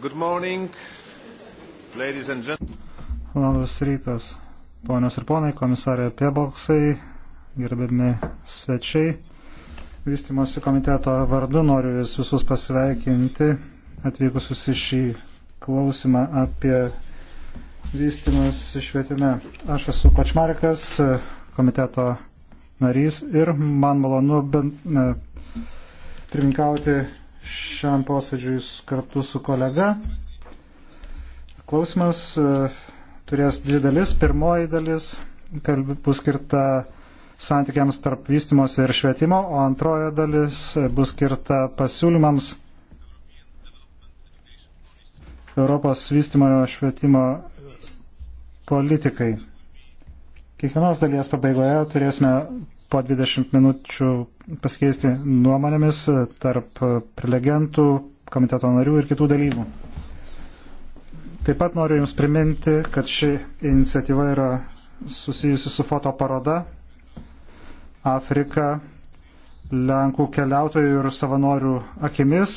Good morning, ladies and gentlemen. Labas rytas, ponios ir ponai, komisarė Piebalksai, gerbiami svečiai. Vystimosi komiteto vardu noriu jūs visus pasveikinti atvykusius į šį klausimą apie vystimas švietime. Aš esu Pačmarikas, komiteto narys ir man malonu ben, ne, pirminkauti šiam posėdžiui kartu su kolega. Klausimas e, turės dvi dalis. Pirmoji dalis kalb, bus skirta santykiams tarp vystimosi ir švietimo, o antroji dalis e, bus skirta pasiūlymams Europos vystimojo švietimo politikai. Kiekvienos dalies pabaigoje turėsime po 20 minučių pasikeisti nuomonėmis tarp prelegentų, komiteto narių ir kitų dalyvių. Taip pat noriu Jums priminti, kad ši iniciatyva yra susijusi su fotoparoda Afrika Lenkų keliautojų ir savanorių akimis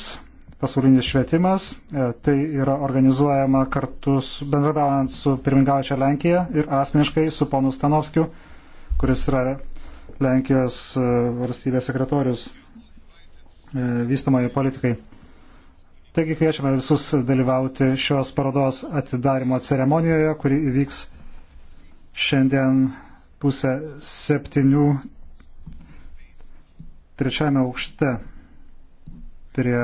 pasaulinis švietimas. E, tai yra organizuojama kartu su, bendrabiaujant su pirmingaujančia Lenkija ir asmeniškai su ponu Stanovskiu, kuris yra Lenkijos e, valstybės sekretorius e, vystamai politikai. Taigi kviečiame visus dalyvauti šios parodos atidarimo ceremonijoje, kuri įvyks šiandien pusę septynių trečiame aukšte prie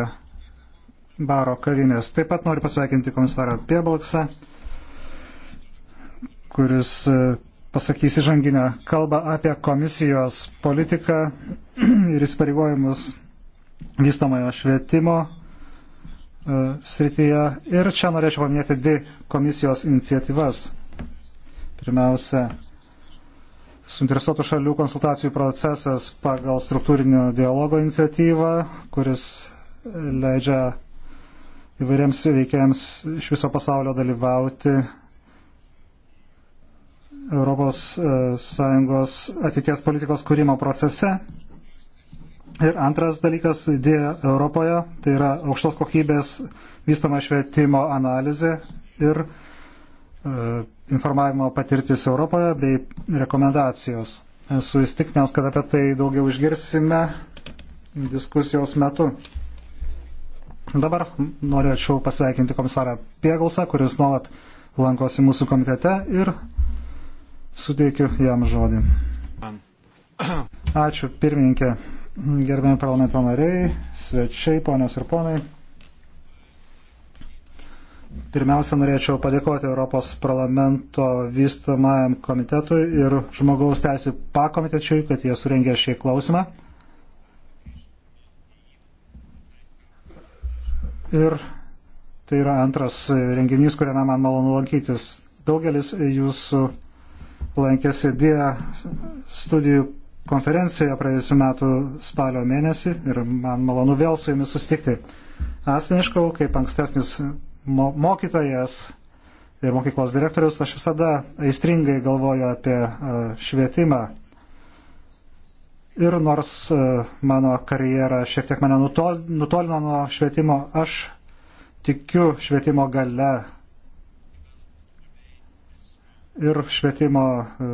baro kavinės. Taip pat noriu pasveikinti komisarą Piebalksą, kuris e, pasakys įžanginę kalbą apie komisijos politiką ir įsipareigojimus vystamojo švietimo e, srityje. Ir čia norėčiau paminėti dvi komisijos iniciatyvas. Pirmiausia, suinteresuotų šalių konsultacijų procesas pagal struktūrinio dialogo iniciatyvą, kuris leidžia įvairiems veikėjams iš viso pasaulio dalyvauti ES e, ateities politikos kūrimo procese. Ir antras dalykas, idėja Europoje, tai yra aukštos kokybės vystoma švietimo analizė ir e, informavimo patirtis Europoje bei rekomendacijos. Esu įstikinęs, kad apie tai daugiau išgirsime diskusijos metu. Dabar norėčiau pasveikinti komisarą Piegalsą, kuris nuolat lankosi mūsų komitete ir Suteikiu jam žodį. Ačiū, pirmininkė. Gerbėjai parlamento nariai, svečiai, ponios ir ponai. Pirmiausia, norėčiau padėkoti Europos parlamento vystamajam komitetui ir žmogaus teisų pakomitečiui, kad jie surengė šį klausimą. Ir tai yra antras renginys, kuriame man malonu lankytis. Daugelis jūsų lankėsi DIA studijų konferencijoje praėjusiu metu spalio mėnesį ir man malonu vėl su jumis sustikti. Asmeniškai, kaip ankstesnis mo mokytojas ir mokyklos direktorius, aš visada aistringai galvoju apie švietimą. Ir nors mano karjera šiek tiek mane nutolino nuo švietimo, aš tikiu švietimo gale ir švietimo e,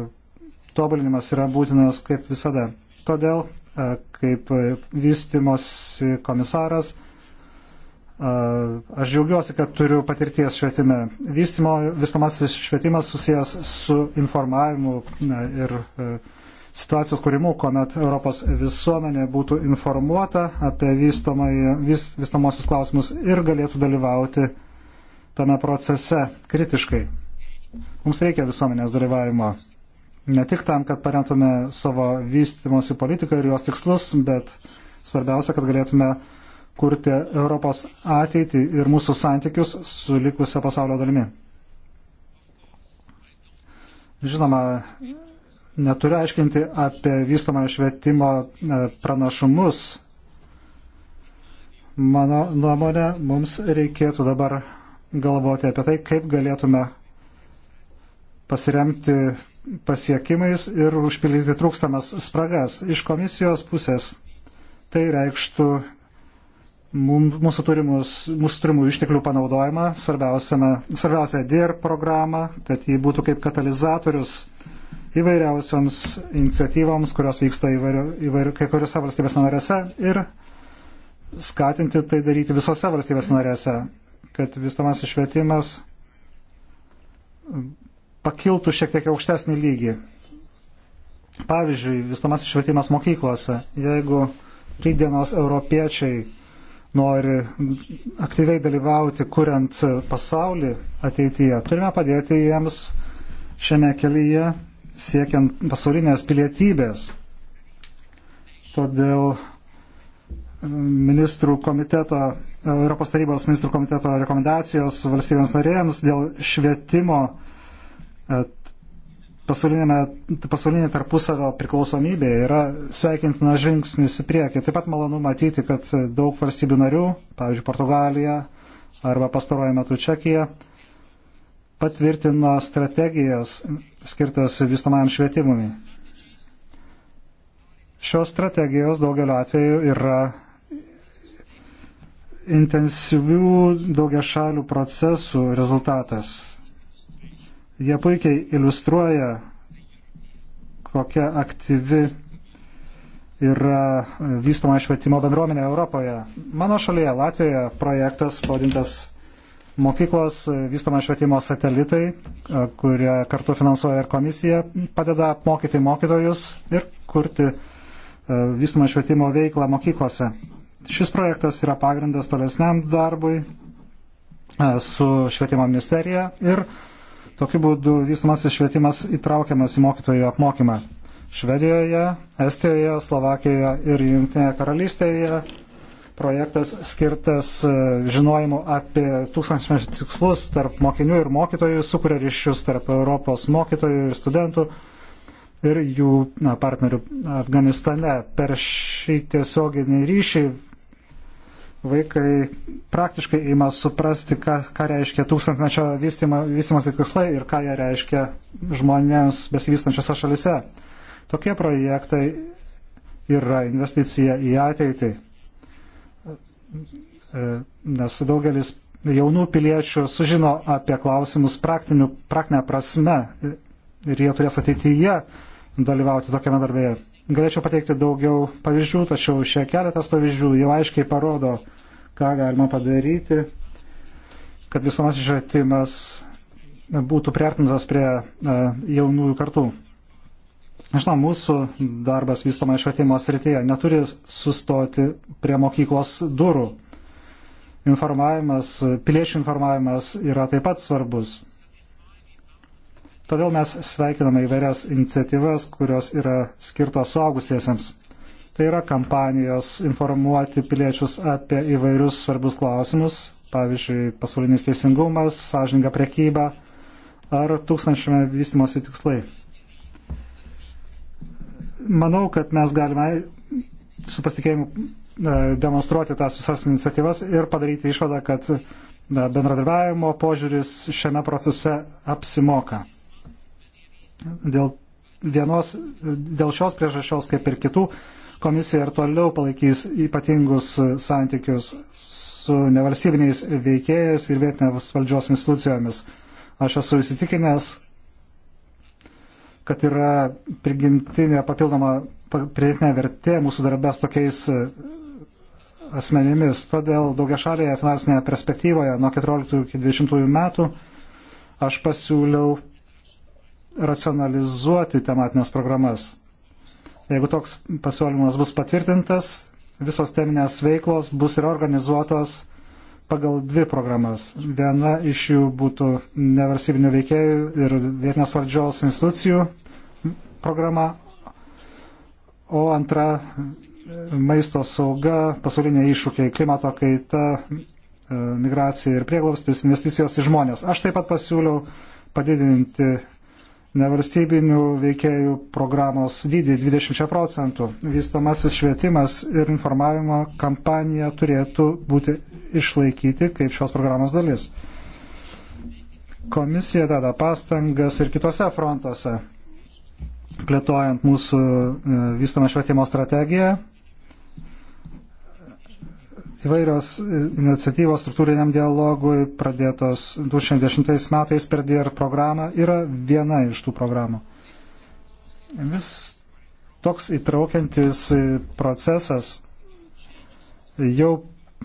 tobulinimas yra būtinas kaip visada. Todėl, e, kaip vystimos komisaras, e, aš džiaugiuosi, kad turiu patirties švietime. Vystimo, vystomasis švietimas susijęs su informavimu ir situacijos kūrimu, kuomet Europos visuomenė būtų informuota apie vystomai, vis, vystomosius klausimus ir galėtų dalyvauti tame procese kritiškai. Mums reikia visuomenės dalyvavimo. Ne tik tam, kad paremtume savo vystimosi politiką ir jos tikslus, bet svarbiausia, kad galėtume kurti Europos ateitį ir mūsų santykius su likusia pasaulio dalimi. Žinoma, neturiu aiškinti apie vystamojo švietimo e, pranašumus. Mano nuomonė, mums reikėtų dabar galvoti apie tai, kaip galėtume pasiremti pasiekimais ir užpildyti trūkstamas spragas. Iš komisijos pusės tai reikštų mūsų, turimus, mūsų turimų išteklių panaudojimą, svarbiausia DIR programą, kad ji būtų kaip katalizatorius įvairiausioms iniciatyvoms, kurios vyksta įvairio, įvairio, kai kuriuose valstybės narėse ir skatinti tai daryti visose valstybės narėse, kad vystamas išvietimas pakiltų šiek tiek aukštesnį lygį. Pavyzdžiui, visuomas švietimas mokyklose. Jeigu rydienos europiečiai nori aktyviai dalyvauti, kuriant pasaulį ateityje, turime padėti jiems šiame kelyje siekiant pasaulinės pilietybės. Todėl mm, ministrų komiteto, Europos tarybos ministrų komiteto rekomendacijos valstybėms narėjams dėl švietimo E, pasaulinė tarpusavio priklausomybė yra sveikintinas žingsnis į priekį. Taip pat malonu matyti, kad daug valstybių narių, pavyzdžiui, Portugalija arba pastaruoju metu Čekija, patvirtino strategijas skirtas vystomajam švietimui. Šios strategijos daugeliu atveju yra intensyvių daugia šalių procesų rezultatas Jie puikiai iliustruoja, kokia aktyvi yra vystoma švietimo bendruomenė Europoje. Mano šalyje, Latvijoje, projektas pavadintas mokyklos vystoma švietimo satelitai, kurie kartu finansuoja ir komisija, padeda apmokyti mokytojus ir kurti e, vystoma švietimo veiklą mokyklose. Šis projektas yra pagrindas tolesniam darbui e, su švietimo ministerija ir Tokiu būdu vystomasis švietimas įtraukiamas į mokytojų apmokymą. Švedijoje, Estijoje, Slovakijoje ir Junktinėje karalystėje projektas skirtas e, žinojimu apie tūkstančius tikslus tarp mokinių ir mokytojų, sukuria ryšius tarp Europos mokytojų ir studentų ir jų na, partnerių Afganistane. Per šį tiesioginį ryšį vaikai praktiškai ima suprasti, ką, ką reiškia tūkstantmečio vystimosi tikslai ir ką jie reiškia žmonėms besivystančiose šalise. Tokie projektai yra investicija į ateitį, e, nes daugelis jaunų piliečių sužino apie klausimus praktinę prasme ir jie turės ateityje dalyvauti tokiame darbėje. Galėčiau pateikti daugiau pavyzdžių, tačiau šie keletas pavyzdžių jau aiškiai parodo, ką galima padaryti, kad visuomet švietimas būtų priartintas prie e, jaunųjų kartų. Žinoma, mūsų darbas vystoma švietimo srityje neturi sustoti prie mokyklos durų. Informavimas, piliečių informavimas yra taip pat svarbus. Todėl mes sveikiname įvairias iniciatyvas, kurios yra skirtos suaugusiesiems. Tai yra kampanijos informuoti piliečius apie įvairius svarbus klausimus, pavyzdžiui, pasaulinis teisingumas, sąžininga prekyba ar tūkstančiame vystimosi tikslai. Manau, kad mes galime su pasitikėjimu e, demonstruoti tas visas iniciatyvas ir padaryti išvadą, kad e, bendradarbiavimo požiūris šiame procese apsimoka. Dėl, vienos, dėl šios priežasčios, kaip ir kitų, komisija ir toliau palaikys ypatingus santykius su nevalstybiniais veikėjais ir vietinės valdžios institucijomis. Aš esu įsitikinęs, kad yra prigimtinė papildoma pridėtinė vertė mūsų darbės tokiais e, asmenimis. Todėl daugia šalėje finansinėje perspektyvoje nuo 14 iki 20 metų aš pasiūliau racionalizuoti tematinės programas. Jeigu toks pasiūlymas bus patvirtintas, visos teminės veiklos bus ir organizuotos pagal dvi programas. Viena iš jų būtų nevarsybinių veikėjų ir vietinės valdžios institucijų programa, o antra maisto sauga, pasauliniai iššūkiai, klimato kaita, e, migracija ir prieglaustis, investicijos į žmonės. Aš taip pat pasiūliau padidinti nevalstybinių veikėjų programos dydį 20 procentų. Vystomasis švietimas ir informavimo kampanija turėtų būti išlaikyti kaip šios programos dalis. Komisija deda pastangas ir kitose frontuose, plėtojant mūsų e, vystomą švietimo strategiją, Įvairios e, iniciatyvos struktūriniam dialogui pradėtos 2010 metais per DR programą yra viena iš tų programų. Vis toks įtraukiantis e, procesas jau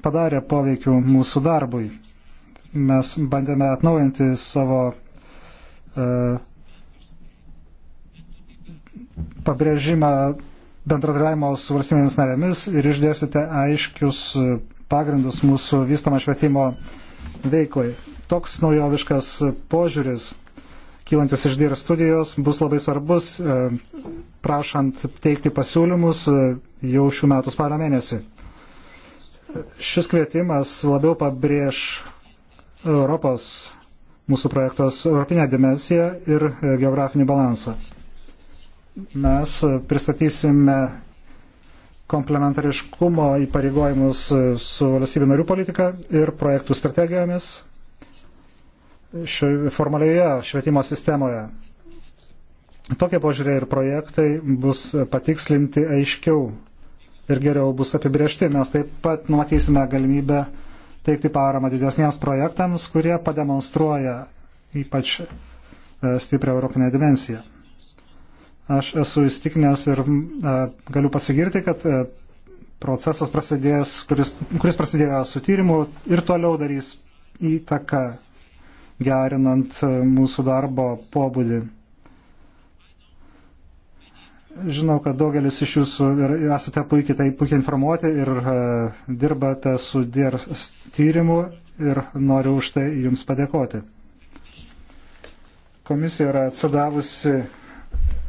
padarė poveikių mūsų darbui. Mes bandėme atnaujinti savo uh, pabrėžimą bendradarbiavimo su valstybėmis narėmis ir išdėsite aiškius pagrindus mūsų vystamo švietimo veiklai. Toks naujoviškas požiūris, kylantis iš dėra studijos, bus labai svarbus, e, prašant teikti pasiūlymus e, jau šių metų spalio mėnesį. Šis kvietimas labiau pabrėž Europos mūsų projektos europinę dimensiją ir e, geografinį balansą mes pristatysime komplementariškumo įpareigojimus su valstybių narių politika ir projektų strategijomis šio, formalioje švietimo sistemoje. Tokie požiūrė ir projektai bus patikslinti aiškiau ir geriau bus apibriežti. Mes taip pat numatysime galimybę teikti paramą didesniems projektams, kurie pademonstruoja ypač e, stiprią europinę dimensiją. Aš esu įstikinęs ir a, galiu pasigirti, kad a, procesas prasidės, kuris, kuris prasidėjo su tyrimu ir toliau darys įtaką gerinant mūsų darbo pobūdį. Žinau, kad daugelis iš jūsų esate puikiai, tai puikiai informuoti ir uh, dirbate su DIR tyrimu ir noriu už tai jums padėkoti. Komisija yra atsidavusi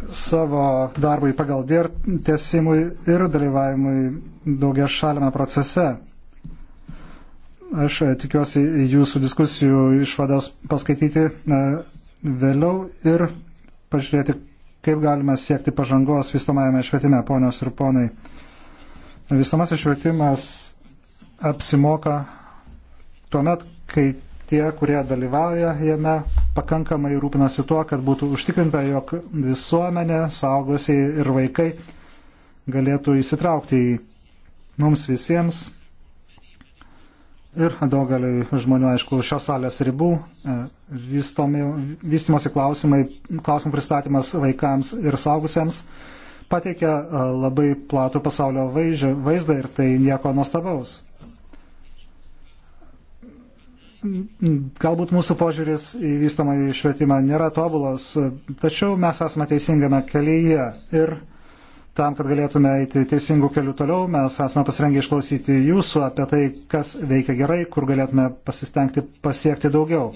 savo darbui pagal dėr tiesimui ir dalyvavimui daugia šalime procese. Aš e, tikiuosi jūsų diskusijų išvadas paskaityti e, vėliau ir pažiūrėti, kaip galime siekti pažangos vystomajame švietime, ponios ir ponai. Vystomasis švietimas apsimoka tuo met, kai tie, kurie dalyvauja jame, pakankamai rūpinasi tuo, kad būtų užtikrinta, jog visuomenė, saugusiai ir vaikai galėtų įsitraukti į mums visiems ir daugeliu žmonių, aišku, šios salės ribų e, vystimosi klausimai, klausimų pristatymas vaikams ir saugusiems pateikia e, labai platų pasaulio vaizdą ir tai nieko nuostabaus galbūt mūsų požiūris į vystamą į švietimą nėra tobulas, tačiau mes esame teisingame kelyje ir tam, kad galėtume eiti teisingų kelių toliau, mes esame pasirengę išklausyti jūsų apie tai, kas veikia gerai, kur galėtume pasistengti pasiekti daugiau.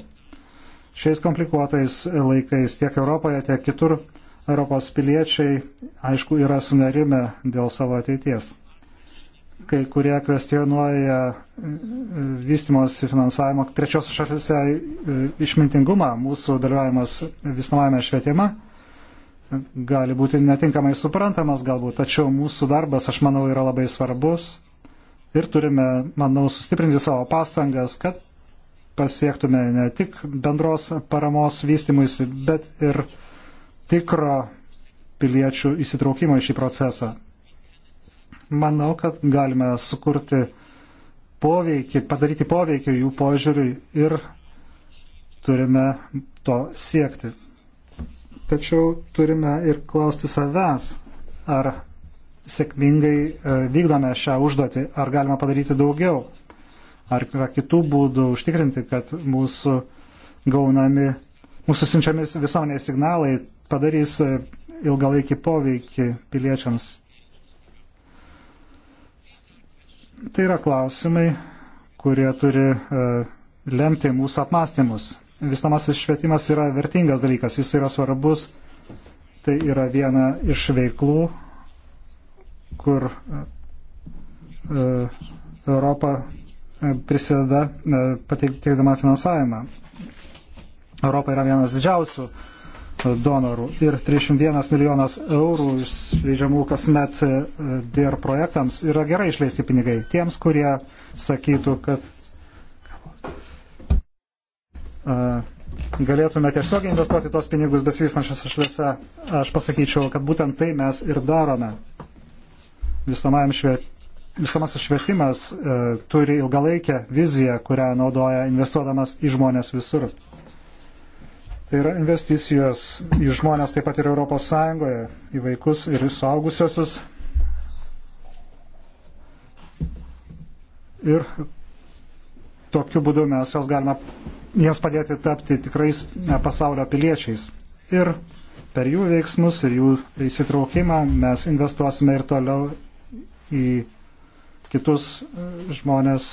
Šiais komplikuotais laikais tiek Europoje, tiek kitur Europos piliečiai, aišku, yra sunerime dėl savo ateities kai kurie kvestionuoja e, vystimosi finansavimo trečios šalise e, išmintingumą, mūsų dalyvavimas vystomajame švietime gali būti netinkamai suprantamas galbūt, tačiau mūsų darbas, aš manau, yra labai svarbus ir turime, manau, sustiprinti savo pastangas, kad pasiektume ne tik bendros paramos vystimuisi, bet ir tikro piliečių įsitraukimo į šį procesą. Manau, kad galime sukurti poveikį, padaryti poveikį jų požiūriui ir turime to siekti. Tačiau turime ir klausti savęs, ar sėkmingai e, vykdome šią užduotį, ar galima padaryti daugiau, ar yra kitų būdų užtikrinti, kad mūsų gaunami, mūsų siunčiamis visuomenės signalai padarys e, ilgalaikį poveikį piliečiams. Tai yra klausimai, kurie turi e, lemti mūsų apmąstymus. Vystamasis švietimas yra vertingas dalykas, jis yra svarbus. Tai yra viena iš veiklų, kur e, e, Europa prisideda pateikdama finansavimą. Europa yra vienas didžiausių uh, donorų ir 301 milijonas eurų išleidžiamų kasmet e, DR projektams yra gerai išleisti pinigai tiems, kurie sakytų, kad e, galėtume tiesiog investuoti tos pinigus besivystančiose šalyse. Aš pasakyčiau, kad būtent tai mes ir darome. Šviet... Visamasis švietimas e, turi ilgalaikę viziją, kurią naudoja investuodamas į žmonės visur. Tai yra investicijos į žmonės taip pat ir Europos Sąjungoje, į vaikus ir į suaugusiosius. Ir tokiu būdu mes jos galime jiems padėti tapti tikrais pasaulio piliečiais. Ir per jų veiksmus ir jų įsitraukimą mes investuosime ir toliau į kitus žmonės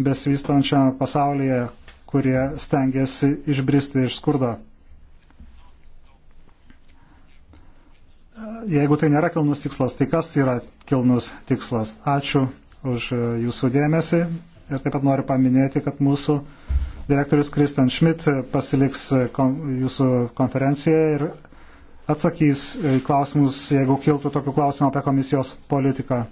besivystančiame pasaulyje, kurie stengiasi išbristi iš skurdo. Jeigu tai nėra kilnus tikslas, tai kas yra kilnus tikslas? Ačiū už jūsų dėmesį ir taip pat noriu paminėti, kad mūsų direktorius Kristian Schmidt pasiliks jūsų konferencijoje ir atsakys klausimus, jeigu kiltų tokių klausimų apie komisijos politiką.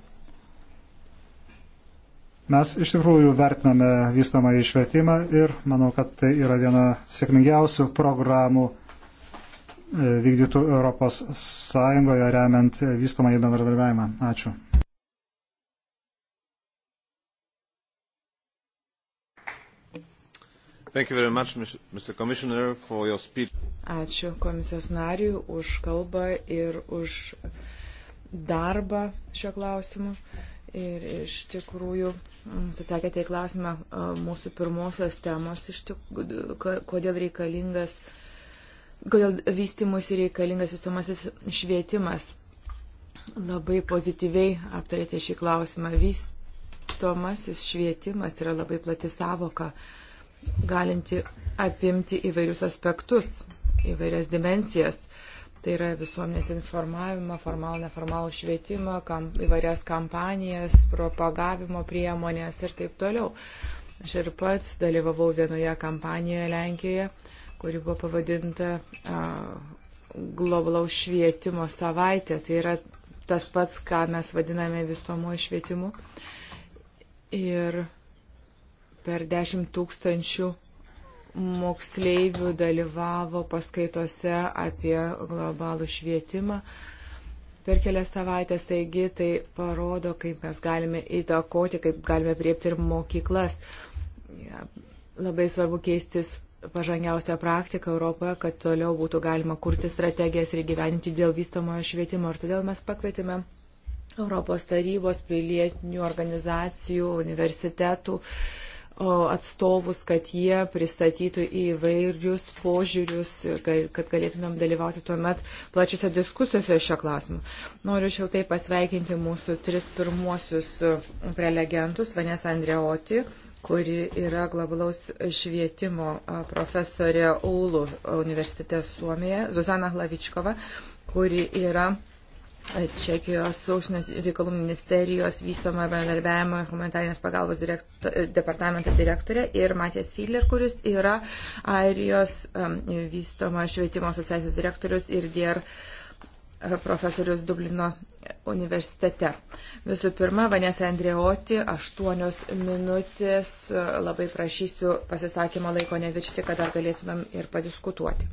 Mes iš tikrųjų vertiname vystamą išvietimą ir manau, kad tai yra viena sėkmingiausių programų e, vykdytų Europos Sąjungoje remiant vystamą į bendradarbiavimą. Ačiū. Much, Ačiū komisijos nariui už kalbą ir už darbą šio klausimu. Ir iš tikrųjų, mm, atsakėte į klausimą mūsų pirmosios temos, tikrųjų, kodėl reikalingas, kodėl vystimus reikalingas visumasis švietimas. Labai pozityviai aptarėte šį klausimą. Vystomasis švietimas yra labai plati savoka, galinti apimti įvairius aspektus, įvairias dimensijas. Tai yra visuomenės informavimą, formal, neformalų švietimą, kam, įvairias kampanijas, propagavimo priemonės ir taip toliau. Aš ir pats dalyvavau vienoje kampanijoje Lenkijoje, kuri buvo pavadinta a, globalaus švietimo savaitė. Tai yra tas pats, ką mes vadiname visuomuoju švietimu. Ir per 10 tūkstančių 000 moksleivių dalyvavo paskaitose apie globalų švietimą per kelias savaitės, taigi tai parodo, kaip mes galime įtakoti, kaip galime priepti ir mokyklas. Ja, labai svarbu keistis pažangiausią praktiką Europoje, kad toliau būtų galima kurti strategijas ir gyventi dėl vystamojo švietimo. Ir todėl mes pakvietėme Europos tarybos, pilietinių organizacijų, universitetų, uh, atstovus, kad jie pristatytų įvairius požiūrius, kad galėtumėm dalyvauti tuomet plačiose diskusijose šio klausimu. Noriu šiltai pasveikinti mūsų tris pirmuosius e, prelegentus, Vanės Andreoti kuri yra globalaus švietimo e, profesorė Ulų universitete Suomijoje, Zuzana Hlavičkova, kuri yra Čekijos užsienio reikalų ministerijos vystomo bendarbiavimo ir humanitarinės pagalbos direkto, departamento direktorė ir Matijas Fidler, kuris yra Airijos um, vystomo švietimo asociacijos direktorius ir DIR uh, profesorius Dublino universitete. Visų pirma, Vanessa Andrioti, aštuonios minutės, labai prašysiu pasisakymo laiko neviršti, kad dar galėtumėm ir padiskutuoti.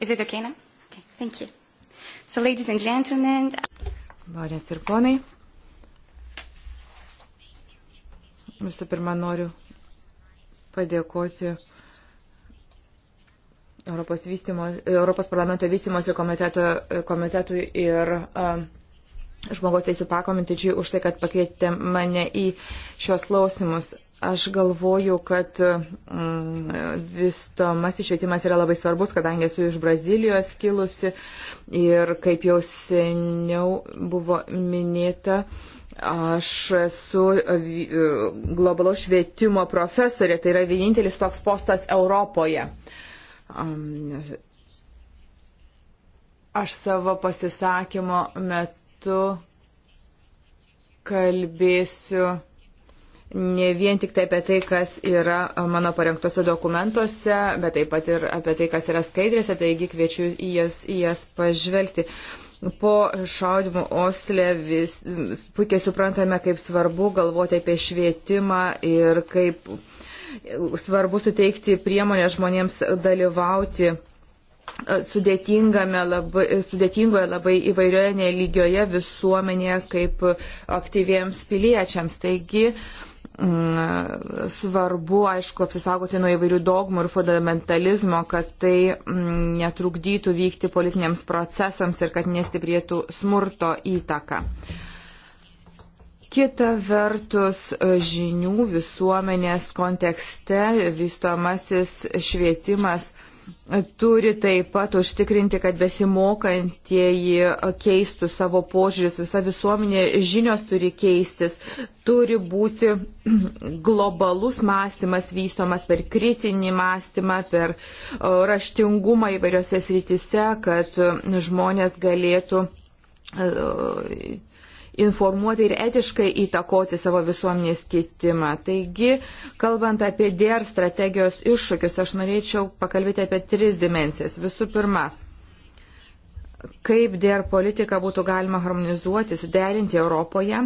Is it okay now? Okay, thank you. So, ladies and gentlemen. Varės ir ponai. Visų pirma, noriu padėkoti Europos, vystimo, Europos parlamento vystimosi komitetui ir uh, žmogaus teisų pakomitečiui už tai, kad pakvietė mane į šios klausimus. Aš galvoju, kad mm, vystomas išvietimas yra labai svarbus, kadangi esu iš Brazilijos kilusi ir kaip jau seniau buvo minėta, aš esu e, e, globalaus švietimo profesorė, tai yra vienintelis toks postas Europoje. Aš savo pasisakymo metu kalbėsiu ne vien tik tai apie tai, kas yra mano parengtose dokumentuose, bet taip pat ir apie tai, kas yra skaidrėse, taigi kviečiu į jas, į jas pažvelgti. Po šaudimo Osle vis puikiai suprantame, kaip svarbu galvoti apie švietimą ir kaip svarbu suteikti priemonę žmonėms dalyvauti labai, sudėtingoje, labai įvairioje nelygioje visuomenėje kaip aktyviems piliečiams. Taigi, uh, Mm, svarbu, aišku, apsisaugoti nuo įvairių dogmų ir fundamentalizmo, kad tai mm, netrukdytų vykti politiniams procesams ir kad nestiprėtų smurto įtaka. Kita vertus, žinių visuomenės kontekste vystomasis švietimas turi taip pat užtikrinti, kad besimokantieji keistų savo požiūrius, visa visuomenė žinios turi keistis, turi būti globalus mąstymas vystomas per kritinį mąstymą, per raštingumą įvairiose srityse, kad žmonės galėtų e, informuoti ir etiškai įtakoti savo visuomenės kitimą. Taigi, kalbant apie DR strategijos iššūkius, aš norėčiau pakalbėti apie tris dimensijas. Visų pirma, kaip dėl politiką būtų galima harmonizuoti, suderinti Europoje.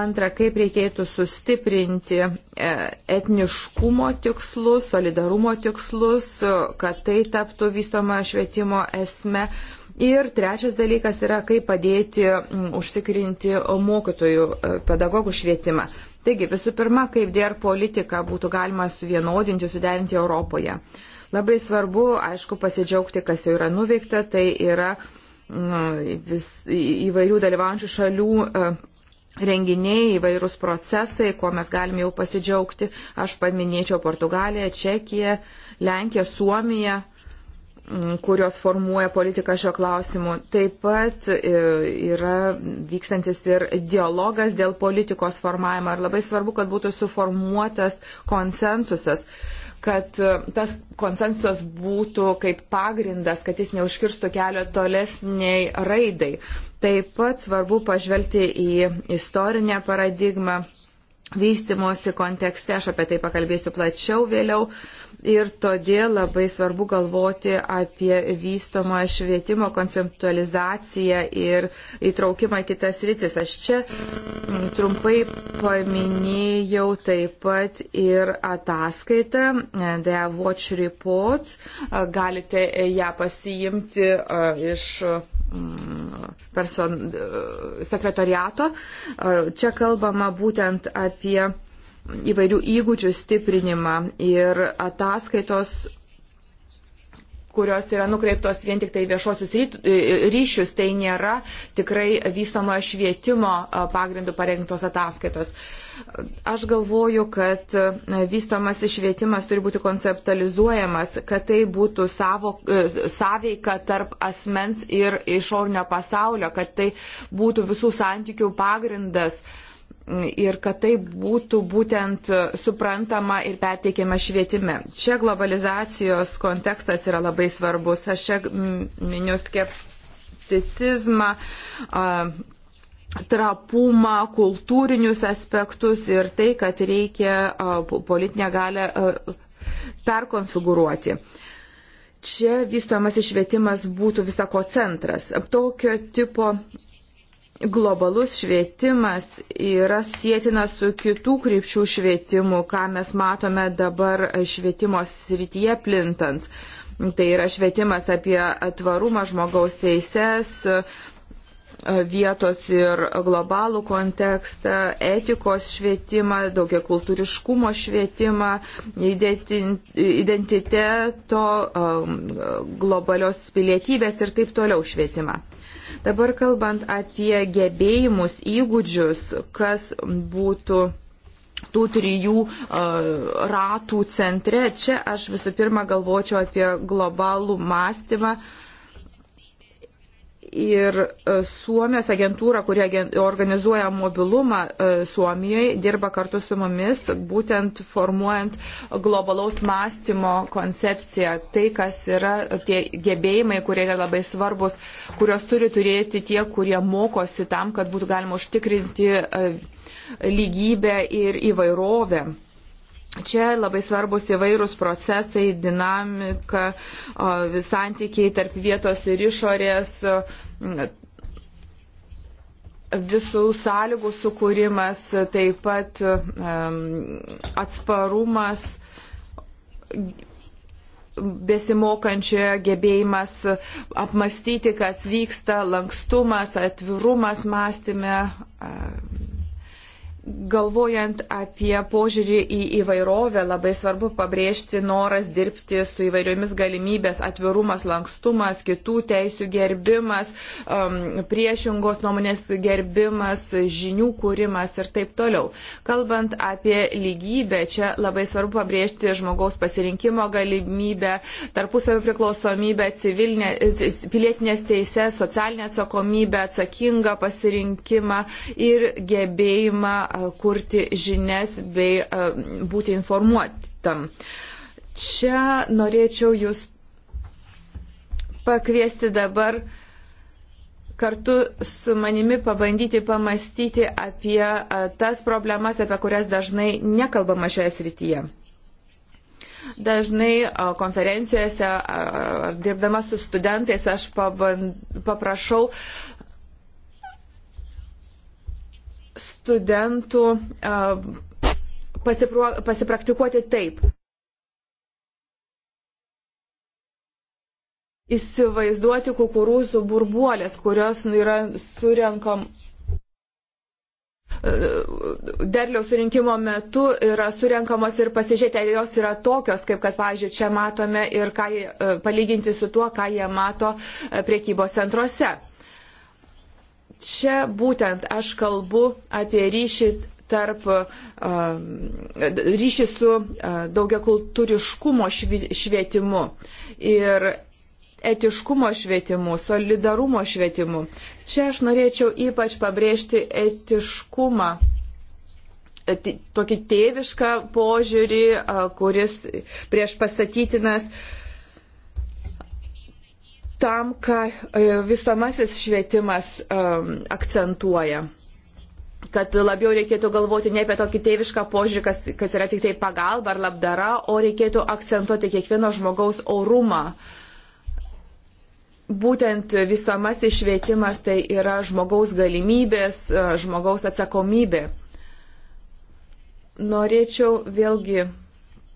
Antra, kaip reikėtų sustiprinti e, etniškumo tikslus, solidarumo tikslus, kad tai taptų vystoma švietimo esme. Ir trečias dalykas yra, kaip padėti užtikrinti mokytojų e, pedagogų švietimą. Taigi, visų pirma, kaip dėr politiką būtų galima suvienodinti, suderinti Europoje. Labai svarbu, aišku, pasidžiaugti, kas jau yra nuveikta, tai yra vis, įvairių dalyvaujančių šalių e, renginiai, įvairūs procesai, kuo mes galime jau pasidžiaugti. Aš paminėčiau Portugaliją, Čekiją, Lenkiją, Suomiją kurios formuoja politiką šio klausimu. Taip pat e, yra vykstantis ir dialogas dėl politikos formavimo ir labai svarbu, kad būtų suformuotas konsensusas kad e, tas konsensusas būtų kaip pagrindas, kad jis neužkirstų kelio tolesniai raidai. Taip pat svarbu pažvelgti į istorinę paradigmą vystimosi kontekste, aš apie tai pakalbėsiu plačiau vėliau. Uh, ir todėl labai svarbu galvoti apie vystomą švietimo konceptualizaciją ir įtraukimą į kitas rytis. Aš čia mm, trumpai paminėjau taip pat ir ataskaitą e, The Watch Report. E, galite ją pasiimti e, iš mm, person, sekretariato. Čia kalbama būtent apie įvairių įgūdžių stiprinimą ir ataskaitos kurios yra nukreiptos vien tik tai viešuosius e, ryšius, tai nėra tikrai vystomo švietimo e, pagrindų parengtos ataskaitos. Aš galvoju, kad e, vystomas švietimas turi būti konceptualizuojamas, kad tai būtų savo, sąveika tarp asmens ir išornio pasaulio, kad tai būtų visų santykių pagrindas. Uh, ir kad tai būtų būtent suprantama ir perteikiama švietime. Čia globalizacijos kontekstas yra labai svarbus. Aš čia miniu skepticizmą, trapumą, kultūrinius aspektus ir tai, kad reikia politinę galę perkonfigūruoti čia vystomas išvietimas būtų visako centras. Tokio tipo globalus švietimas yra sėtinas su kitų krypčių švietimu, ką mes matome dabar švietimo srityje plintant. Tai yra švietimas apie tvarumą žmogaus teises, vietos ir globalų kontekstą, etikos švietimą, daugia kultūriškumo švietimą, identiteto, um, globalios pilietybės ir taip toliau švietimą. Dabar kalbant apie gebėjimus, įgūdžius, kas būtų tų trijų uh, ratų centre, čia aš visų pirma galvočiau apie globalų mąstymą. Uh, Ir e, Suomijos agentūra, kurie organizuoja mobilumą e, Suomijoje, dirba kartu su mumis, būtent formuojant globalaus mąstymo koncepciją. Tai, kas yra tie gebėjimai, kurie yra labai svarbus, kurios turi turėti tie, kurie mokosi tam, kad būtų galima užtikrinti e, lygybę ir įvairovę. Čia labai svarbus įvairūs procesai, dinamika, santykiai tarp vietos ir išorės, visų sąlygų sukūrimas, taip pat atsparumas, besimokančiojo gebėjimas apmastyti, kas vyksta, lankstumas, atvirumas mąstymė, Galvojant apie požiūrį į įvairovę, labai svarbu pabrėžti noras dirbti su įvairiomis galimybės, atvirumas, lankstumas, kitų teisių gerbimas, um, priešingos nuomonės gerbimas, žinių kūrimas ir taip toliau. Kalbant apie lygybę, čia labai svarbu pabrėžti žmogaus pasirinkimo galimybę, tarpusavio priklausomybę, civilinė, pilietinės teises, socialinę atsakomybę, atsakingą pasirinkimą ir gebėjimą kurti žinias bei e, būti informuotam. Čia norėčiau jūs pakviesti dabar kartu su manimi pabandyti pamastyti apie e, tas problemas, apie kurias dažnai nekalbama šioje srityje. Dažnai e, konferencijose ar dirbdama su studentais aš paban, paprašau studentų pasipraktikuoti taip. Įsivaizduoti kukurūzų burbuolės, kurios yra surenkam, derliaus surinkimo metu yra surenkamos ir pasižiūrėti, ar jos yra tokios, kaip kad, pavyzdžiui, čia matome ir ką, palyginti su tuo, ką jie mato priekybos centruose čia būtent aš kalbu apie ryšį tarp uh, ryšį su uh, daugiakultūriškumo švietimu ir etiškumo švietimu, solidarumo švietimu. Čia aš norėčiau ypač pabrėžti etiškumą tokį tėvišką požiūrį, uh, kuris prieš pastatytinas uh, tam, ką e, visamasis švietimas e, akcentuoja kad labiau reikėtų galvoti ne apie tokį tėvišką požiūrį, kas, kas yra tik tai pagalba ar labdara, o reikėtų akcentuoti kiekvieno žmogaus orumą. Būtent visuomasis švietimas tai yra žmogaus galimybės, e, žmogaus atsakomybė. Norėčiau vėlgi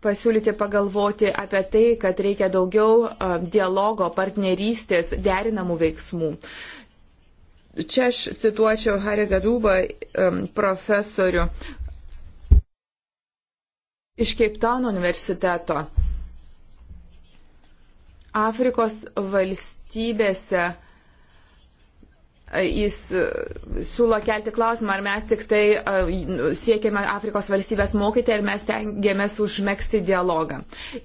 pasiūlyti pagalvoti apie tai, kad reikia daugiau dialogo, partnerystės, derinamų veiksmų. Čia aš cituočiau Harry Gadubą profesorių iš Keiptauno universiteto. Afrikos valstybėse Jis e, siūlo kelti klausimą, ar mes tik tai e, siekiame Afrikos valstybės mokyti, ar mes tengiamės užmėgsti dialogą.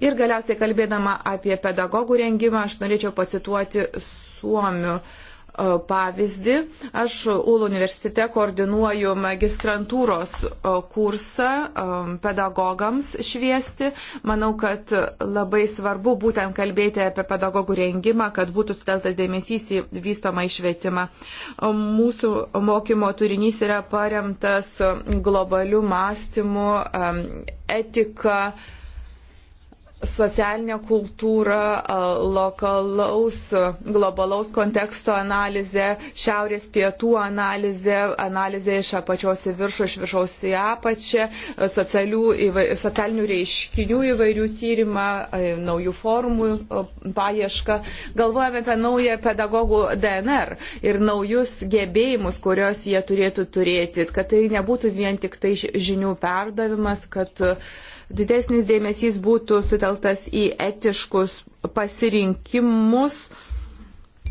Ir galiausiai kalbėdama apie pedagogų rengimą, aš norėčiau pacituoti suomių uh, E, pavyzdį. Aš UL universitete koordinuoju magistrantūros e, kursą e, pedagogams šviesti. Manau, kad labai svarbu būtent kalbėti apie pedagogų rengimą, kad būtų suteltas dėmesys į vystomą išvietimą. Mūsų mokymo turinys yra paremtas globaliu mąstymu, etika, socialinę kultūrą, lokalaus, globalaus konteksto analizę, šiaurės pietų analizę, analizę iš apačios į viršų, iš viršaus į apačią, socialinių reiškinių įvairių tyrimą, naujų formų paiešką. Galvojame apie naują pedagogų DNR ir naujus gebėjimus, kuriuos jie turėtų turėti, kad tai nebūtų vien tik tai žinių perdavimas, kad uh, didesnis dėmesys būtų suteltas į etiškus pasirinkimus,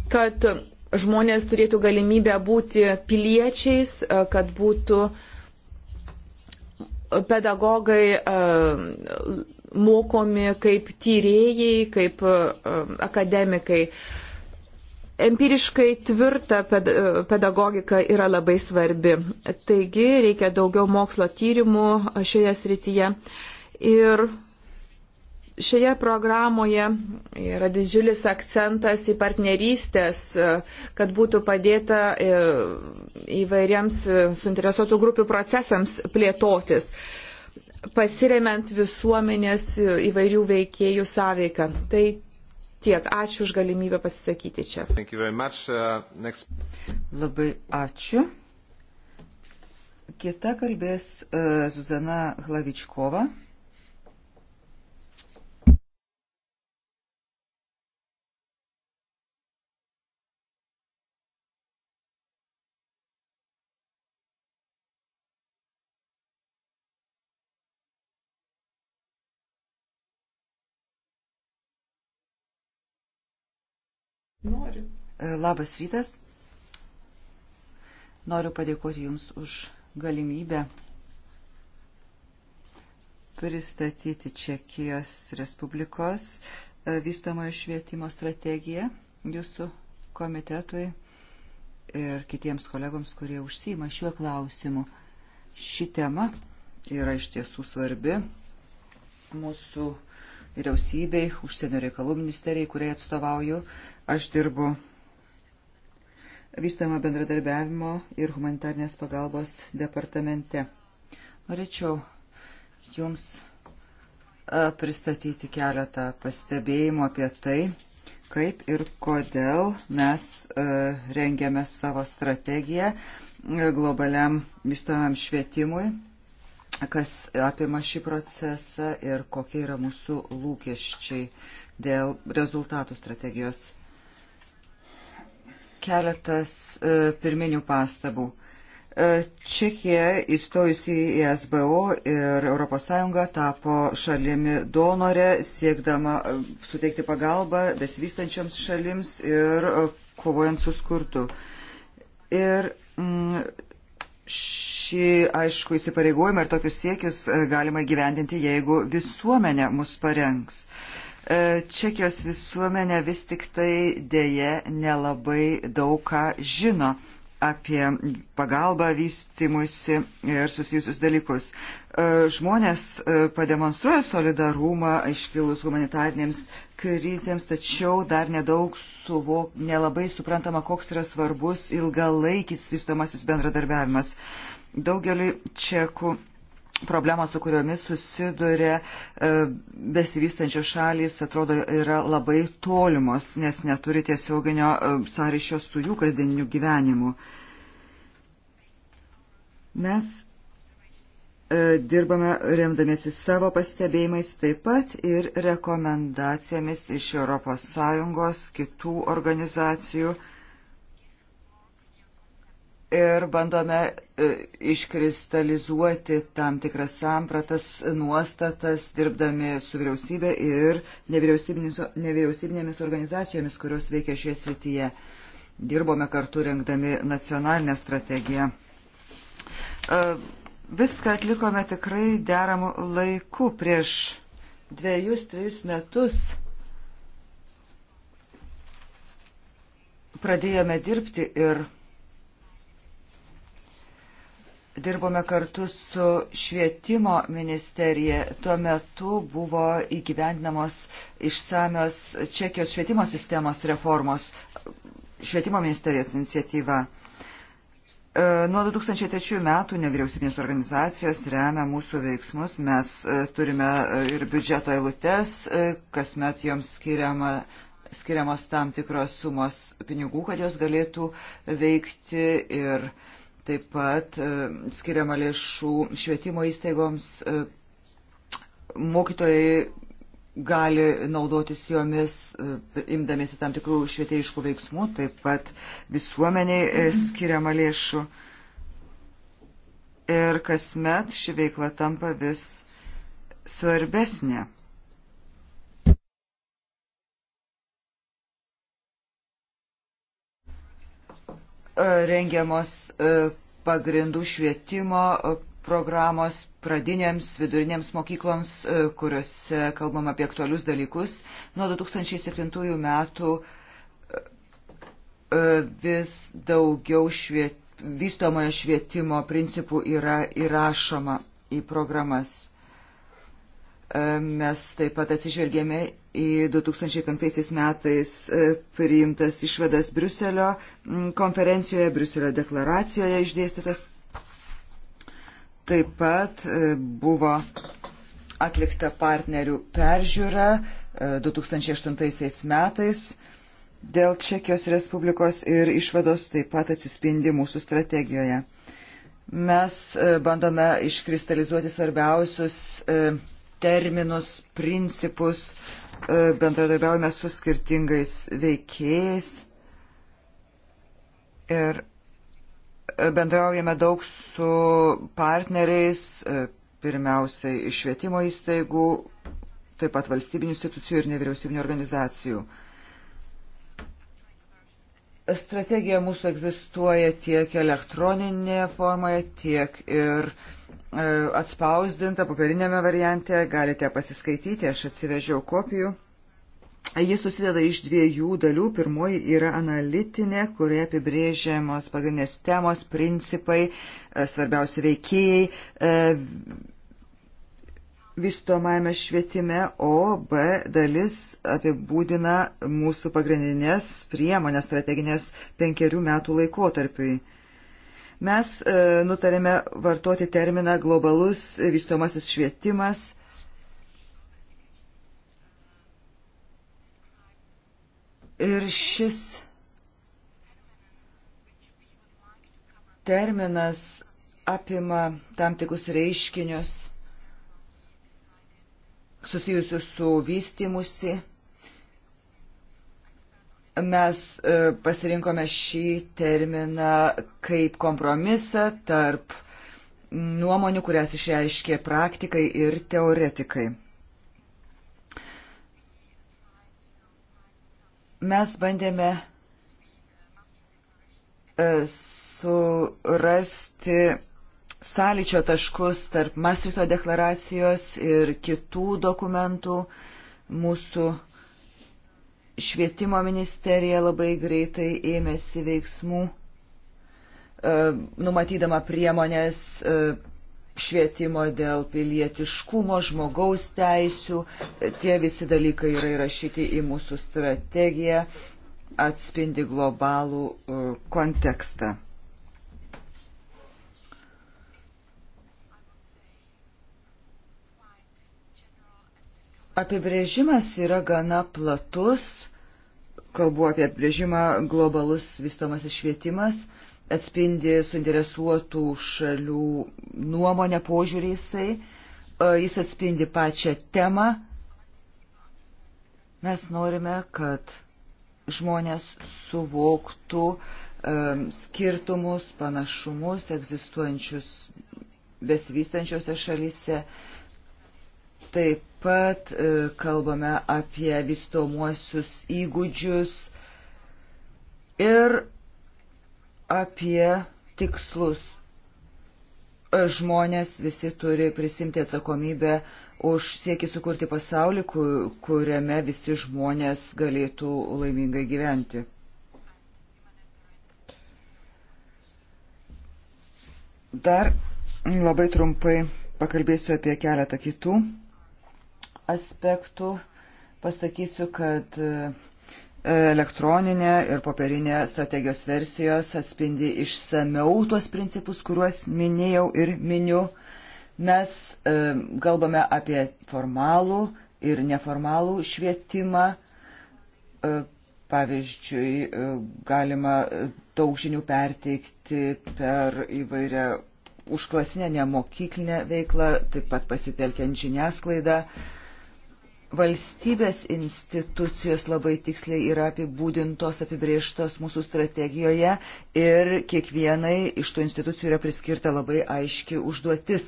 kad žmonės turėtų galimybę būti piliečiais, e, kad būtų pedagogai e, mokomi kaip tyrėjai, kaip e, akademikai. Empiriškai tvirta pedagogika yra labai svarbi. Taigi reikia daugiau mokslo tyrimų šioje srityje. Uh, Ir šioje programoje yra didžiulis akcentas į partnerystės, kad būtų padėta e, įvairiems e, suinteresuotų grupių procesams plėtotis pasiremiant visuomenės e, įvairių veikėjų sąveiką. Tai tiek. Ačiū už galimybę pasisakyti čia. Uh, next... Labai ačiū. Kita kalbės uh, Zuzana Hlavičkova. E, labas rytas. Noriu padėkoti Jums už galimybę pristatyti Čekijos Respublikos e, vystamojo švietimo strategiją Jūsų komitetui ir kitiems kolegoms, kurie užsima šiuo klausimu. Ši tema yra iš tiesų svarbi mūsų vyriausybei, užsienio reikalų ministerijai, kuriai atstovauju. Aš dirbu vystamo bendradarbiavimo ir humanitarnės pagalbos departamente. Norėčiau Jums pristatyti keletą pastebėjimų apie tai, kaip ir kodėl mes rengiame savo strategiją globaliam vystamam švietimui, kas apima šį procesą ir kokie yra mūsų lūkesčiai dėl rezultatų strategijos. Keletas e, pirminių pastabų. E, Čekija įstojusi į SBO ir ES tapo šalimi donorė, siekdama e, suteikti pagalbą besivystančiams šalims ir kovojant su skurtu. Ir mm, šį, aišku, įsipareigojimą ir tokius siekius galima gyvendinti, jeigu visuomenė mus parengs. Uh, E, Čekijos visuomenė vis tik tai dėje nelabai daug ką žino apie pagalbą vystimusi ir susijusius dalykus. E, Žmonės e, pademonstruoja solidarumą iškilus humanitarnėms krizėms, tačiau dar nedaug suvok, nelabai suprantama, koks yra svarbus ilgalaikis vystomasis bendradarbiavimas. Daugeliu čekų problemos, su kuriomis susiduria e, besivystančios šalys, atrodo, yra labai tolimos, nes neturi tiesioginio e, sąryšio su jų kasdieniniu gyvenimu. Mes e, dirbame remdamėsi savo pastebėjimais taip pat ir rekomendacijomis iš ES kitų organizacijų ir bandome e, iškristalizuoti tam tikras sampratas, nuostatas, dirbdami su vyriausybė ir nevyriausybinėmis organizacijomis, kurios veikia šioje srityje. Dirbome kartu rengdami nacionalinę strategiją. E, viską atlikome tikrai deramų laikų prieš dviejus, trejus metus. Pradėjome dirbti ir dirbome kartu su švietimo ministerija. Tuo metu buvo įgyvendinamos išsamios Čekijos švietimo sistemos reformos švietimo ministerijos iniciatyva. E, nuo 2003 metų nevyriausybinės organizacijos remia mūsų veiksmus. Mes e, turime e, ir biudžeto eilutes, kasmet joms skiriama skiriamos tam tikros sumos pinigų, kad jos galėtų veikti ir uh, Taip pat e, skiriama lėšų švietimo įstaigoms. E, mokytojai gali naudotis jomis, e, imdamėsi tam tikrų švietėjiškų veiksmų, taip pat visuomeniai mhm. skiriama lėšų. Ir kasmet ši veikla tampa vis svarbesnė. rengiamos e, pagrindų švietimo e, programos pradinėms vidurinėms mokykloms, e, kuriuose kalbam apie aktualius dalykus. Nuo 2007 metų vis daugiau šviet, vystomojo švietimo principų yra įrašoma į programas. Mes taip pat atsižvelgėme į 2005 metais e, priimtas išvadas Briuselio konferencijoje, Briuselio deklaracijoje išdėstytas. Taip pat e, buvo atlikta partnerių peržiūra 2008 e, metais dėl Čekijos Respublikos ir išvados taip pat atsispindi mūsų strategijoje. Mes bandome iškristalizuoti svarbiausius terminus, principus, e, bendradarbiaujame su skirtingais veikėjais ir e, bendraujame daug su partneriais, e, pirmiausiai iš švietimo įstaigų, taip pat valstybinių institucijų ir nevyriausybinių organizacijų. Strategija mūsų egzistuoja tiek elektroninėje formoje, tiek ir e, atspausdinta popierinėme variante, galite pasiskaityti, aš atsivežiau kopijų. Jis susideda iš dviejų dalių. Pirmoji yra analitinė, kurioje apibrėžiamos pagrindinės temos, principai, e, svarbiausi veikėjai, e, vystomajame švietime, o B dalis apibūdina mūsų pagrindinės priemonės strateginės penkerių metų laikotarpiui. Mes e, nutarėme vartoti terminą globalus vystomasis švietimas. Ir šis terminas apima tam tikrus reiškinius susijusių su vystimusi. Mes e, pasirinkome šį terminą kaip kompromisą tarp nuomonių, kurias išreiškė praktikai ir teoretikai. Mes bandėme e, surasti sąlyčio taškus tarp Masrito deklaracijos ir kitų dokumentų. Mūsų švietimo ministerija labai greitai ėmėsi veiksmų, e, numatydama priemonės e, švietimo dėl pilietiškumo, žmogaus teisių. E, tie visi dalykai yra įrašyti į mūsų strategiją, atspindi globalų kontekstą. apibrėžimas yra gana platus, kalbu apie apibrėžimą globalus vystomasis švietimas, atspindi suinteresuotų šalių nuomonę požiūrį jisai, e, jis atspindi pačią temą. Mes norime, kad žmonės suvoktų um, skirtumus, panašumus egzistuojančius besivystančiose šalyse. Taip pat e, kalbame apie vystomuosius įgūdžius ir apie tikslus. E, žmonės visi turi prisimti atsakomybę už siekį sukurti pasaulį, kuriame visi žmonės galėtų laimingai gyventi. Dar labai trumpai pakalbėsiu apie keletą kitų aspektų pasakysiu, kad e, elektroninė ir popierinė strategijos versijos atspindi išsameu tuos principus, kuriuos minėjau ir miniu. Mes e, kalbame apie formalų ir neformalų švietimą. E, pavyzdžiui, galima daug žinių perteikti per įvairią užklasinę nemokyklinę veiklą, taip pat pasitelkiant žiniasklaidą. Uh, valstybės institucijos labai tiksliai yra apibūdintos, apibrieštos mūsų strategijoje ir kiekvienai iš tų institucijų yra priskirta labai aiški užduotis.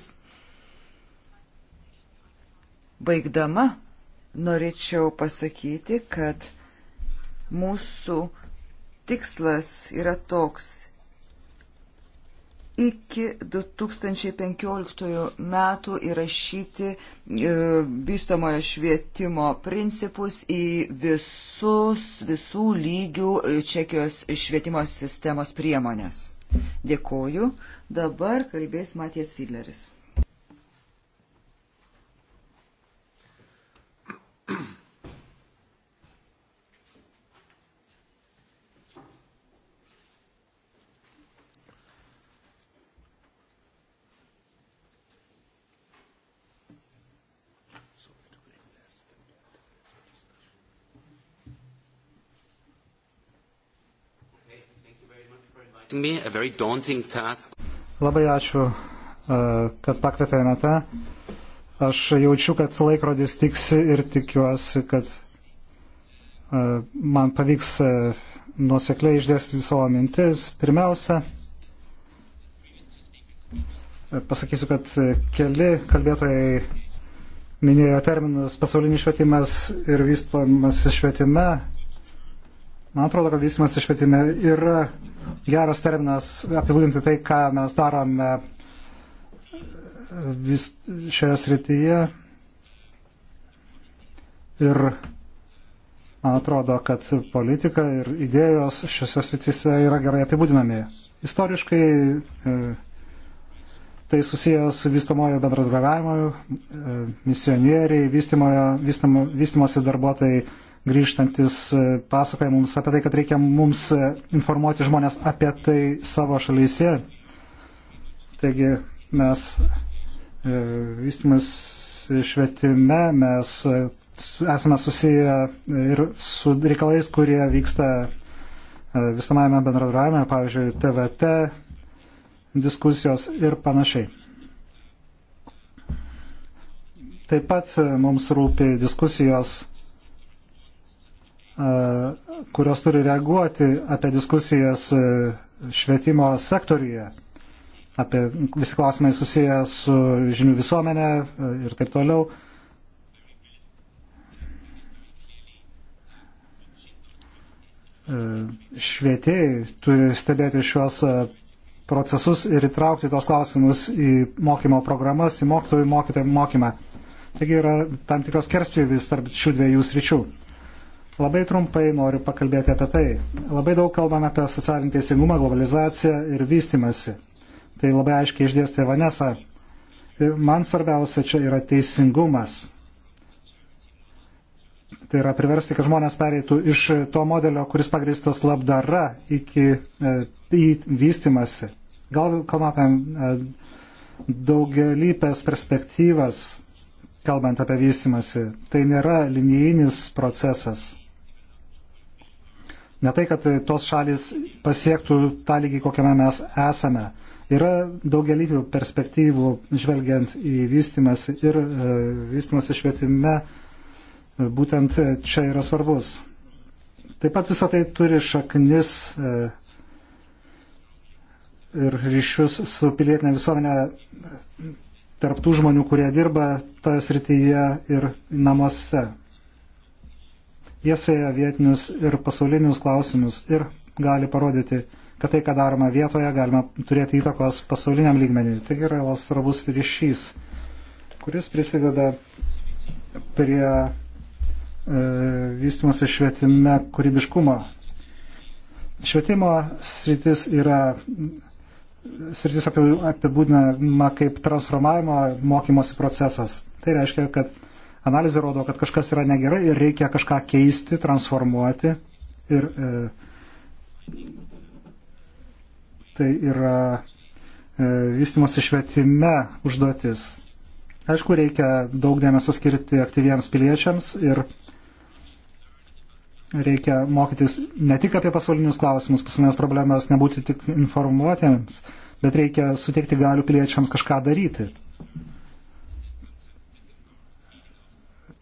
Baigdama, norėčiau pasakyti, kad mūsų tikslas yra toks iki 2015 metų įrašyti e, vystamojo švietimo principus į visus, visų lygių e, Čekijos švietimo sistemos priemonės. Dėkoju. Dabar kalbės Matijas Fidleris. me, a very daunting task. Labai ačiū, e, kad pakvietėte. Aš jaučiu, kad laikrodis tiksi ir tikiuosi, kad e, man pavyks e, nuosekliai išdėstyti savo mintis. Pirmiausia, pasakysiu, kad keli kalbėtojai minėjo terminus pasaulinis švietimas ir vystomas švietime Man atrodo, kad vystimas išvietime yra geras terminas apibūdinti tai, ką mes darome e, vis šioje srityje. Ir man atrodo, kad politika ir idėjos šiose srityse yra gerai apibūdinami. Istoriškai e, tai susijęs su vystamojo bendradarbiavimu, e, misionieriai, vystimosi darbuotojai grįžtantis e, pasakoja mums apie tai, kad reikia mums e, informuoti žmonės apie tai savo šalyse. Taigi mes e, vystimas švietime, mes esame susiję ir su reikalais, kurie vyksta visamajame bendradarbiavime, pavyzdžiui, TVT diskusijos ir panašiai. Taip pat mums rūpi diskusijos kurios turi reaguoti apie diskusijas e, švietimo sektoriuje, apie visi klausimai susiję su žinių visuomenė e, ir taip toliau. E, švietėjai turi stebėti šios procesus ir įtraukti tos klausimus į mokymo programas, į mokytojų mokytojų mokymą. Taigi yra tam tikros kerspjūvis tarp šių dviejų sričių. Labai trumpai noriu pakalbėti apie tai. Labai daug kalbame apie socialinį teisingumą, globalizaciją ir vystimasi. Tai labai aiškiai išdėstė Vanesa. Man svarbiausia čia yra teisingumas. Tai yra priversti, kad žmonės pereitų iš to modelio, kuris pagristas labdara, iki e, į vystimasi. Gal kalbame apie e, daugelįpės perspektyvas, kalbant apie vystimasi. Tai nėra linijinis procesas Ne tai, kad tos šalis pasiektų tą lygį, kokiame mes esame. Yra daugelybių perspektyvų, žvelgiant į vystimas ir e, vystimas išvietime, būtent čia yra svarbus. Taip pat visą tai turi šaknis e, ir ryšius su pilietinė visuomenė tarptų žmonių, kurie dirba toje srityje ir namuose. Jie sėja vietinius ir pasaulinius klausimus ir gali parodyti, kad tai, ką daroma vietoje, galima turėti įtakos pasauliniam lygmeniui. Tai yra svarbus ryšys, kuris prisideda prie e, vystimosi švietime kūrybiškumo. Švietimo sritis yra sritis apibūdinama kaip transformavimo mokymosi procesas. Tai reiškia, kad analizė rodo, kad kažkas yra negerai ir reikia kažką keisti, transformuoti. Ir e, tai yra e, vystimosi švietime užduotis. Aišku, reikia daug dėmesio skirti aktyviems piliečiams ir reikia mokytis ne tik apie pasaulinius klausimus, pasaulinės problemas, nebūti tik informuotėms, bet reikia suteikti galių piliečiams kažką daryti.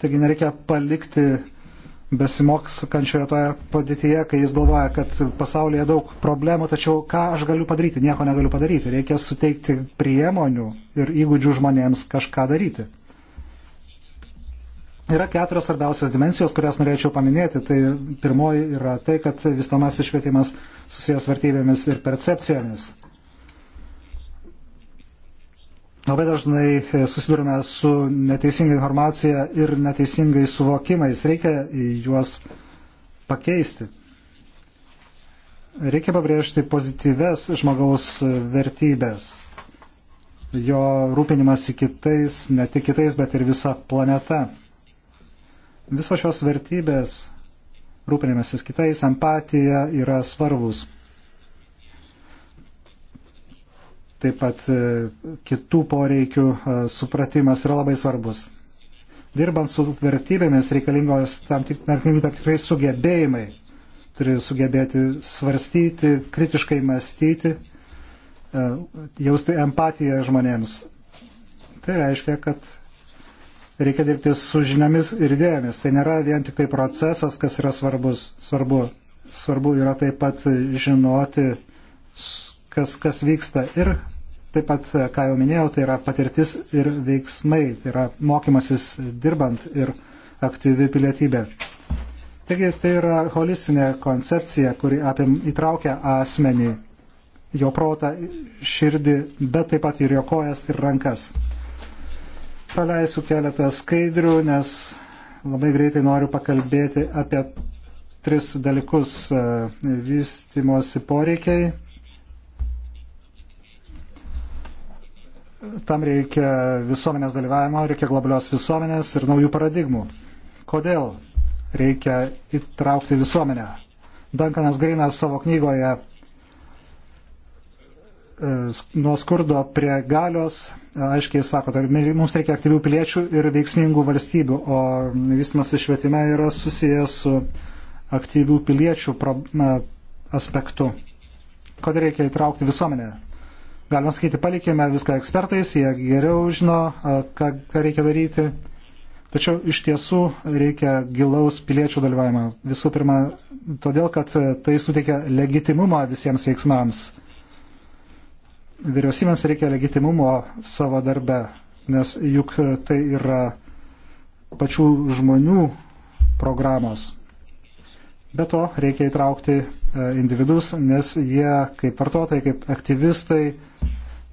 Taigi nereikia palikti besimoksančioje toje padėtyje, kai jis galvoja, kad pasaulyje daug problemų, tačiau ką aš galiu padaryti, nieko negaliu padaryti. Reikia suteikti priemonių ir įgūdžių žmonėms kažką daryti. Yra keturios svarbiausios dimensijos, kurias norėčiau paminėti. Tai pirmoji yra tai, kad vystomas išvietimas susijęs vertybėmis ir percepcijomis. Labai dažnai e, susidurime su neteisinga informacija ir neteisingai suvokimais. Reikia juos pakeisti. Reikia pabrėžti pozityves žmogaus vertybės. Jo rūpinimas į kitais, ne tik kitais, bet ir visa planeta. Visos šios vertybės, rūpinimasis kitais, empatija yra svarbus. taip pat e, kitų poreikių e, supratimas yra labai svarbus. Dirbant su vertybėmis reikalingos tam, tik, tam tikrai sugebėjimai. Turi sugebėti svarstyti, kritiškai mąstyti, e, jausti empatiją žmonėms. Tai reiškia, kad reikia dirbti su žiniomis ir idėjomis. Tai nėra vien tik tai procesas, kas yra svarbus. Svarbu, svarbu yra taip pat žinoti, kas, kas vyksta. Ir taip pat, ką jau minėjau, tai yra patirtis ir veiksmai, tai yra mokymasis dirbant ir aktyvi pilietybė. Taigi tai yra holistinė koncepcija, kuri apim įtraukia asmenį, jo protą, širdį, bet taip pat ir jo kojas ir rankas. Praleisiu keletą skaidrių, nes labai greitai noriu pakalbėti apie tris dalykus e, - vystimosi poreikiai, tam reikia visuomenės dalyvavimo, reikia globalios visuomenės ir naujų paradigmų. Kodėl reikia įtraukti visuomenę? Dankanas Grinas savo knygoje e, nuo skurdo prie galios, e, aiškiai sako, mums reikia aktyvių piliečių ir veiksmingų valstybių, o vystimas išvietime yra susijęs su aktyvių piliečių aspektu. Kodėl reikia įtraukti visuomenę? Galima sakyti, palikime viską ekspertais, jie geriau žino, ką, ką reikia daryti. Tačiau iš tiesų reikia gilaus piliečių dalyvavimo. Visų pirma, todėl, kad e, tai suteikia legitimumą visiems veiksmams. Vyriausybėms reikia legitimumo savo darbe, nes juk e, tai yra pačių žmonių programos. Be to reikia įtraukti e, individus, nes jie kaip vartotojai, kaip aktyvistai,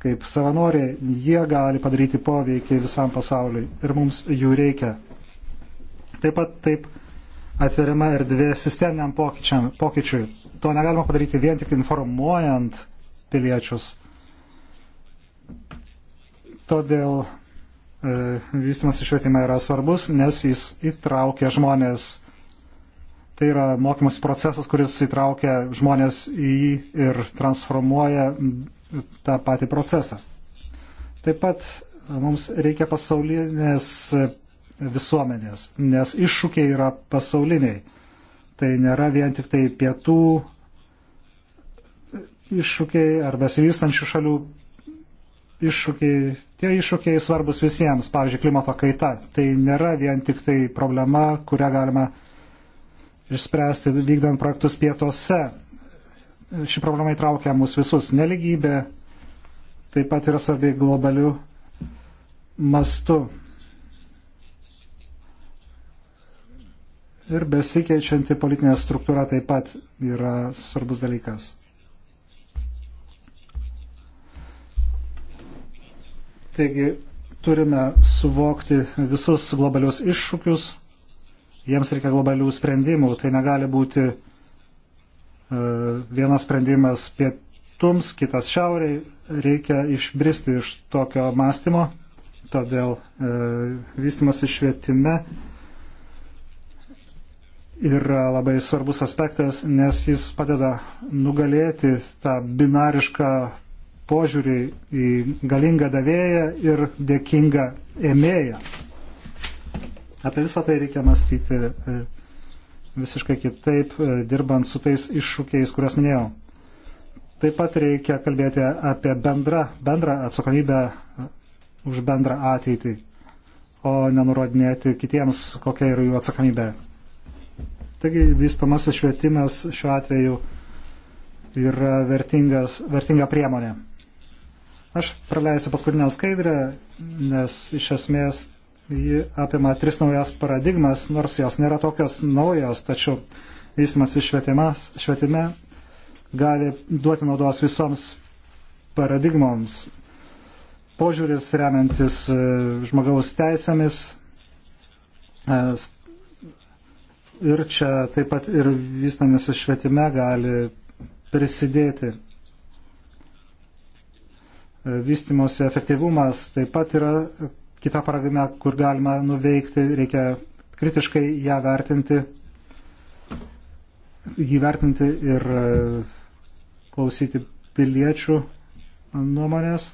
kaip savanoriai, jie gali padaryti poveikį visam pasauliui ir mums jų reikia. Taip pat taip atveriama erdvė sisteminiam pokyčiui. To negalima padaryti vien tik informuojant piliečius. Todėl e, vystimas išvietime yra svarbus, nes jis įtraukia žmonės Tai yra mokymosi procesas, kuris įtraukia žmonės į jį ir transformuoja tą patį procesą. Taip pat mums reikia pasaulinės visuomenės, nes iššūkiai yra pasauliniai. Tai nėra vien tik tai pietų iššūkiai ar besivystančių šalių iššūkiai. Tie iššūkiai svarbus visiems, pavyzdžiui, klimato kaita. Tai nėra vien tik tai problema, kurią galima išspręsti vykdant projektus pietuose. Ši problema įtraukia mus visus. Neligybė taip pat yra svarbi globalių mastu. Ir besikeičianti politinė struktūra taip pat yra svarbus dalykas. Taigi turime suvokti visus globalius iššūkius Jiems reikia globalių sprendimų. Tai negali būti e, vienas sprendimas pietums, kitas šiauriai. Reikia išbristi iš tokio mąstymo. Todėl e, vystimas išvietime yra labai svarbus aspektas, nes jis padeda nugalėti tą binarišką požiūrį į galingą davėją ir dėkingą ėmėją. Apie visą tai reikia mąstyti e, visiškai kitaip, e, dirbant su tais iššūkiais, kuriuos minėjau. Taip pat reikia kalbėti apie bendrą, bendrą atsakomybę e, už bendrą ateitį, o nenurodinėti kitiems, kokia yra jų atsakomybė. Taigi vystomasis švietimas šiuo atveju yra vertinga priemonė. Aš praleisiu paskutinę skaidrę, nes iš esmės Ji apima tris naujas paradigmas, nors jos nėra tokios naujos, tačiau vystimas švietime gali duoti naudos visoms paradigmoms. Požiūris remiantis e, žmogaus teisėmis. E, ir čia taip pat ir vystamis švietime gali prisidėti. E, vystimosi efektyvumas taip pat yra kita paragina, kur galima nuveikti, reikia kritiškai ją vertinti, jį vertinti ir e, klausyti piliečių nuomonės.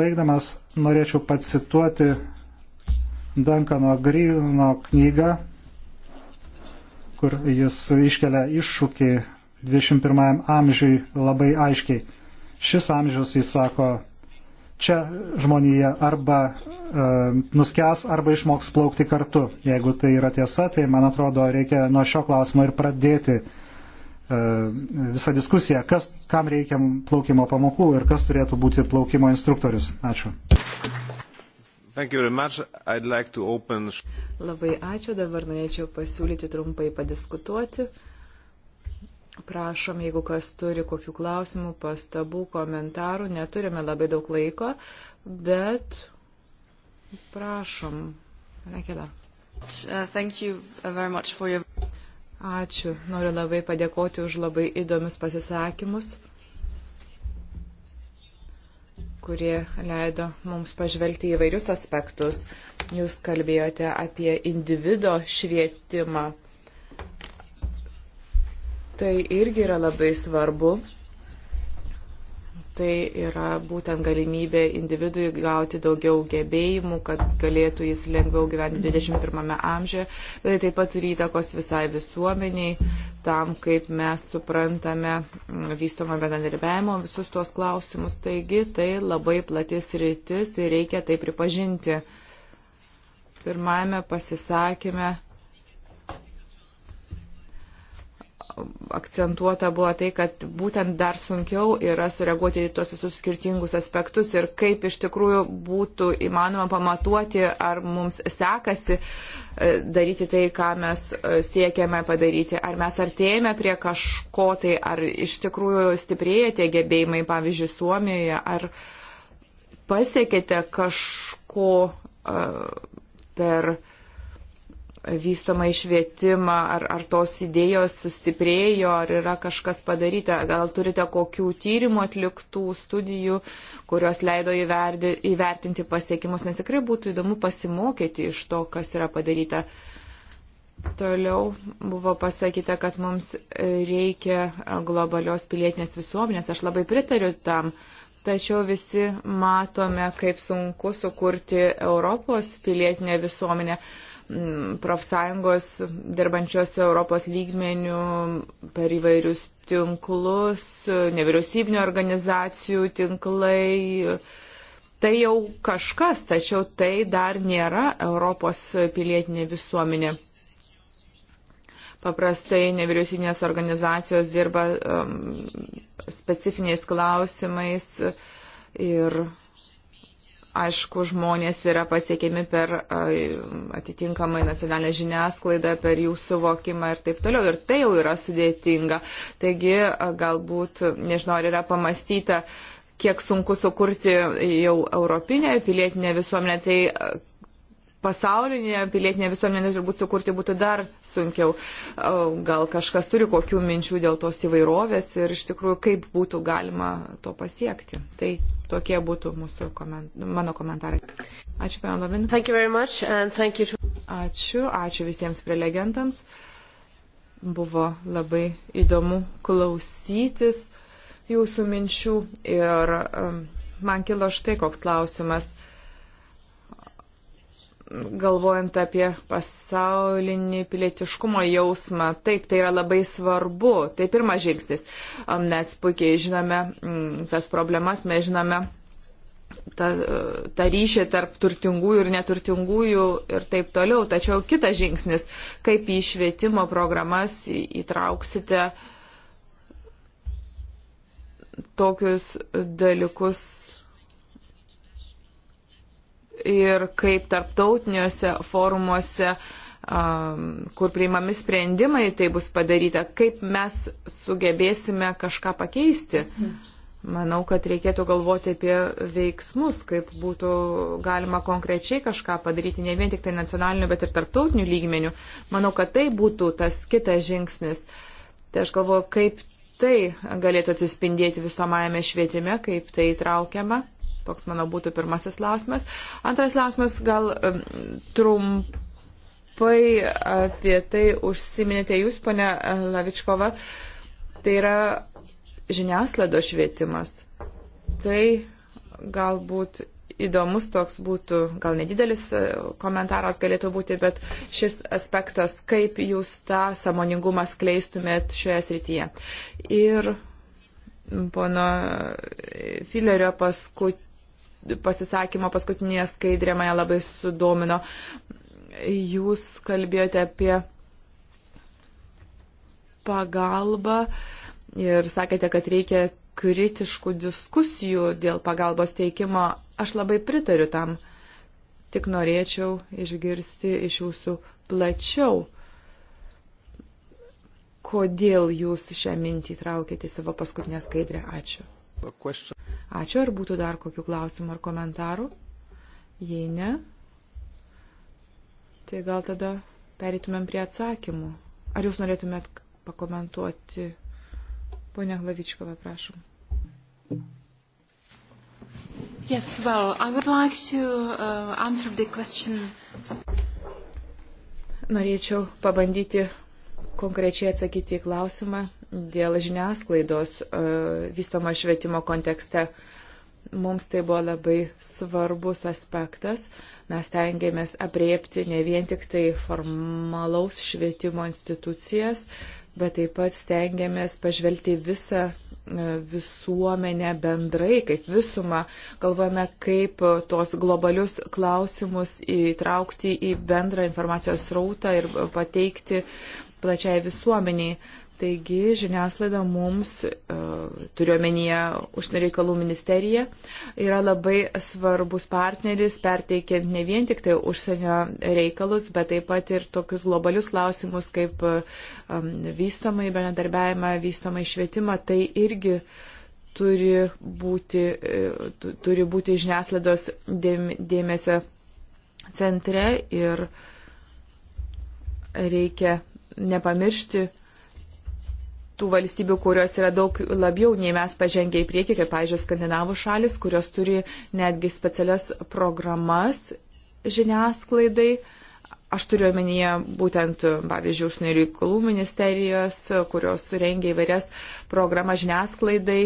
Baigdamas norėčiau pacituoti Dankano Grino knygą, kur jis iškelia iššūkį 21 amžiui labai aiškiai. Šis amžius, jis sako, čia žmonija arba e, nuskęs, arba išmoks plaukti kartu. Jeigu tai yra tiesa, tai man atrodo, reikia nuo šio klausimo ir pradėti e, visą diskusiją, kas, kam reikia plaukimo pamokų ir kas turėtų būti plaukimo instruktorius. Ačiū. Like open... Labai ačiū, dabar norėčiau pasiūlyti trumpai padiskutuoti. Prašom, jeigu kas turi kokių klausimų, pastabų, komentarų, neturime labai daug laiko, bet prašom. Rekela. Uh, Ačiū. Noriu labai padėkoti už labai įdomius pasisakymus, kurie leido mums pažvelgti į vairius aspektus. Jūs kalbėjote apie individo švietimą Tai irgi yra labai svarbu. Tai yra būtent galimybė individui gauti daugiau gebėjimų, kad galėtų jis lengviau gyventi 21 amžiuje, bet tai taip pat turi įtakos visai visuomeniai, tam, kaip mes suprantame vystomą bendradarbiavimo visus tuos klausimus. Taigi tai labai platis rytis ir reikia tai pripažinti. Pirmajame pasisakymė akcentuota buvo tai, kad būtent dar sunkiau yra sureaguoti į tuos visus skirtingus aspektus ir kaip iš tikrųjų būtų įmanoma pamatuoti, ar mums sekasi e, daryti tai, ką mes e, siekiame padaryti, ar mes artėjame prie kažko, tai ar iš tikrųjų stiprėja tie gebėjimai, pavyzdžiui, Suomijoje, ar pasiekėte kažko e, per vystoma išvietimą, ar, ar tos idėjos sustiprėjo, ar yra kažkas padaryta, gal turite kokių tyrimų atliktų, studijų, kurios leido įverdi, įvertinti pasiekimus, nes tikrai būtų įdomu pasimokyti iš to, kas yra padaryta. Toliau buvo pasakyta, kad mums reikia globalios pilietinės visuomenės, aš labai pritariu tam, tačiau visi matome, kaip sunku sukurti Europos pilietinę visuomenę Mm, profsąjungos dirbančios Europos lygmenių per įvairius tinklus, nevyriausybinio organizacijų tinklai. Tai jau kažkas, tačiau tai dar nėra Europos pilietinė visuomenė. Paprastai nevyriausybinės organizacijos dirba um, specifiniais klausimais ir Aišku, žmonės yra pasiekiami per e, atitinkamai nacionalinę žiniasklaidą, per jų suvokimą ir taip toliau. Ir tai jau yra sudėtinga. Taigi, e, galbūt, nežinau, ar yra pamastyta, kiek sunku sukurti jau europinę pilietinę visuomenę, tai e, pasaulinėje pilietinėje visuomenėje turbūt sukurti būtų dar sunkiau. Gal kažkas turi kokių minčių dėl tos įvairovės ir iš tikrųjų kaip būtų galima to pasiekti. Tai tokie būtų mūsų koment, mano komentarai. Ačiū, Pana Lomin. To... Ačiū, ačiū visiems prelegentams. Buvo labai įdomu klausytis jūsų minčių ir um, man kilo štai koks klausimas galvojant apie pasaulinį pilietiškumo jausmą, taip, tai yra labai svarbu, tai pirmas žingsnis. Mes puikiai žinome mm, tas problemas, mes žinome tą, tą ryšį tarp turtingųjų ir neturtingųjų ir taip toliau. Tačiau kitas žingsnis, kaip į švietimo programas įtrauksite tokius dalykus ir kaip tarptautiniuose forumuose kur priimami sprendimai, tai bus padaryta, kaip mes sugebėsime kažką pakeisti. Manau, kad reikėtų galvoti apie veiksmus, kaip būtų galima konkrečiai kažką padaryti, ne vien tik tai nacionaliniu, bet ir tarptautiniu lygmeniu. Manau, kad tai būtų tas kitas žingsnis. Tai aš galvoju, kaip tai galėtų atsispindėti visuomajame švietime, kaip tai įtraukiama. Toks, manau, būtų pirmasis klausimas. Antras klausimas gal trumpai apie tai užsiminėte jūs, pane Lavičkova. Tai yra žiniasklaido švietimas. Tai galbūt įdomus toks būtų, gal nedidelis e, komentaras galėtų būti, bet šis aspektas, kaip jūs tą samoningumą skleistumėt šioje srityje. Ir pono Filerio paskutinį pasisakymo paskutinėje skaidrė mane labai sudomino. Jūs kalbėjote apie pagalbą ir sakėte, kad reikia kritiškų diskusijų dėl pagalbos teikimo. Aš labai pritariu tam. Tik norėčiau išgirsti iš jūsų plačiau, kodėl jūs šią mintį traukėte į savo paskutinę skaidrę. Ačiū. Ačiū, ar būtų dar kokių klausimų ar komentarų? Jei ne, tai gal tada pereitumėm prie atsakymų. Ar jūs norėtumėt pakomentuoti? Pone Glavičkova, prašom. Yes, well, I would like to uh, answer the question. Norėčiau pabandyti konkrečiai atsakyti į klausimą dėl žiniasklaidos e, vystomo švietimo kontekste. Mums tai buvo labai svarbus aspektas. Mes tengiamės apriepti ne vien tik tai formalaus švietimo institucijas, bet taip pat stengiamės pažvelgti visą e, visuomenę bendrai, kaip visumą, galvojame, kaip tos globalius klausimus įtraukti į bendrą informacijos rautą ir pateikti plačiai visuomeniai. Taigi žiniaslaida mums, e, turiuomenyje užsienio reikalų ministerija, yra labai svarbus partneris, perteikiant ne vien tik tai užsienio reikalus, bet taip pat ir tokius globalius klausimus kaip e, vystomai bendradarbiavimą, vystomai švietimą. Tai irgi turi būti, e, turi būti žiniaslaidos dėmesio centre ir reikia nepamiršti tų valstybių, kurios yra daug labiau nei mes pažengę į priekį, kaip, pavyzdžiui, skandinavų šalis, kurios turi netgi specialias programas žiniasklaidai. Aš turiu omenyje būtent, pavyzdžiui, užsienio reikalų ministerijos, kurios rengia įvairias programas žiniasklaidai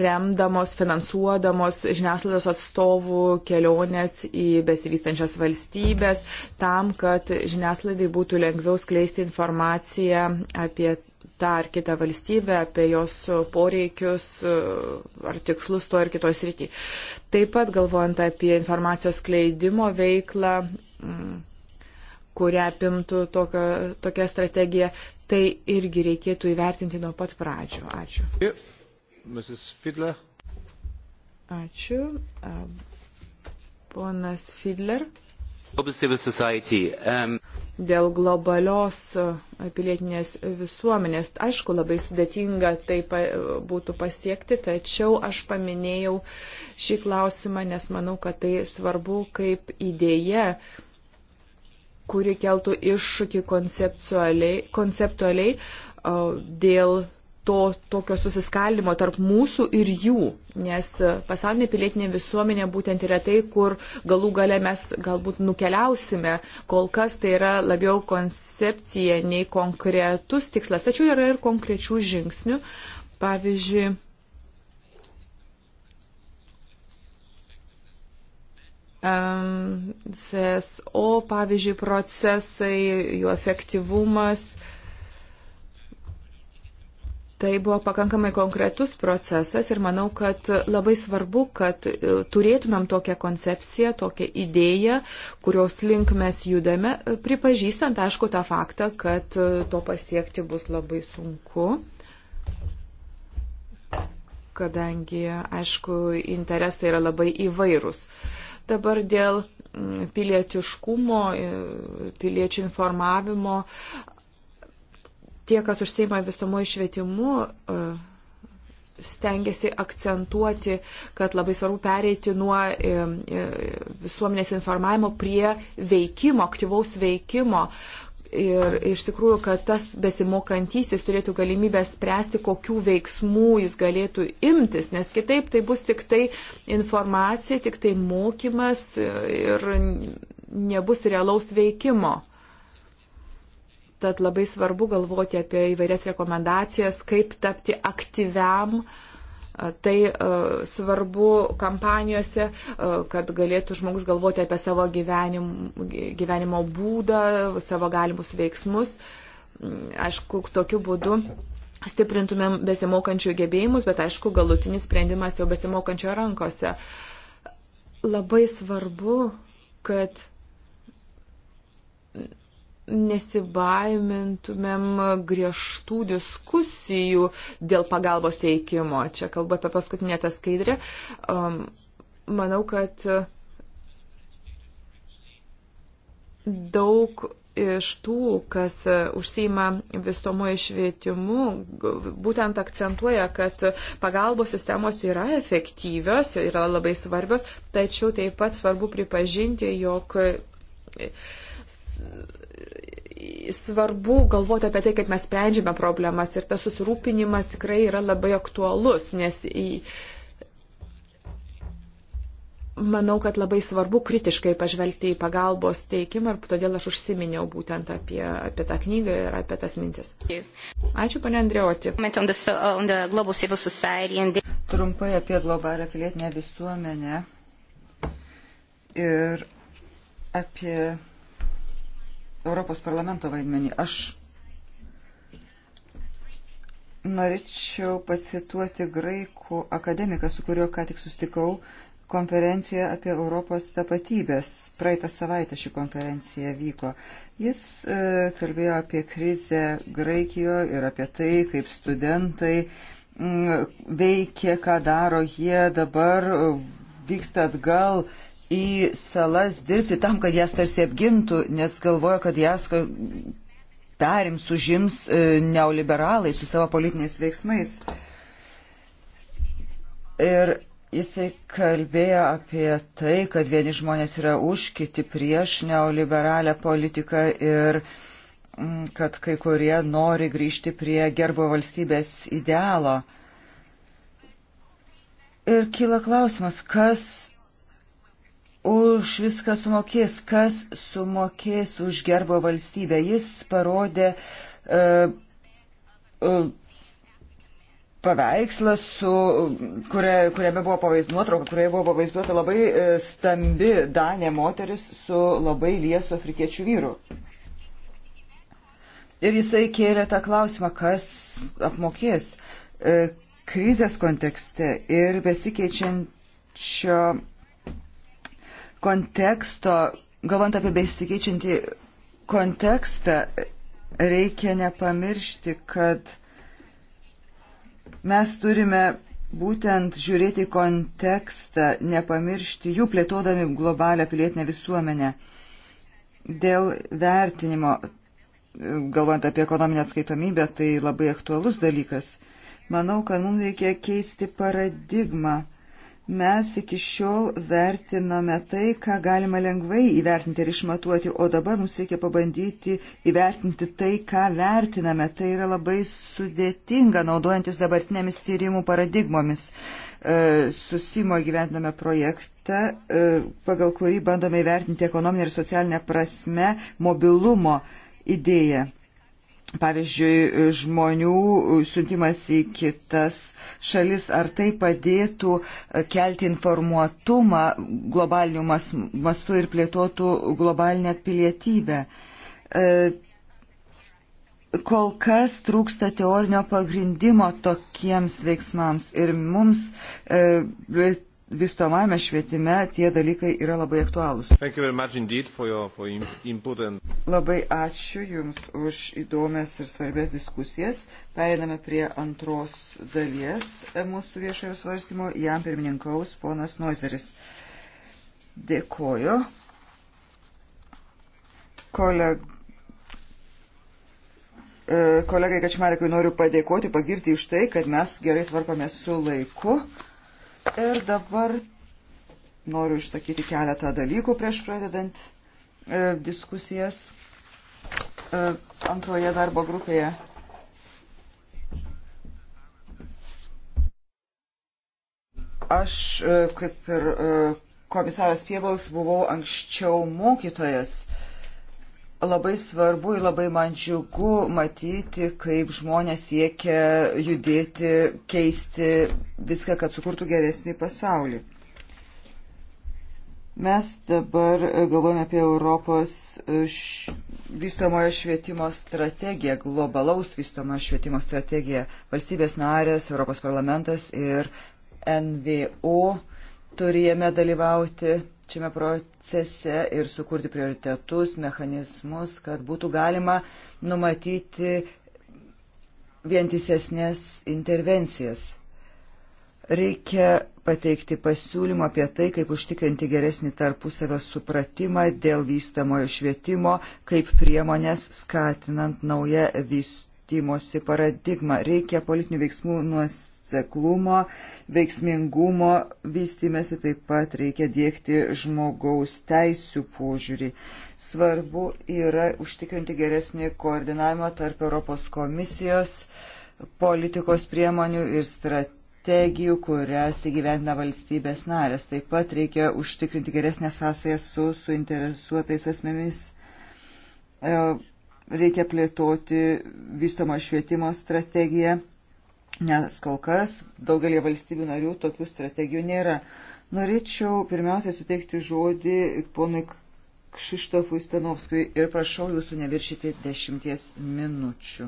remdamos, finansuodamos žiniasklaidos atstovų keliones į besivystančias valstybės, tam, kad žiniasklaidai būtų lengviau skleisti informaciją apie tą ar kitą valstybę, apie jos poreikius ar tikslus to ar kitos rytį. Taip pat galvojant apie informacijos kleidimo veiklą, mm, kurią apimtų tokio, tokia strategija, tai irgi reikėtų įvertinti nuo pat pradžių. Ačiū. Ačiū. Ponas Fidler. Global Civil Society. Um dėl globalios e, pilietinės visuomenės. Aišku, labai sudėtinga tai būtų pasiekti, tačiau aš paminėjau šį klausimą, nes manau, kad tai svarbu kaip idėja kuri keltų iššūkį konceptualiai, konceptualiai dėl to tokio susiskaldimo tarp mūsų ir jų, nes pasaulinė pilietinė visuomenė būtent yra tai, kur galų gale mes galbūt nukeliausime, kol kas tai yra labiau koncepcija nei konkretus tikslas, tačiau yra ir konkrečių žingsnių. Pavyzdžiui, CSO, pavyzdžiui, procesai, jų efektyvumas, uh, Tai buvo pakankamai konkretus procesas ir manau, kad labai svarbu, kad e, turėtumėm tokią koncepciją, tokią idėją, kurios link mes judame, e, pripažįstant, aišku, tą faktą, kad e, to pasiekti bus labai sunku kadangi, aišku, interesai yra labai įvairūs. Dabar dėl pilietiškumo, piliečių informavimo tie, kas užseima visumo išvietimu, e, stengiasi akcentuoti, kad labai svarbu pereiti nuo e, e, visuomenės informavimo prie veikimo, aktyvaus veikimo, ir iš tikrųjų, kad tas besimokantysis turėtų galimybę spręsti, kokių veiksmų jis galėtų imtis, nes kitaip tai bus tik tai informacija, tik tai mokymas ir nebus realaus veikimo. Tad labai svarbu galvoti apie įvairias rekomendacijas, kaip tapti aktyviam uh, tai svarbu kampanijose, kad galėtų žmogus galvoti apie savo gyvenim, gyvenimo būdą, savo galimus veiksmus. Mm, aišku, tokiu būdu stiprintumėm besimokančių gebėjimus, bet aišku, galutinis sprendimas jau besimokančio rankose. Labai svarbu, kad nesibaimintumėm griežtų diskusijų dėl pagalbos teikimo. Čia kalba apie paskutinę tą skaidrę. Um, manau, kad daug iš tų, kas užsima visomoje švietimu, būtent akcentuoja, kad pagalbos sistemos yra efektyvios, yra labai svarbios, tačiau taip pat svarbu pripažinti, jog svarbu galvoti apie tai, kaip mes sprendžiame problemas ir tas susirūpinimas tikrai yra labai aktualus, nes į, manau, kad labai svarbu kritiškai pažvelgti į pagalbos teikimą ir todėl aš užsiminiau būtent apie, apie tą knygą ir apie tas mintis. Ačiū, ponė Andrioti. Trumpai apie globalę pilietinę visuomenę ir apie Europos parlamento vaidmenį. Aš norėčiau pacituoti graikų akademiką, su kuriuo ką tik sustikau konferencijoje apie Europos tapatybės. Praeitą savaitę ši konferencija vyko. Jis e, kalbėjo apie krizę Graikijoje ir apie tai, kaip studentai m, mm, veikia, ką daro jie dabar, vyksta atgal. E, į salas dirbti tam, kad jas tarsi apgintų, nes galvoja, kad jas perims, užims e, neoliberalai su savo politiniais veiksmais. Ir jisai kalbėjo apie tai, kad vieni žmonės yra už, kiti prieš neoliberalią politiką ir mm, kad kai kurie nori grįžti prie gerbo valstybės idealo. Ir kyla klausimas, kas už viską sumokės, kas sumokės už gerbo valstybę. Jis parodė uh, uh, paveikslą, su, kuria, kuriame buvo pavaizduota, nuotrauka, kurioje buvo pavaizduota labai uh, stambi Danė moteris su labai liesu afrikiečių vyru. Ir jisai kėlė tą klausimą, kas apmokės uh, krizės kontekste ir besikeičiančio konteksto, galvant apie besikeičiantį kontekstą, reikia nepamiršti, kad mes turime būtent žiūrėti į kontekstą, nepamiršti jų plėtodami globalią pilietinę visuomenę. Dėl vertinimo, galvant apie ekonominę atskaitomybę, tai labai aktualus dalykas. Manau, kad mums reikia keisti paradigmą. Mes iki šiol vertinome tai, ką galima lengvai įvertinti ir išmatuoti, o dabar mums reikia pabandyti įvertinti tai, ką vertiname. Tai yra labai sudėtinga, naudojantis dabartinėmis tyrimų paradigmomis. E, susimo gyventame projektą, e, pagal kurį bandome įvertinti ekonominę ir socialinę prasme mobilumo idėją pavyzdžiui, žmonių siuntimas į kitas šalis, ar tai padėtų kelti informuotumą globaliniu mas, mastu ir plėtotų globalinę pilietybę. E, kol kas trūksta teorinio pagrindimo tokiems veiksmams ir mums e, vystomame švietime tie dalykai yra labai aktualūs. For your, for and... Labai ačiū Jums už įdomias ir svarbės diskusijas. Pereiname prie antros dalies mūsų viešojo svarstymo. Jam pirmininkaus ponas Noizeris. Dėkoju. Kolega e, kolegai Kačmarikui noriu padėkoti, pagirti iš tai, kad mes gerai tvarkomės su laiku. Ir dabar noriu išsakyti keletą dalykų prieš pradedant e, diskusijas e, antroje darbo grupėje. Aš, e, kaip ir e, komisaras Pievals, buvau anksčiau mokytojas labai svarbu ir labai man džiugu matyti, kaip žmonės siekia judėti, keisti viską, kad sukurtų geresnį pasaulį. Mes dabar galvojame apie Europos vystomojo švietimo strategiją, globalaus vystomojo švietimo strategiją. Valstybės narės, Europos parlamentas ir NVO turėjome dalyvauti šiame projekte procese ir sukurti prioritetus, mechanizmus, kad būtų galima numatyti vientisesnės intervencijas. Reikia pateikti pasiūlymą apie tai, kaip užtikrinti geresnį tarpusavio supratimą dėl vystamojo švietimo, kaip priemonės skatinant naują vystimosi paradigmą. Reikia politinių veiksmų nuos nuoseklumo, veiksmingumo vystimėsi, taip pat reikia dėkti žmogaus teisų požiūrį. Svarbu yra užtikrinti geresnį koordinavimą tarp Europos komisijos politikos priemonių ir strategijų strategijų, kurias įgyvendina valstybės narės. Taip pat reikia užtikrinti geresnę sąsąją su suinteresuotais asmenimis. E, reikia plėtoti vystomą švietimo strategiją nes kol kas daugelie valstybių narių tokių strategijų nėra. Norėčiau pirmiausia suteikti žodį ponui Kšištofui Stanovskui ir prašau jūsų neviršyti dešimties minučių.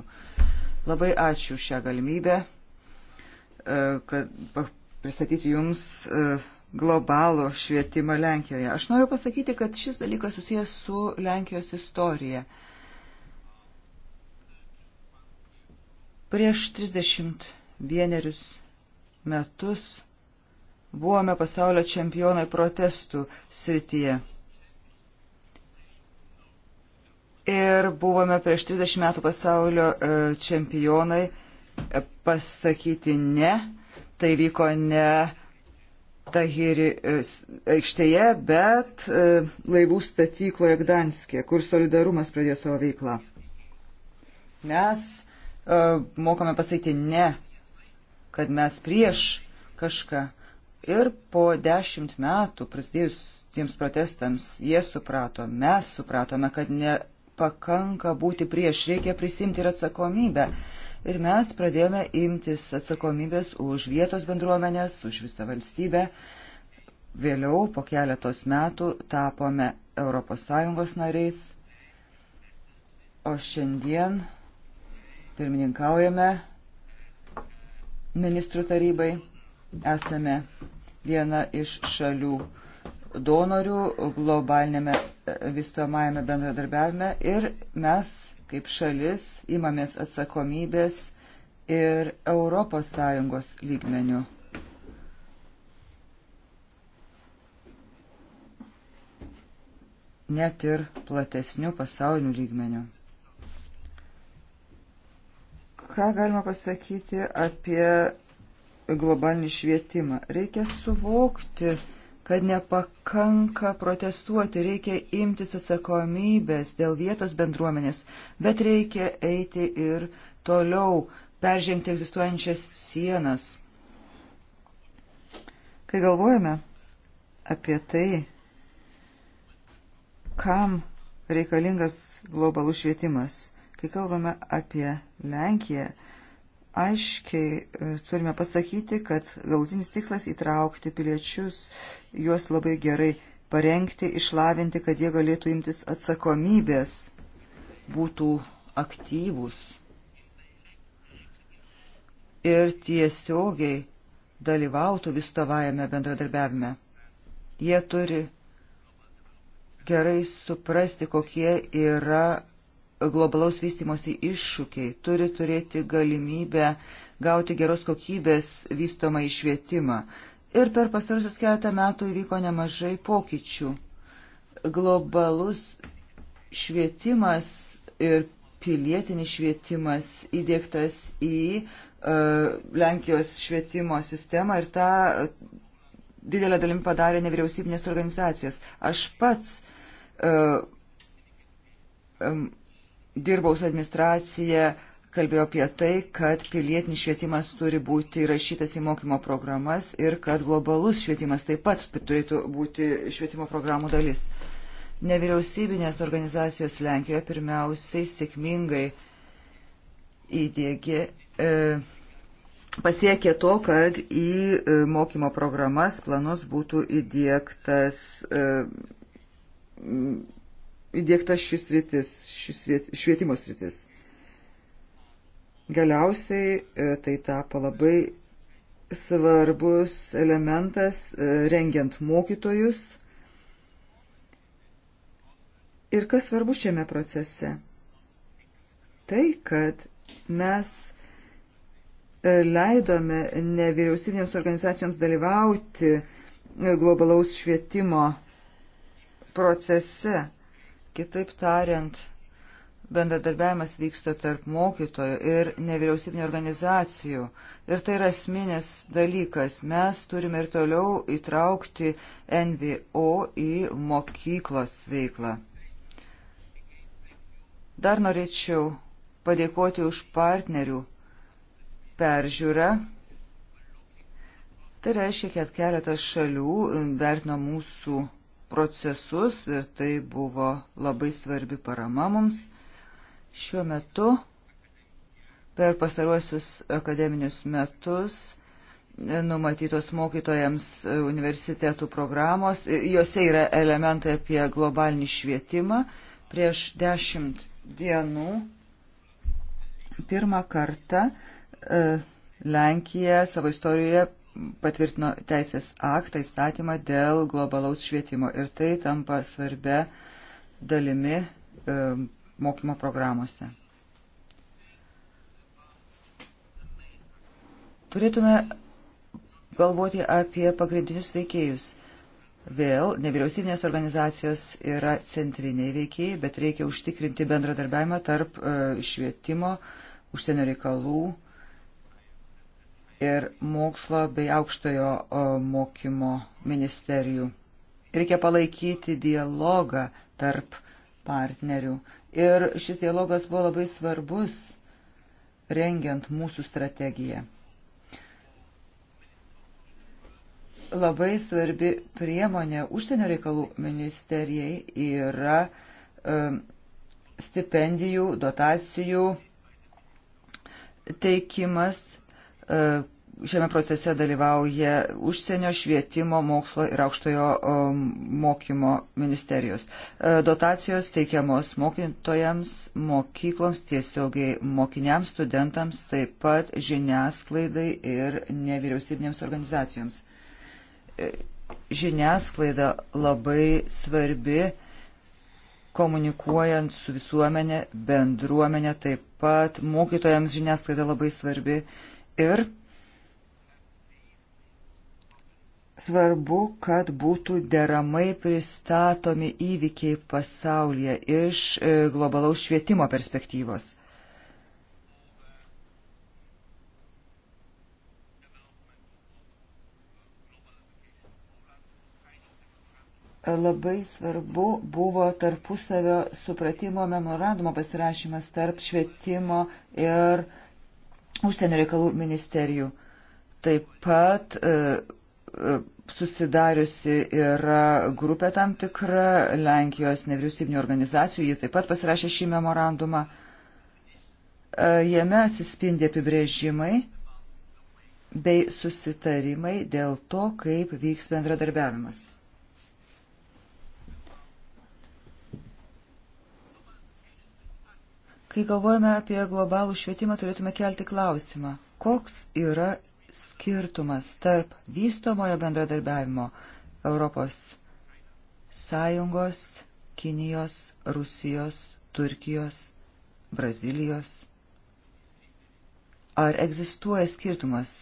Labai ačiū šią galimybę, e, kad pristatyti jums e, globalų švietimą Lenkijoje. Aš noriu pasakyti, kad šis dalykas susijęs su Lenkijos istorija. Prieš 31 metus buvome pasaulio čempionai protestų srityje. Ir buvome prieš 30 metų pasaulio e, čempionai e, pasakyti ne. Tai vyko ne Tahiri e, aikštėje, bet laivų statykloje Gdanskė, kur solidarumas pradėjo savo veiklą. Mes E, mokame pasakyti ne, kad mes prieš kažką. Ir po dešimt metų, prasidėjus tiems protestams, jie suprato, mes supratome, kad nepakanka būti prieš, reikia prisimti ir atsakomybę. Ir mes pradėjome imtis atsakomybės už vietos bendruomenės, už visą valstybę. Vėliau, po keletos metų, tapome ES nariais. O šiandien pirmininkaujame ministrų tarybai, esame viena iš šalių donorių globalinėme e, vystomajame bendradarbiavime ir mes kaip šalis imamės atsakomybės ir ES lygmenių. Net ir platesnių pasaulinių lygmenių. Ką galima pasakyti apie globalinį švietimą? Reikia suvokti, kad nepakanka protestuoti, reikia imtis atsakomybės dėl vietos bendruomenės, bet reikia eiti ir toliau, peržengti egzistuojančias sienas. Kai galvojame apie tai, kam reikalingas globalus švietimas, kai kalbame apie Lenkiją, aiškiai e, turime pasakyti, kad galutinis tikslas įtraukti piliečius, juos labai gerai parengti, išlavinti, kad jie galėtų imtis atsakomybės, būtų aktyvūs ir tiesiogiai dalyvautų vystovajame bendradarbiavime. Jie turi gerai suprasti, kokie yra globalaus vystimosi iššūkiai turi turėti galimybę gauti geros kokybės vystomą išvietimą. Ir per pastarusius keletą metų įvyko nemažai pokyčių. Globalus švietimas ir pilietinis švietimas įdėktas į uh, Lenkijos švietimo sistemą ir tą e, didelę dalim padarė nevyriausybinės organizacijos. Aš pats uh, um, dirbau su administracija, kalbėjau apie tai, kad pilietinis švietimas turi būti įrašytas į mokymo programas ir kad globalus švietimas taip pat turėtų būti švietimo programų dalis. Nevyriausybinės organizacijos Lenkijoje pirmiausiai sėkmingai įdėgė, e, pasiekė to, kad į e, mokymo programas planus būtų įdėktas e, įdėkta šis rytis, šis švietimo rytis. Galiausiai e, tai tapo labai svarbus elementas e, rengiant mokytojus. Ir kas svarbu šiame procese? Tai, kad mes e, leidome nevyriausybinėms organizacijoms dalyvauti globalaus švietimo procese. Kitaip tariant, bendradarbiavimas vyksta tarp mokytojų ir nevyriausybinio organizacijų. Ir tai yra asmenis dalykas. Mes turime ir toliau įtraukti NVO į mokyklos veiklą. Dar norėčiau padėkoti už partnerių peržiūrą. Tai reiškia, kad keletas šalių vertino mūsų procesus ir tai buvo labai svarbi parama mums. Šiuo metu per pastaruosius akademinius metus numatytos mokytojams universitetų programos, juose yra elementai apie globalinį švietimą. Prieš dešimt dienų pirmą kartą e, Lenkija savo istorijoje patvirtino teisės aktą įstatymą dėl globalaus švietimo ir tai tampa svarbia dalimi e, mokymo programuose. Turėtume galvoti apie pagrindinius veikėjus. Vėl nevyriausybinės organizacijos yra centriniai veikėjai, bet reikia užtikrinti bendradarbiavimą tarp e, švietimo, užsienio reikalų, ir mokslo bei aukštojo mokymo ministerijų. Reikia palaikyti dialogą tarp partnerių. Ir šis dialogas buvo labai svarbus rengiant mūsų strategiją. Labai svarbi priemonė užsienio reikalų ministerijai yra um, stipendijų, dotacijų teikimas E, šiame procese dalyvauja užsienio švietimo, mokslo ir aukštojo e, mokymo ministerijos. E, dotacijos teikiamos mokytojams, mokykloms, tiesiogiai mokiniams, studentams, taip pat žiniasklaidai ir nevyriausybinėms organizacijoms. Žiniasklaida labai svarbi komunikuojant su visuomenė, bendruomenė, taip pat mokytojams žiniasklaida labai svarbi ir svarbu, kad būtų deramai pristatomi įvykiai pasaulyje iš e, globalaus švietimo perspektyvos. labai svarbu buvo tarpusavio supratimo memorandumo pasirašymas tarp švietimo ir uh, užsienio reikalų ministerijų. Taip pat e, e, susidariusi yra grupė tam tikra Lenkijos nevyriausybinio organizacijų, ji taip pat pasirašė šį memorandumą. E, jame atsispindi apibrėžimai bei susitarimai dėl to, kaip vyks bendradarbiavimas. Kai galvojame apie globalų švietimą, turėtume kelti klausimą, koks yra skirtumas tarp vystomojo bendradarbiavimo Europos Sąjungos, Kinijos, Rusijos, Turkijos, Brazilijos. Ar egzistuoja skirtumas?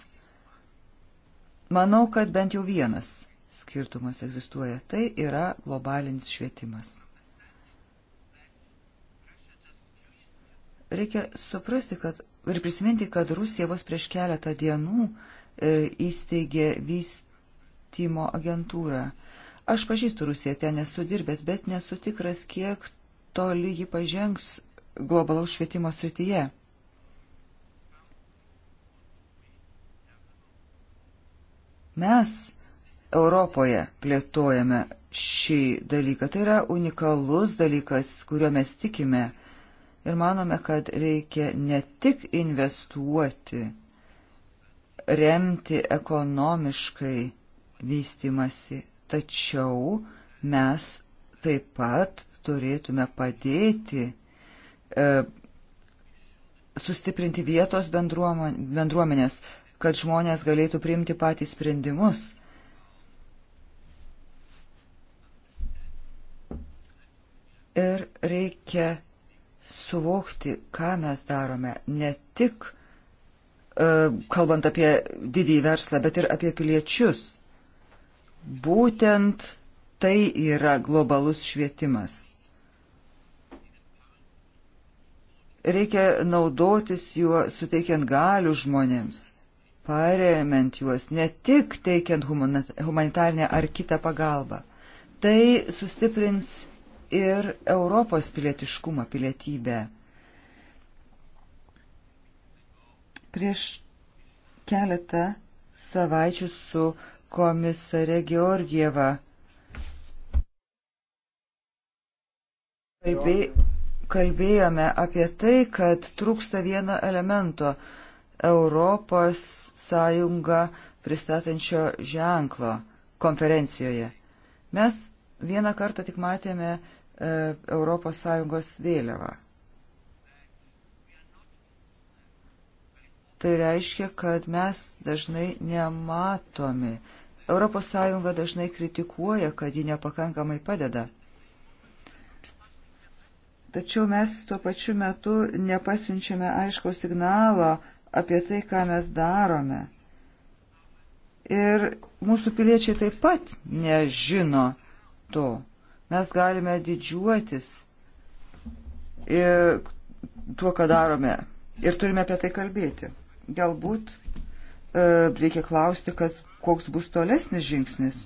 Manau, kad bent jau vienas skirtumas egzistuoja. Tai yra globalinis švietimas. Reikia suprasti kad, ir prisiminti, kad Rusija vos prieš keletą dienų e, įsteigė vystymo agentūrą. Aš pažįstu Rusiją, ten esu dirbęs, bet nesu tikras, kiek toli ji pažengs globalaus švietimo srityje. Mes Europoje plėtojame šį dalyką. Tai yra unikalus dalykas, kuriuo mes tikime ir manome, kad reikia ne tik investuoti, remti ekonomiškai vystimasi, tačiau mes taip pat turėtume padėti e, sustiprinti vietos bendruomenės, kad žmonės galėtų priimti patys sprendimus. Ir reikia suvokti, ką mes darome, ne tik e, kalbant apie didįjį verslą, bet ir apie piliečius. Būtent tai yra globalus švietimas. Reikia naudotis juo, suteikiant galių žmonėms, paremiant juos, ne tik teikiant humanitarnę ar kitą pagalbą. Tai sustiprins ir Europos pilietiškumą, pilietybę. Prieš keletą savaičių su komisare Georgieva kalbėjome apie tai, kad trūksta vieno elemento Europos sąjunga pristatančio ženklo konferencijoje. Mes vieną kartą tik matėme ES vėliavą. Tai reiškia, kad mes dažnai nematomi. ES dažnai kritikuoja, kad ji nepakankamai padeda. Tačiau mes tuo pačiu metu nepasiunčiame aiško signalo apie tai, ką mes darome. Ir mūsų piliečiai taip pat nežino to. Mes galime didžiuotis ir tuo, ką darome. Ir turime apie tai kalbėti. Galbūt e, reikia klausti, kas, koks bus tolesnis žingsnis.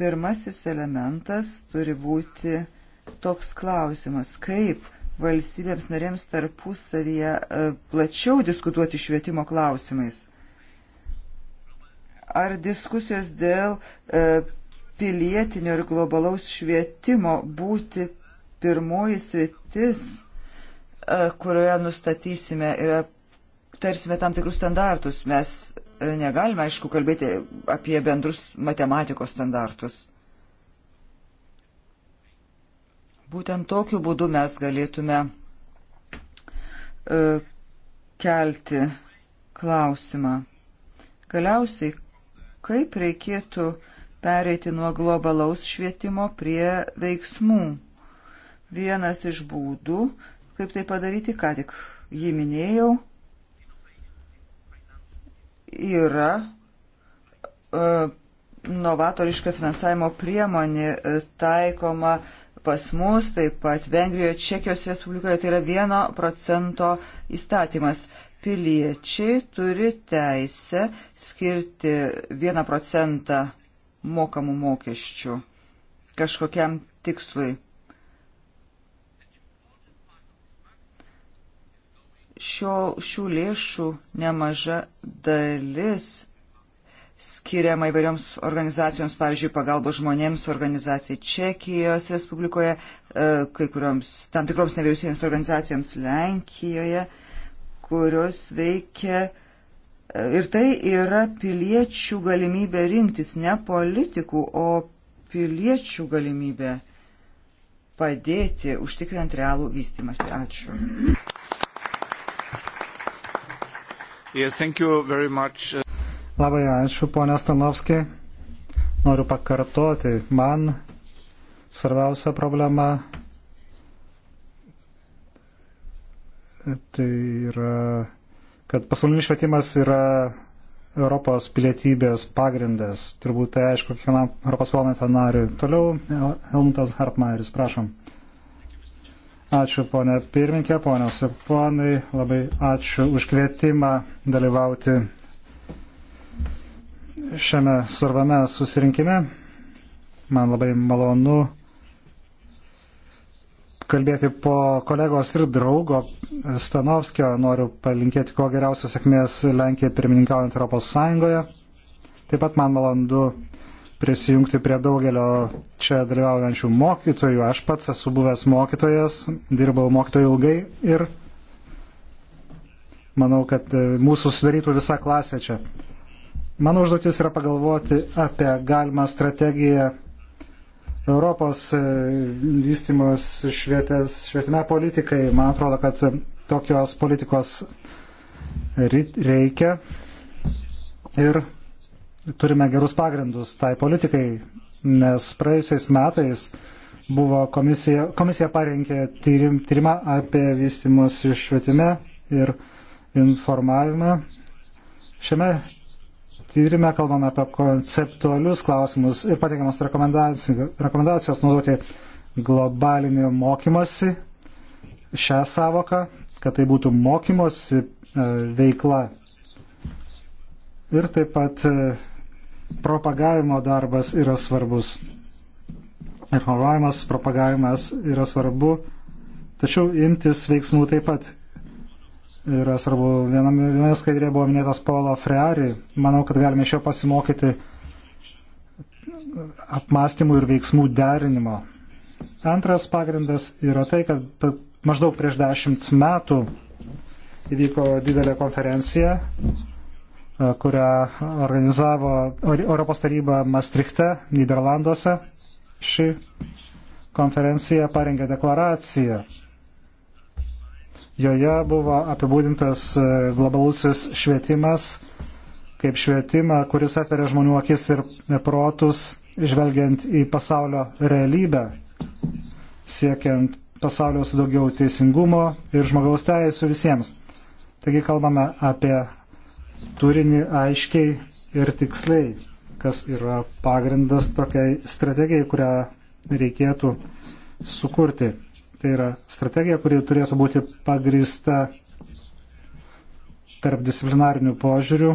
Pirmasis elementas turi būti toks klausimas, kaip valstybėms narėms tarpusavyje e, plačiau diskutuoti švietimo klausimais. Ar diskusijos dėl e, pilietinio ir globalaus švietimo būti pirmoji sritis, e, kurioje nustatysime ir aptarsime tam tikrus standartus. Mes e, negalime, aišku, kalbėti apie bendrus matematikos standartus. Būtent tokiu būdu mes galėtume e, kelti klausimą. Galiausiai, kaip reikėtų uh, pereiti nuo globalaus švietimo prie veiksmų. Vienas iš būdų, kaip tai padaryti, ką tik jį minėjau, yra uh, novatoriška finansavimo priemonė uh, taikoma pas mus, taip pat Vengrijoje, Čekijos Respublikoje, tai yra vieno procento įstatymas piliečiai turi teisę skirti 1 procentą mokamų mokesčių kažkokiam tikslui. Šio, šių lėšų nemaža dalis skiriama įvairioms organizacijoms, pavyzdžiui, pagalbos žmonėms organizacijai Čekijos Respublikoje, e, kai kurioms, tam tikroms nevyriausybėms organizacijoms Lenkijoje, kurios veikia Ir tai yra piliečių galimybė rinktis, ne politikų, o piliečių galimybė padėti užtikrinant realų vystimąsi. Ačiū. Yes, Labai ačiū, ponė Stanovskė. Noriu pakartoti, man svarbiausia problema tai yra kad pasaulinis švietimas yra Europos pilietybės pagrindas. Turbūt tai aišku kiekvienam Europos parlamento nariui. Toliau Helmutas Hartmaieris, prašom. Ačiū ponė pirminkė, ponios ir ponai, labai ačiū už kvietimą dalyvauti šiame svarbiame susirinkime. Man labai malonu kalbėti po kolegos ir draugo Stanovskio. Noriu palinkėti kuo geriausios sėkmės Lenkijai pirmininkaujant Europos Sąjungoje. Taip pat man valandu prisijungti prie daugelio čia dalyvaujančių mokytojų. Aš pats esu buvęs mokytojas, dirbau mokytoju ilgai ir manau, kad mūsų sudarytų visa klasė čia. Mano užduotis yra pagalvoti apie galimą strategiją Europos e, vystimos švietės, švietime politikai. Man atrodo, kad tokios politikos reikia ir turime gerus pagrindus tai politikai, nes praėjusiais metais buvo komisija, komisija parengė tyrim, tyrimą apie vystimus švietime ir informavimą. Šiame tyrime kalbame apie konceptualius klausimus ir pateikiamas rekomendacijos naudoti globalinį mokymasi šią savoką, kad tai būtų mokymosi e, veikla ir taip pat e, propagavimo darbas yra svarbus. Informavimas, propagavimas yra svarbu, tačiau imtis veiksmų taip pat yra svarbu. Viename, vienoje skaidrėje buvo minėtas Paulo Freari. Manau, kad galime iš jo pasimokyti apmąstymų ir veiksmų derinimo. Antras pagrindas yra tai, kad maždaug prieš dešimt metų įvyko didelė konferencija, e, kurią organizavo Europos taryba Maastrichte, Niderlanduose. Ši konferencija parengė deklaraciją Joje buvo apibūdintas e, globalusis švietimas kaip švietimą, kuris atveria žmonių akis ir protus, žvelgiant į pasaulio realybę, siekiant pasaulio su daugiau teisingumo ir žmogaus teisų visiems. Taigi kalbame apie turinį aiškiai ir tiksliai, kas yra pagrindas tokiai strategijai, kurią reikėtų sukurti. Tai yra strategija, kuri turėtų būti pagrįsta tarp disciplinarinių požiūrių.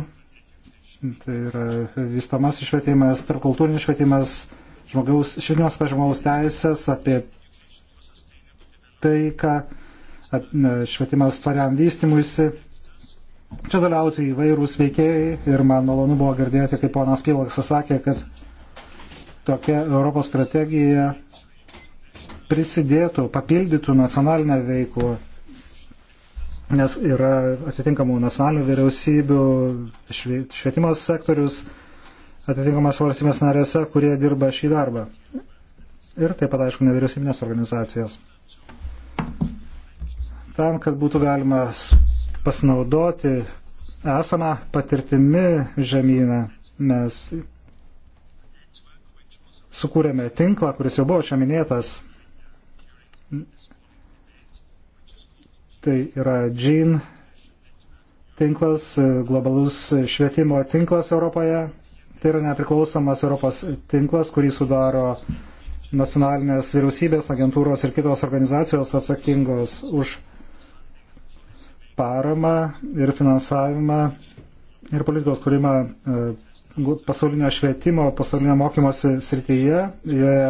Tai yra vystamas švietimas, tarpkultūrinis švietimas, žmogaus, švietimas apie žmogaus teisės, apie taiką, švietimas tvariam vystimuisi. Čia dalyvauti įvairūs veikėjai ir man malonu buvo girdėti, kaip ponas Pilaksas sakė, kad tokia Europos strategija prisidėtų, papildytų nacionalinę veiklą, nes yra atitinkamų nacionalinių vyriausybių, švietimo sektorius, atitinkamas valstybės narėse, kurie dirba šį darbą. Ir taip pat, aišku, nevyriausybinės organizacijos. Tam, kad būtų galima pasinaudoti esamą patirtimi žemyną, mes sukūrėme tinklą, kuris jau buvo čia minėtas, Tai yra Jean tinklas, globalus švietimo tinklas Europoje. Tai yra nepriklausomas Europos tinklas, kurį sudaro nacionalinės vyriausybės, agentūros ir kitos organizacijos atsakingos už paramą ir finansavimą ir politikos kūrimą e, pasaulinio švietimo, pasaulinio mokymosi srityje. Joje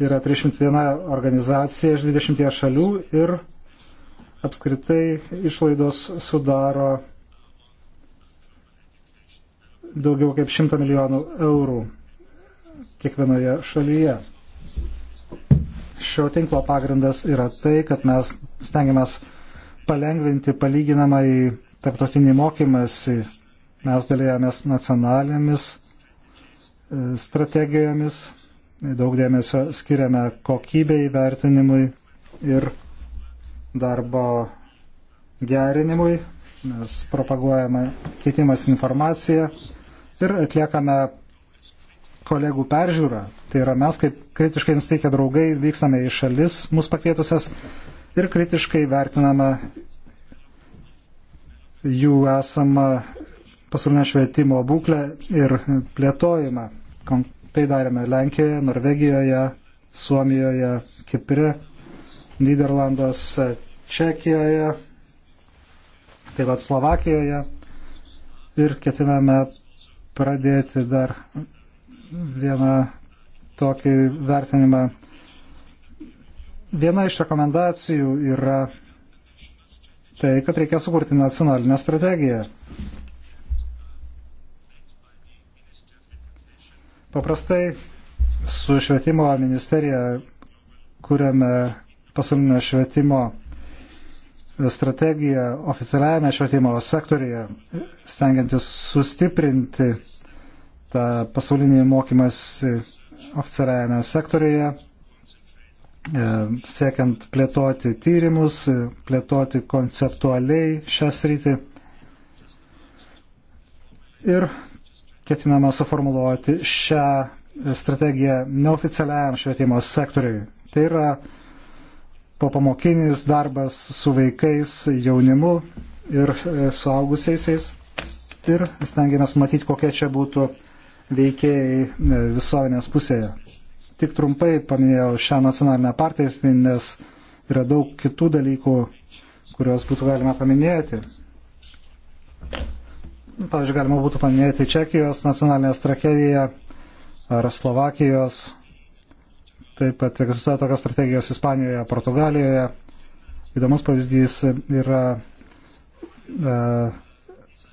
yra 301 organizacija iš 20 šalių ir apskritai išlaidos sudaro daugiau kaip 100 milijonų eurų kiekvienoje šalyje. Šio tinklo pagrindas yra tai, kad mes stengiamės palengvinti palyginamą į tarptautinį mokymąsi. Mes dalėjomės nacionalinėmis e, strategijomis, daug dėmesio skiriame kokybei vertinimui ir darbo gerinimui, mes propaguojame keitimas informaciją ir atliekame kolegų peržiūrą. Tai yra mes, kaip kritiškai nusteikę draugai, vykstame į šalis, mus pakvietusias ir kritiškai vertiname jų esamą pasaulinio švietimo būklę ir plėtojimą Tai darėme Lenkijoje, Norvegijoje, Suomijoje, Kipre, Niderlanduose, Čekijoje, taip pat Slovakijoje ir ketiname pradėti dar vieną tokį vertinimą. Viena iš rekomendacijų yra tai, kad reikia sukurti nacionalinę strategiją. Paprastai su švietimo ministerija kuriame pasaulinio švietimo strategiją oficialiajame švietimo sektorija, stengiantis sustiprinti tą pasaulinį mokymąsi oficialiajame sektorija, e, siekiant plėtoti tyrimus, plėtoti konceptualiai šią sritį. Ir ketinama suformuluoti šią strategiją neoficialiajam švietimo sektoriui. Tai yra popamokinis darbas su vaikais, jaunimu ir e, suaugusiaisiais. Ir stengiamės matyti, kokie čia būtų veikėjai e, visuomenės pusėje. Tik trumpai paminėjau šią nacionalinę partiją, nes yra daug kitų dalykų, kuriuos būtų galima paminėti. Nu, pavyzdžiui, galima būtų paminėti Čekijos nacionalinės tragediją ar Slovakijos. Taip pat egzistuoja tokios strategijos Ispanijoje, Portugalijoje. Įdomus pavyzdys yra e,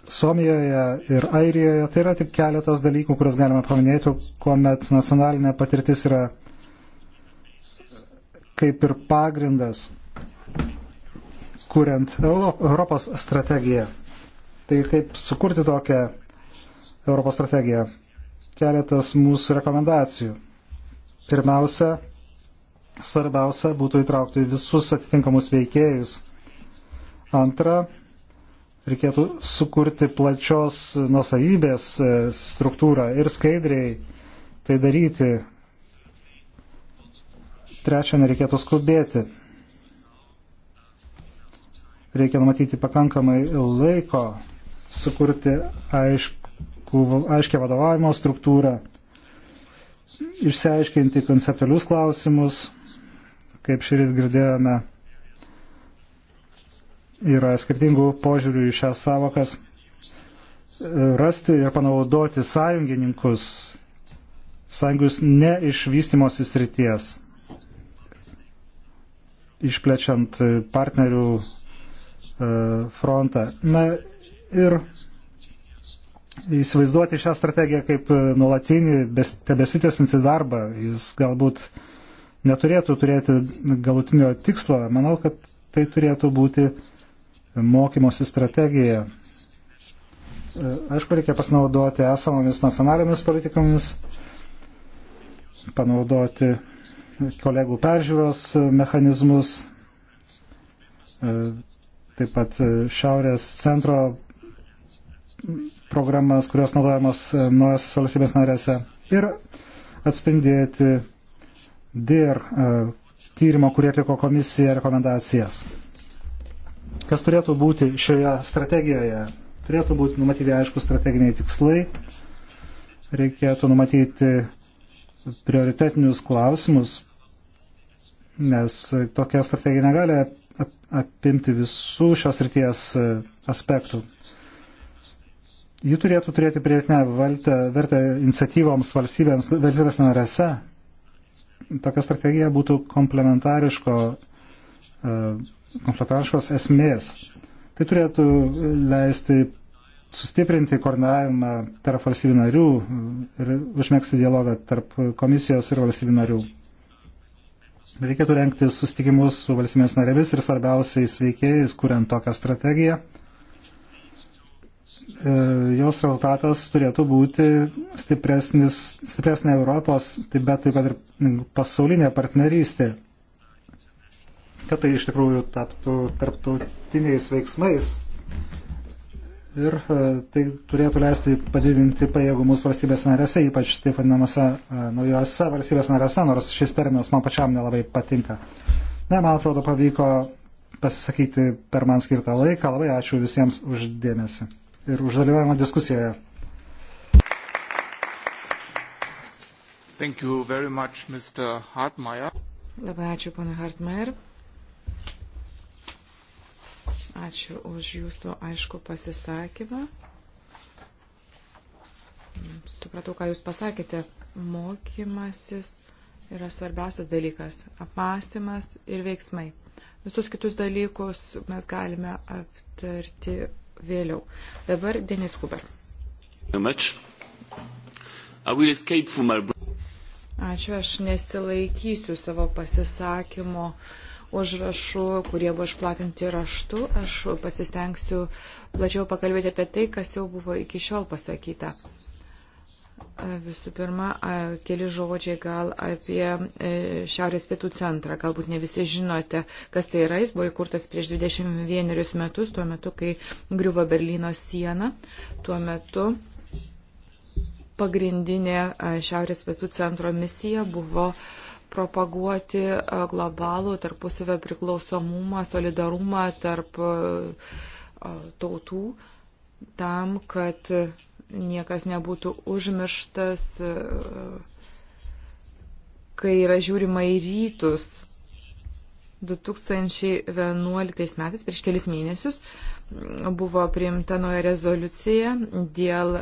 Somijoje ir Airijoje. Tai yra tik keletas dalykų, kuriuos galima paminėti, kuomet nacionalinė patirtis yra kaip ir pagrindas, kuriant Europos strategiją. Tai kaip sukurti tokią Europos strategiją? Keletas mūsų rekomendacijų. Pirmiausia, svarbiausia būtų įtraukti visus atitinkamus veikėjus. Antra, reikėtų sukurti plačios nusavybės e, struktūrą ir skaidriai tai daryti. Trečia, nereikėtų skubėti reikia numatyti pakankamai laiko, sukurti aišku, aiškę vadovavimo struktūrą, išsiaiškinti konceptualius klausimus, kaip šiandien girdėjome, yra skirtingų požiūrių į šias savokas, rasti ir panaudoti sąjungininkus, sąjungus ne iš vystimosi srities, išplečiant partnerių E, frontą. Na ir įsivaizduoti šią strategiją kaip e, nuolatinį, tebesitėsinti darbą, jis galbūt neturėtų turėti galutinio tikslo. Manau, kad tai turėtų būti mokymosi strategija. E, aišku, reikia pasinaudoti esamomis nacionalinėmis politikomis, panaudoti kolegų peržiūros mechanizmus, taip pat e, šiaurės centro programas, kurios naudojamos e, naujosios valstybės narėse ir atspindėti DIR e, tyrimo, kurį atliko komisija rekomendacijas. Kas turėtų būti šioje strategijoje? Turėtų būti numatyti aišku strateginiai tikslai, reikėtų numatyti prioritetinius klausimus, nes tokia strategija negali apimti visų šios ryties e, aspektų. Ji turėtų turėti prietinę vertę iniciatyvoms valstybėms, valstybės narėse. Tokia strategija būtų komplementariško, e, komplementariškos esmės. Tai turėtų leisti sustiprinti koordinavimą tarp valstybių narių ir užmėgsti dialogą tarp komisijos ir valstybių narių. Reikėtų renkti susitikimus su valstybės narėmis ir svarbiausiais veikėjais, kuriant tokią strategiją. E, jos rezultatas turėtų būti stipresnė Europos, taip bet taip pat ir pasaulinė partnerystė, kad tai iš tikrųjų taptų tarptautiniais veiksmais ir e, tai turėtų leisti padidinti pajėgumus valstybės narėse, ypač taip vadinamose e, naujose valstybės narėse, nors šis terminas man pačiam nelabai patinka. Ne, man atrodo, pavyko pasisakyti per man skirtą laiką. Labai ačiū visiems uždėmesi ir uždalyvavimą diskusijoje. Much, Labai ačiū, pana Hartmeier. Ačiū už jūsų aišku pasisakymą. Supratau, ką jūs pasakėte. Mokymasis yra svarbiausias dalykas. Apmąstymas ir veiksmai. Visus kitus dalykus mes galime aptarti vėliau. Dabar Denis Kuber. Ačiū, aš nesilaikysiu savo pasisakymo uh, užrašų, kurie buvo išplatinti raštu. Aš pasistengsiu plačiau pakalbėti apie tai, kas jau buvo iki šiol pasakyta. Visų pirma, keli žodžiai gal apie e, Šiaurės pietų centrą. Galbūt ne visi žinote, kas tai yra. Jis buvo įkurtas prieš 21 metus, tuo metu, kai griuvo Berlyno siena. Tuo metu pagrindinė Šiaurės pietų centro misija buvo propaguoti e, globalų tarpusavę priklausomumą, solidarumą tarp e, e, tautų, tam, kad niekas nebūtų užmirštas, kai yra žiūrima į rytus. 2011 metais, prieš kelis mėnesius, buvo priimta nauja rezoliucija dėl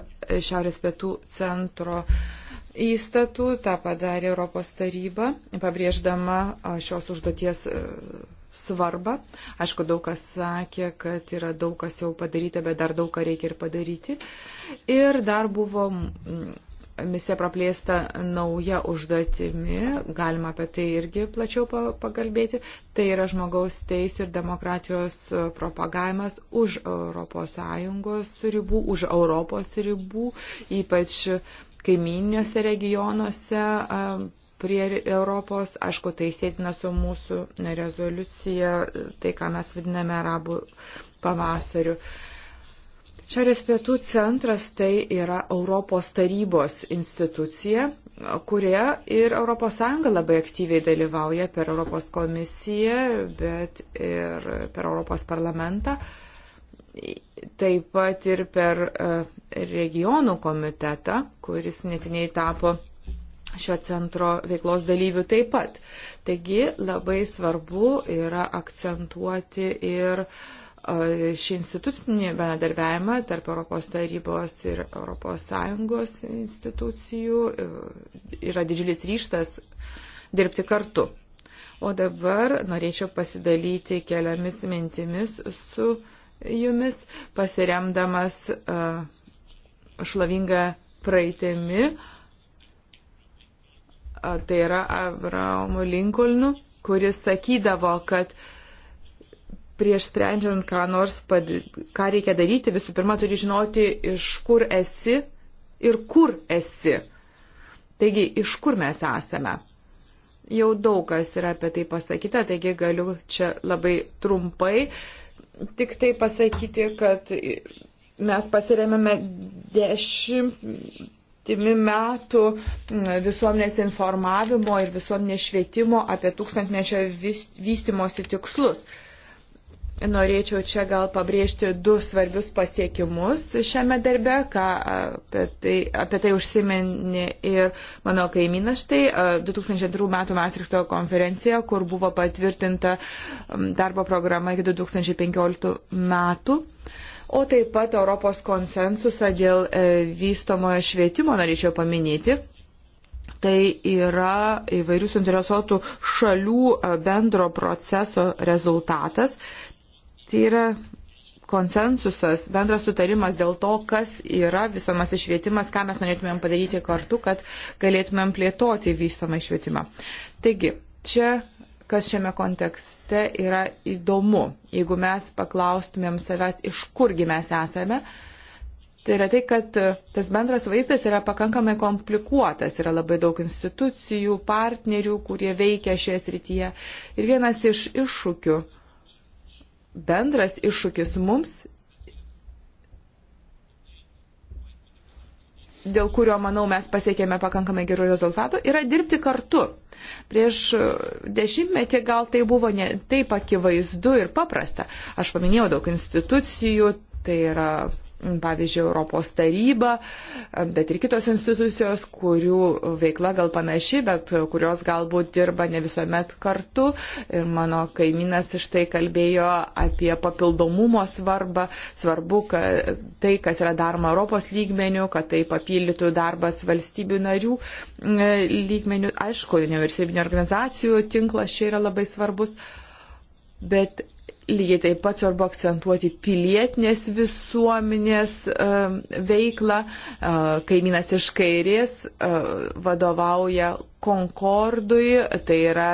Šiaurės pietų centro uh, įstatų, tą padarė Europos taryba, pabrėždama šios užduoties e, svarbą. Aišku, daug kas sakė, kad yra daug kas jau padaryta, bet dar daug ką reikia ir padaryti. Ir dar buvo misija praplėsta nauja užduotimi, galima apie tai irgi plačiau pakalbėti, tai yra žmogaus teisų ir demokratijos e, propagavimas už ES ribų, už Europos ribų, ypač kaimininiuose regionuose prie Europos, aišku, tai sėtina su mūsų rezoliucija, tai ką mes vadiname arabų pavasariu. Šiaurės pietų centras tai yra Europos tarybos institucija, kurie ir ES labai aktyviai dalyvauja per Europos komisiją, bet ir per Europos parlamentą, taip pat ir per e, regionų komitetą, kuris netiniai tapo šio centro veiklos dalyvių taip pat. Taigi labai svarbu yra akcentuoti ir šį institucinį bendradarbiavimą tarp Europos tarybos ir ES institucijų. Yra didžiulis ryštas dirbti kartu. O dabar norėčiau pasidalyti keliomis mintimis su jumis, pasiremdamas uh, šlovinga praeitėmi, tai yra Abraomu Linkolnu, kuris sakydavo, kad prieš sprendžiant, ką nors, pad... ką reikia daryti, visų pirma turi žinoti, iš kur esi ir kur esi. Taigi, iš kur mes esame. Jau daug kas yra apie tai pasakyta, taigi galiu čia labai trumpai tik tai pasakyti, kad mes pasiremėme dešimtimi metų visuomenės informavimo ir visuomenės švietimo apie tūkstantmečio vystimosi tikslus. Norėčiau čia gal pabrėžti du svarbius pasiekimus šiame darbe, ką apie tai, apie tai užsiminė ir mano kaimynas štai 2002 metų Maastrichto konferencija, kur buvo patvirtinta darbo programa iki 2015 metų o taip pat Europos konsensusą dėl e, vystomojo švietimo norėčiau paminėti. Tai yra įvairių suinteresuotų šalių e, bendro proceso rezultatas. Tai yra konsensusas, bendras sutarimas dėl to, kas yra visomas išvietimas, ką mes norėtumėm padaryti kartu, kad galėtumėm plėtoti vystomą išvietimą. Taigi, čia kas šiame kontekste yra įdomu. Jeigu mes paklaustumėm savęs, iš kurgi mes esame, tai yra tai, kad tas bendras vaizdas yra pakankamai komplikuotas. Yra labai daug institucijų, partnerių, kurie veikia šioje srityje. Ir vienas iš iššūkių, bendras iššūkis mums dėl kurio, manau, mes pasiekėme pakankamai gerų rezultatų, yra dirbti kartu. Prieš dešimtmetį gal tai buvo ne taip akivaizdu ir paprasta. Aš paminėjau daug institucijų, tai yra pavyzdžiui, Europos taryba, bet ir kitos institucijos, kurių veikla gal panaši, bet kurios galbūt dirba ne visuomet kartu. Ir mano kaiminas iš tai kalbėjo apie papildomumo svarbą. Svarbu, kad tai, kas yra daroma Europos lygmenių, kad tai papildytų darbas valstybių narių e, lygmenių. Aišku, nevyriausybinio organizacijų tinklas čia yra labai svarbus. Bet Lygiai taip pat svarbu akcentuoti pilietinės visuomenės e, veiklą. E, kaimynas iš kairės e, vadovauja Konkordui, tai yra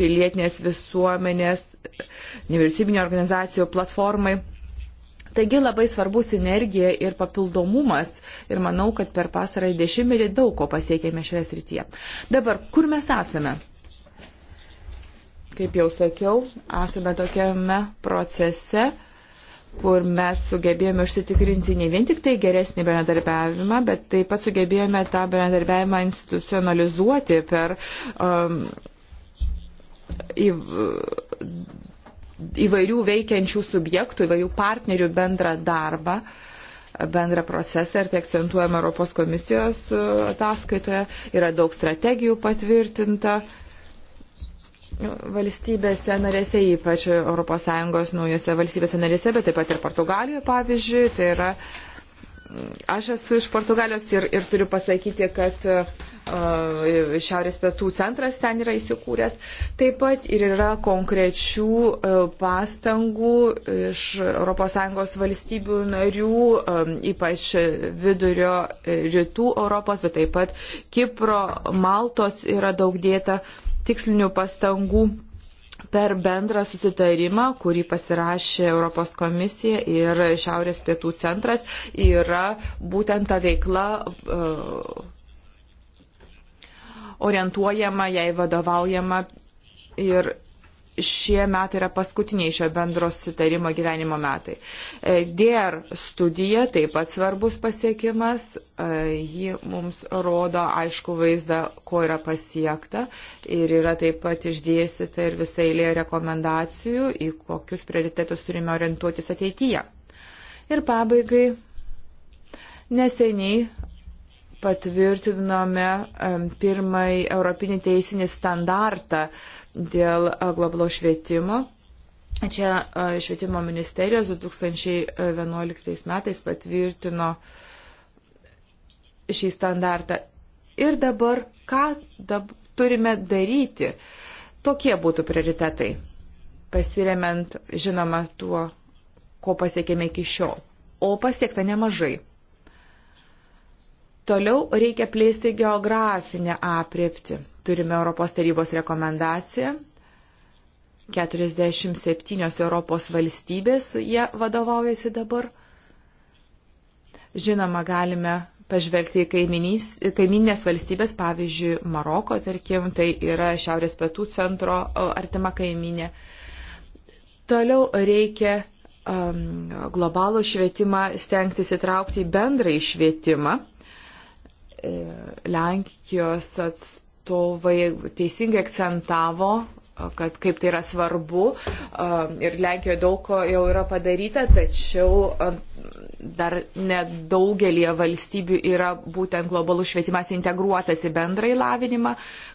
pilietinės visuomenės, nevyriausybinio organizacijų platformai. Taigi labai svarbu sinergija ir papildomumas ir manau, kad per pasarąjį dešimtmetį daug ko pasiekėme šioje srityje. Dabar, kur mes esame? Kaip jau sakiau, esame tokiame procese, kur mes sugebėjome užsitikrinti ne vien tik tai geresnį bendradarbiavimą, bet taip pat sugebėjome tą bendradarbiavimą institucionalizuoti per um, į, įvairių veikiančių subjektų, įvairių partnerių bendrą darbą bendrą procesą ir tai akcentuojama Europos komisijos uh, ataskaitoje, yra daug strategijų patvirtinta, uh, valstybėse narėse, ypač ES naujose valstybėse narėse, bet taip pat ir Portugalijoje, pavyzdžiui. Tai yra, aš esu iš Portugalijos ir, ir turiu pasakyti, kad uh, Šiaurės pietų centras ten yra įsikūręs. Taip pat ir yra konkrečių uh, pastangų iš ES valstybių narių, um, ypač vidurio rytų Europos, bet taip pat Kipro, Maltos yra daug dėta. Uh, tikslinių pastangų per bendrą susitarimą, kurį pasirašė Europos komisija ir Šiaurės pietų centras, yra būtent ta veikla e, orientuojama, jai vadovaujama ir šie metai yra paskutiniai šio bendro sutarimo gyvenimo metai. E, DR studija taip pat svarbus pasiekimas, e, ji mums rodo aišku vaizdą, ko yra pasiekta ir yra taip pat išdėstyta ir visai lė rekomendacijų, į kokius prioritetus turime orientuotis ateityje. Ir pabaigai. Neseniai patvirtinome pirmąjį Europinį teisinį standartą dėl e, globalaus švietimo. Čia e, švietimo ministerijos 2011 metais patvirtino šį standartą. Ir dabar ką dab turime daryti? Tokie būtų prioritetai, pasiremiant, žinoma, tuo, ko pasiekėme iki šiol. O pasiekta nemažai. Toliau reikia plėsti geografinę apriepti. Turime Europos tarybos rekomendaciją. 47 Europos valstybės jie vadovaujasi dabar. Žinoma, galime pažvelgti į kaiminės valstybės, pavyzdžiui, Maroko, tarkim, tai yra šiaurės pietų centro artima kaiminė. Toliau reikia um, globalų švietimą stengtis įtraukti į bendrąjį švietimą E, Lenkijos atstovai teisingai akcentavo, e, kad kaip tai yra svarbu e, ir Lenkijoje daug ko jau yra padaryta, tačiau dar nedaugelie valstybių yra būtent globalus švietimas integruotas į bendrą įlavinimą,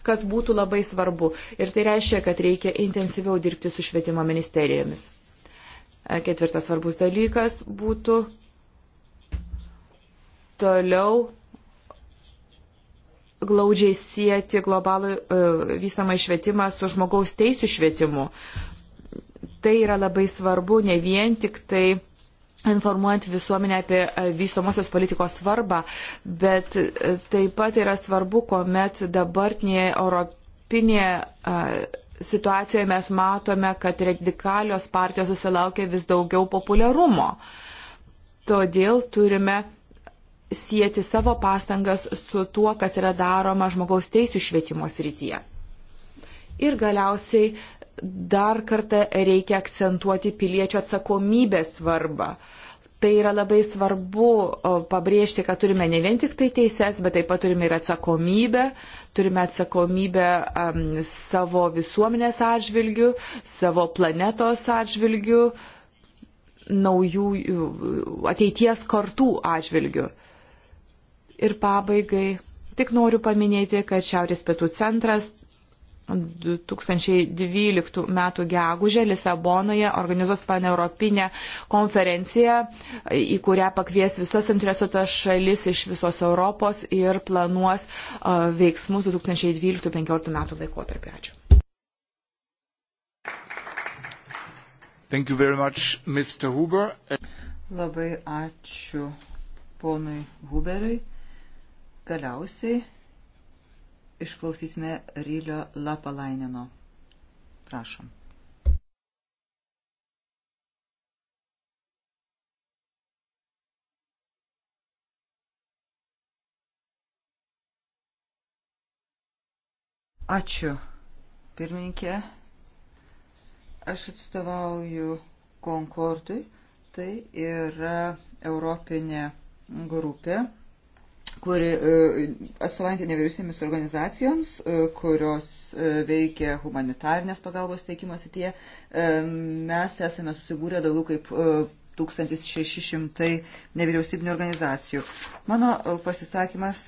kas būtų labai svarbu. Ir tai reiškia, kad reikia intensyviau dirbti su švietimo ministerijomis. Ketvirtas svarbus dalykas būtų toliau glaudžiai sieti globalų e, vysamą švietimą su žmogaus teisų švietimu. Tai yra labai svarbu ne vien tik tai informuojant visuomenę apie e, vysomosios politikos svarbą, bet e, taip pat yra svarbu, kuomet dabartinėje europinėje situacijoje mes matome, kad radikalios partijos susilaukia vis daugiau populiarumo. Todėl turime sieti savo pastangas su tuo, kas yra daroma žmogaus teisų švietimo srityje. Ir galiausiai dar kartą reikia akcentuoti piliečio atsakomybės svarbą. Tai yra labai svarbu pabrėžti, kad turime ne vien tik tai teises, bet taip pat turime ir atsakomybę, turime atsakomybę um, savo visuomenės atžvilgių, savo planetos atžvilgių, naujų ateities kartų atžvilgių. Uh, Ir pabaigai, tik noriu paminėti, kad Šiaurės pietų centras 2012 m. gegužę Lisabonoje organizuos paneuropinę konferenciją, į kurią pakvies visos interesuotas šalis iš visos Europos ir planuos veiksmus 2012-2015 m. laikotarpį. Ačiū. Much, Labai ačiū ponui Huberiui. Galiausiai išklausysime Rylio Lapalaineno. Prašom. Ačiū, pirmininkė. Aš atstovauju Konkordui. Tai yra Europinė grupė kuri e, atstovaujantį nevyriausybėmis organizacijoms, e, kurios e, veikia humanitarnės pagalbos teikimo sityje. Mes esame susibūrę daugiau kaip 1600 nevyriausybinio organizacijų. Mano pasisakymas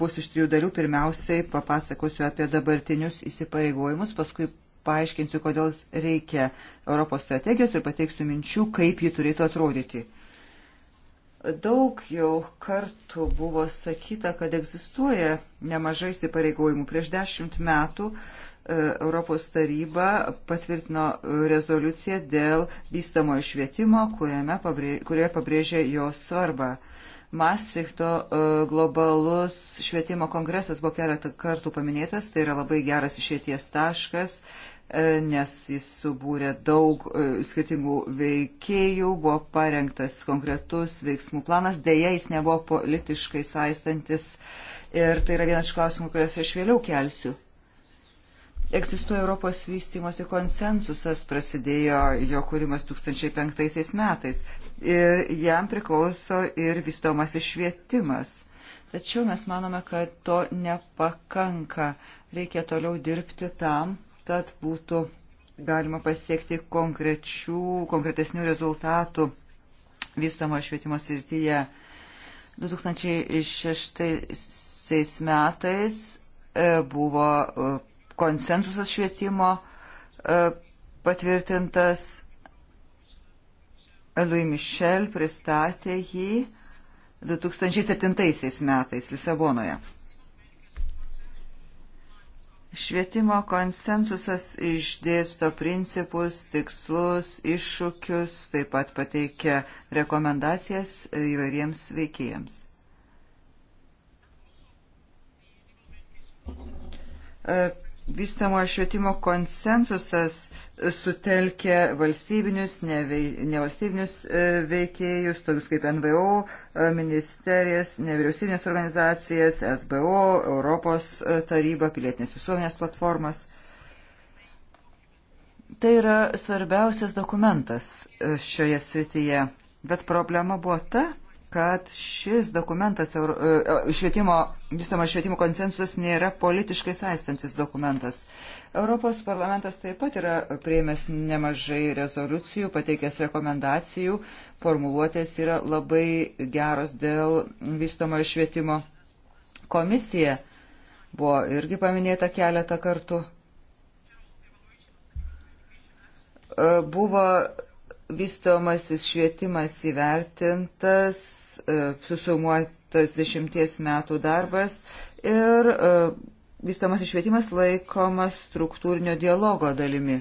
bus iš trijų dalių. Pirmiausiai papasakosiu apie dabartinius įsipareigojimus, paskui paaiškinsiu, kodėl reikia Europos strategijos ir pateiksiu minčių, kaip ji turėtų atrodyti. Daug jau kartų buvo sakyta, kad egzistuoja nemažai įsipareigojimų. Prieš dešimt metų e, Europos taryba patvirtino e, rezoliuciją dėl vystamojo švietimo, kurioje pabrėžė jo svarbą. Maastrichto e, globalus švietimo kongresas buvo keletą kartų paminėtas, tai yra labai geras išėties taškas E, nes jis subūrė daug e, skirtingų veikėjų, buvo parengtas konkretus veiksmų planas, dėja jis nebuvo politiškai saistantis ir tai yra vienas iš klausimų, kuriuos aš vėliau kelsiu. Egzistuoja Europos vystimosi konsensusas, prasidėjo jo kūrimas 2005 metais ir jam priklauso ir vystomas išvietimas. Tačiau mes manome, kad to nepakanka, reikia toliau dirbti tam, tad būtų galima pasiekti konkrečių, konkretesnių rezultatų vystamo švietimo srityje. 2006 metais e, buvo e, konsensusas švietimo e, patvirtintas. Louis Michel pristatė jį 2007 metais Lisabonoje. Švietimo konsensusas išdėsto principus, tikslus, iššūkius, taip pat pateikia rekomendacijas įvairiems veikėjams. E, Vystamojo švietimo konsensusas sutelkia valstybinius, nevalstybinius e, veikėjus, tokius kaip NVO, e, ministerijas, nevyriausybinės organizacijas, SBO, Europos e, taryba, pilietinės visuomenės platformas. Tai yra svarbiausias dokumentas šioje srityje, bet problema buvo ta, kad šis dokumentas, e, e, švietimo, visuomas švietimo konsensusas nėra politiškai saistantis dokumentas. Europos parlamentas taip pat yra prieimęs nemažai rezoliucijų, pateikęs rekomendacijų, formuluotės yra labai geros dėl visuomojo švietimo. Komisija buvo irgi paminėta keletą kartų. E, buvo vystomasis švietimas įvertintas E, susumuotas dešimties metų darbas ir e, vystamas išvietimas laikomas struktūrinio dialogo dalimi.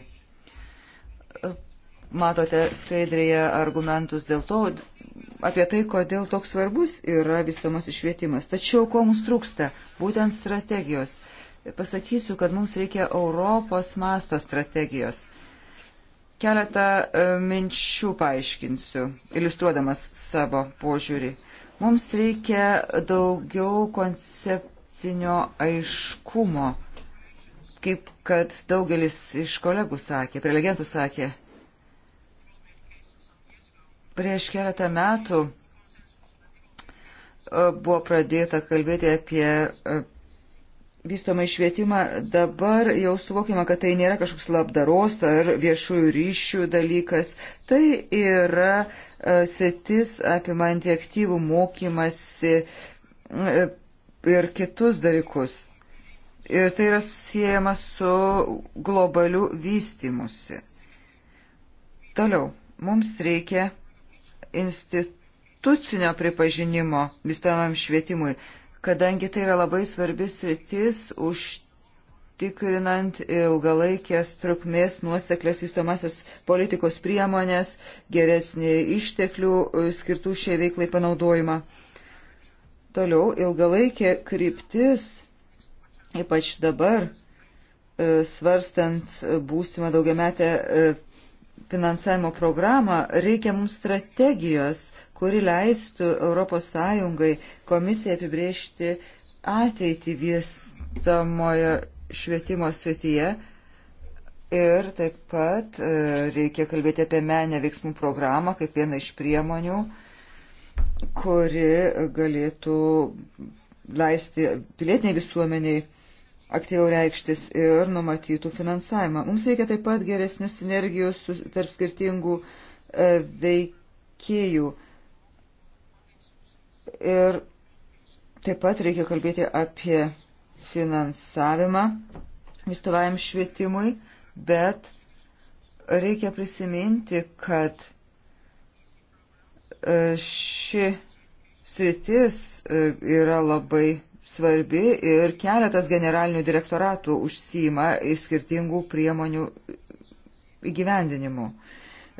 Matote skaidrėje argumentus dėl to, apie tai, kodėl toks svarbus yra vystamas išvietimas. Tačiau ko mums trūksta? Būtent strategijos. Pasakysiu, kad mums reikia Europos masto strategijos. Keletą e, minčių paaiškinsiu, iliustruodamas savo požiūrį. Mums reikia daugiau koncepcinio aiškumo, kaip kad daugelis iš kolegų sakė, prelegentų sakė. Prieš keletą metų e, buvo pradėta kalbėti apie e, vystomą švietimą, dabar jau suvokime, kad tai nėra kažkoks labdaros ar viešųjų ryšių dalykas. Tai yra e, sritis apimanti aktyvų mokymasi e, ir kitus dalykus. Ir tai yra siejama su globaliu vystimusi. Toliau, mums reikia institucinio pripažinimo visuomam švietimui kadangi tai yra labai svarbis rytis užtikrinant ilgalaikės trukmės nuoseklės įstomasias politikos priemonės, geresnį išteklių e, skirtų šiai veiklai panaudojimą. Toliau ilgalaikė kryptis, ypač dabar, e, svarstant būsimą daugiametę e, finansavimo programą, reikia mums strategijos, kuri leistų ES komisijai apibriežti ateitį vystamojo švietimo srityje. Ir taip pat e, reikia kalbėti apie menę veiksmų programą kaip vieną iš priemonių, kuri galėtų leisti pilietiniai visuomeniai aktyviau reikštis ir numatytų finansavimą. Mums reikia taip pat geresnių sinergijų tarp skirtingų e, veikėjų. Ir taip pat reikia kalbėti apie finansavimą vystovajam švietimui, bet reikia prisiminti, kad e, ši sritis e, yra labai svarbi ir keletas generalinių direktoratų užsima skirtingų priemonių įgyvendinimu.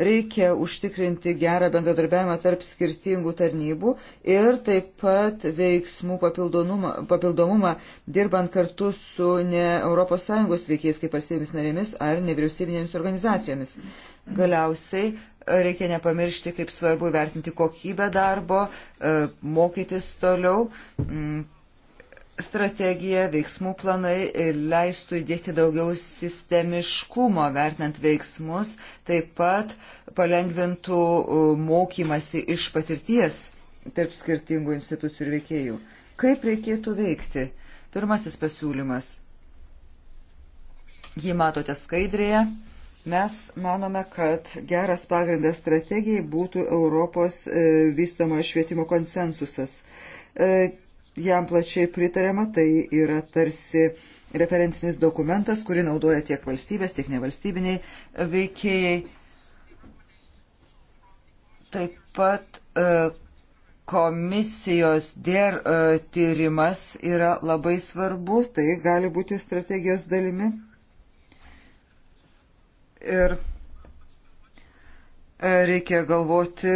Reikia užtikrinti gerą bendradarbiavimą tarp skirtingų tarnybų ir taip pat veiksmų papildomumą, dirbant kartu su ne ES veikiais kaip valstybėmis narėmis ar nevyriausybinėmis organizacijomis. Galiausiai e, reikia nepamiršti, kaip svarbu vertinti kokybę darbo, e, mokytis toliau strategija, veiksmų planai leistų įdėkti daugiau sistemiškumo vertinant veiksmus, taip pat palengvintų mokymasi iš patirties tarp skirtingų institucijų ir veikėjų. Kaip reikėtų veikti? Pirmasis pasiūlymas. Jį matote skaidrėje. Mes manome, kad geras pagrindas strategijai būtų Europos e, vystomo švietimo konsensusas e, jam plačiai pritarėma, tai yra tarsi referencinis dokumentas, kurį naudoja tiek valstybės, tiek nevalstybiniai veikėjai. Taip pat e, komisijos dėr e e, tyrimas yra labai svarbu, tai gali būti strategijos dalimi. Ir reikia galvoti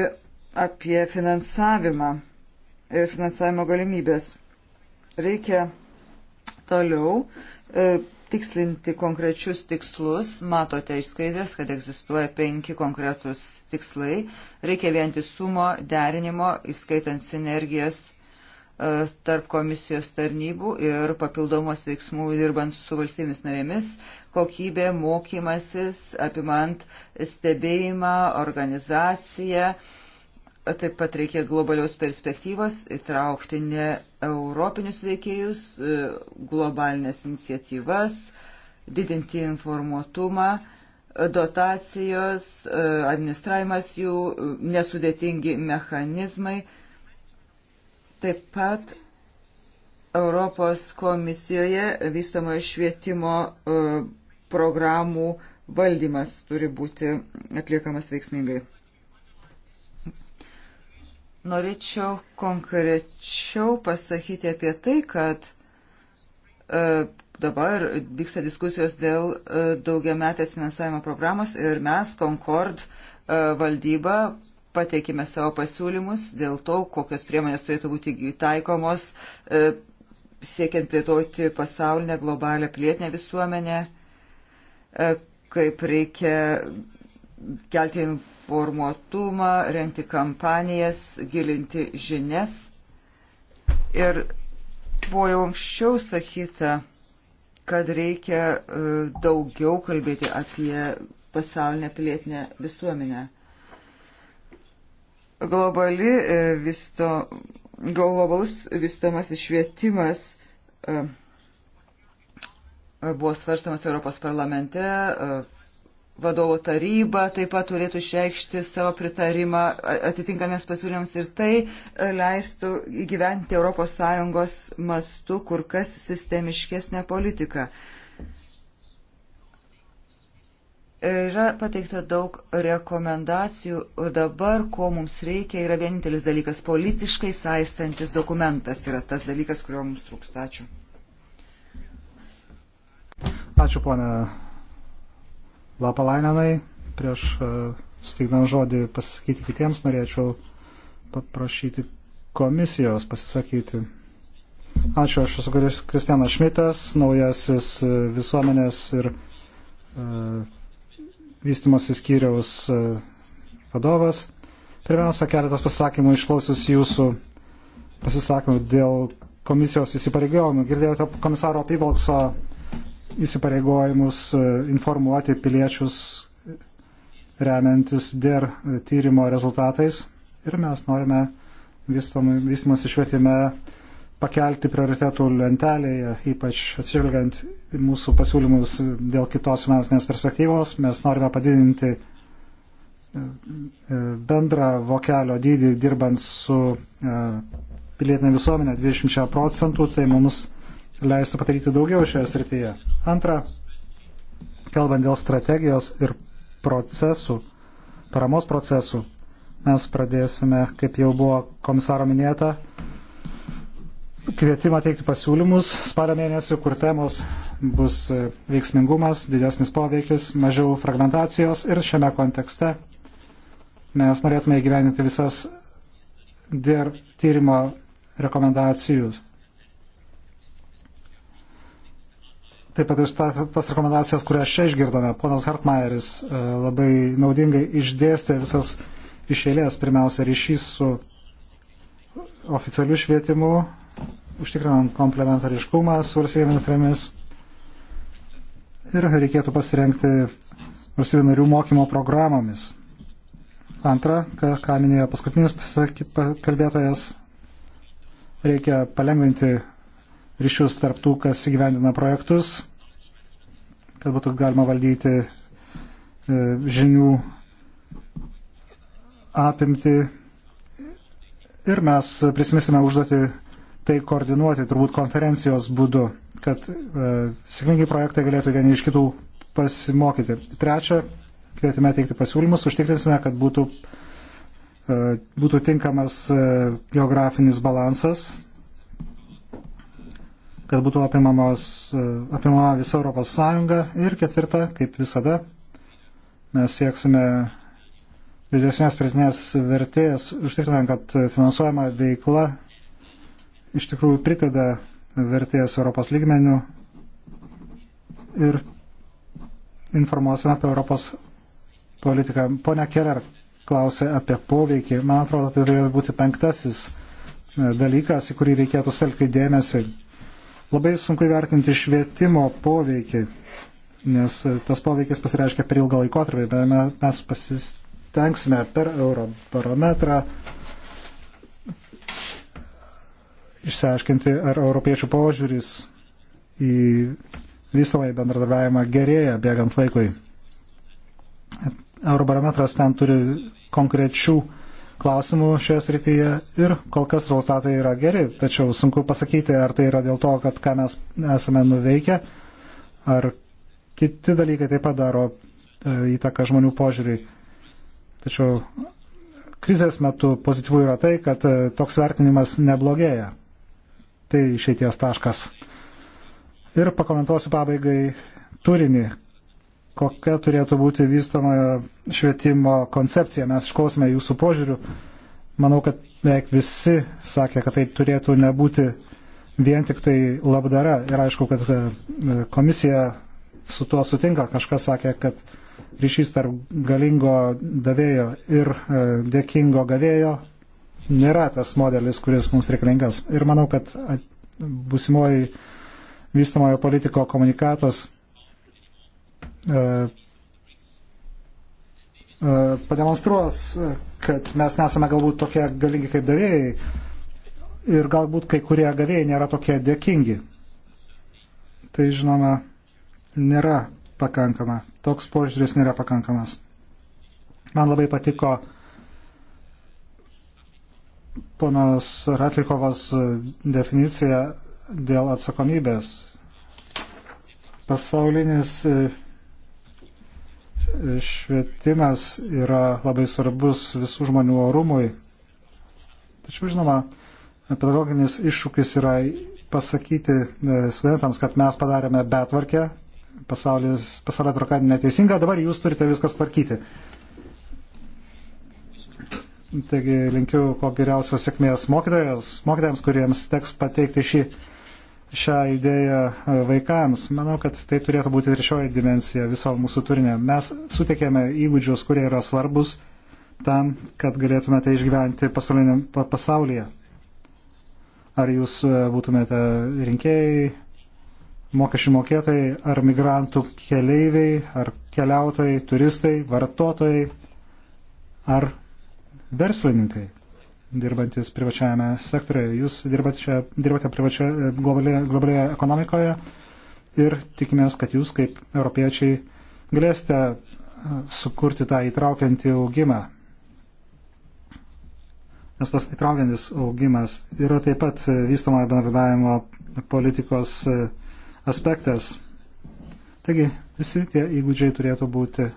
apie finansavimą. E, finansavimo galimybės. Reikia toliau e, tikslinti konkrečius tikslus. Matote iš skaidrės, kad egzistuoja penki konkretus tikslai. Reikia vientisumo, derinimo, įskaitant sinergijas e, tarp komisijos tarnybų ir papildomos veiksmų dirbant su valstybėmis narėmis, kokybė, mokymasis, apimant stebėjimą, organizaciją, uh, Taip pat reikia globalios perspektyvos, įtraukti ne europinius veikėjus, e, globalinės iniciatyvas, didinti informuotumą, e, dotacijos, e, administravimas jų, nesudėtingi mechanizmai. Taip pat Europos komisijoje vystamojo švietimo programų valdymas turi būti atliekamas veiksmingai. Norėčiau konkrečiau pasakyti apie tai, kad e, dabar vyksta diskusijos dėl e, daugiametės finansavimo programos ir mes, Concord e, valdyba, pateikime savo pasiūlymus dėl to, kokios priemonės turėtų būti taikomos, e, siekiant plėtoti pasaulinę globalią plėtinę visuomenę, e, kaip reikia kelti informuotumą, renkti kampanijas, gilinti žinias. Ir buvo jau anksčiau sakyta, kad reikia e, daugiau kalbėti apie pasaulinę pilietinę visuomenę. Globali e, visto, globalus vystomasis švietimas e, buvo svarstamas Europos parlamente, Vadovo taryba taip pat turėtų išreikšti savo pritarimą atitinkamiems pasiūlymams ir tai e, leistų įgyventi ES mastu kur kas sistemiškesnę politiką. Yra pateikta daug rekomendacijų ir dabar, ko mums reikia, yra vienintelis dalykas - politiškai saistantis dokumentas yra tas dalykas, kurio mums trūksta. Ačiū. Ačiū, ponė Lapalainenai. Prieš e, steigdam žodį pasakyti kitiems, norėčiau paprašyti komisijos pasisakyti. Ačiū, aš esu Kristianas Šmitas, naujasis e, visuomenės ir uh, vystimosi skyriaus uh, vadovas. Pirmiausia, keletas pasisakymų išklausius jūsų pasisakymų dėl komisijos įsipareigojimų. Girdėjote komisaro Pibalkso įsipareigojimus e, informuoti piliečius remiantis DER tyrimo rezultatais ir mes norime vystymas išvietime pakelti prioritetų lentelėje, ypač atsižvelgiant mūsų pasiūlymus dėl kitos finansinės perspektyvos. Mes norime padidinti e, e, bendrą vokelio dydį dirbant su pilietinė visuomenė 20 procentų, tai mums leistų padaryti daugiau šioje srityje. Antra, kalbant dėl strategijos ir procesų, paramos procesų, mes pradėsime, kaip jau buvo komisaro minėta, kvietimą teikti pasiūlymus spalio mėnesį, kur temos bus veiksmingumas, didesnis poveikis, mažiau fragmentacijos ir šiame kontekste mes norėtume įgyveninti visas DIR tyrimo rekomendacijų taip pat ir tas, tas rekomendacijas, kurias čia išgirdome. Ponas Hartmaieris e, labai naudingai išdėstė visas iš eilės, pirmiausia, ryšys su oficialiu švietimu, užtikrinant komplementariškumą su valstybėmis narėmis. Ir reikėtų pasirengti valstybių narių mokymo programomis. Antra, ką, ką minėjo paskutinis kalbėtojas, reikia palengventi ryšius tarptų, kas įgyvendina projektus, kad būtų galima valdyti e, žinių apimti. Ir mes prisimisime užduoti tai koordinuoti turbūt konferencijos būdu, kad e, sėkmingi projektai galėtų vieni iš kitų pasimokyti. Trečia, kvietime teikti pasiūlymus, užtikrinsime, kad būtų, e, būtų tinkamas e, geografinis balansas kad būtų apimamos, e, apimama visa Europos Sąjunga. Ir ketvirta, kaip visada, mes sieksime didesnės pritinės vertės, užtikrinant, kad finansuojama veikla iš tikrųjų prideda vertės Europos lygmenių ir informuosime apie Europos politiką. Pone Kerer klausė apie poveikį. Man atrodo, tai turėjo būti penktasis e, dalykas, į kurį reikėtų selgti dėmesį. Labai sunku įvertinti švietimo poveikį, nes tas poveikis pasireiškia per ilgą laikotarpį, bet mes pasistengsime per eurobarometrą išsiaiškinti, ar europiečių požiūris į visą laiką bendradarbiavimą gerėja bėgant laikui. Eurobarometras ten turi konkrečių uh, klausimų šioje srityje ir kol kas rezultatai yra geri, tačiau sunku pasakyti, ar tai yra dėl to, kad ką mes esame nuveikę, ar kiti dalykai taip pat daro e, įtaką žmonių požiūriui. Tačiau krizės metu pozityvų yra tai, kad e, toks vertinimas neblogėja. Tai išeities taškas. Ir pakomentuosiu pabaigai turinį, kokia turėtų būti vystoma švietimo koncepcija. Mes išklausome jūsų požiūrių. Manau, kad beveik visi sakė, kad tai turėtų nebūti vien tik tai labdara. Ir aišku, kad e, komisija su tuo sutinka. Kažkas sakė, kad ryšys tarp galingo davėjo ir e, dėkingo gavėjo nėra tas modelis, kuris mums reikalingas. Ir manau, kad busimoji vystamojo politiko komunikatas E, e, pademonstruos, kad mes nesame galbūt tokie galingi kaip davėjai ir galbūt kai kurie gavėjai nėra tokie dėkingi. Tai žinoma, nėra pakankama. Toks požiūris nėra pakankamas. Man labai patiko ponas Ratlikovas definicija dėl atsakomybės. Pasaulinis e, švietimas yra labai svarbus visų žmonių orumui. Tačiau, žinoma, pedagoginis iššūkis yra pasakyti e, studentams, kad mes padarėme betvarkę, pasaulio tvarka neteisinga, dabar jūs turite viskas tvarkyti. Taigi linkiu kuo geriausios sėkmės mokytojams, mokytojams, kuriems teks pateikti šį šią idėją e, vaikams. Manau, kad tai turėtų būti ir šioji dimensija viso mūsų turinio. Mes sutikėme įgūdžius, kurie yra svarbus tam, kad galėtume tai išgyventi pasaulyje. Ar jūs e, būtumėte rinkėjai, mokesčių mokėtojai, ar migrantų keleiviai, ar keliautojai, turistai, vartotojai, ar verslininkai dirbantis privačiajame sektorėje. Jūs dirbate, čia, dirbate privačioje globalioje, globalioje ekonomikoje ir tikimės, kad jūs kaip europiečiai galėsite e, sukurti tą įtraukiantį augimą. Nes tas įtraukiantis augimas yra taip pat vystamojo bendradavimo politikos e, aspektas. Taigi visi tie įgūdžiai turėtų būti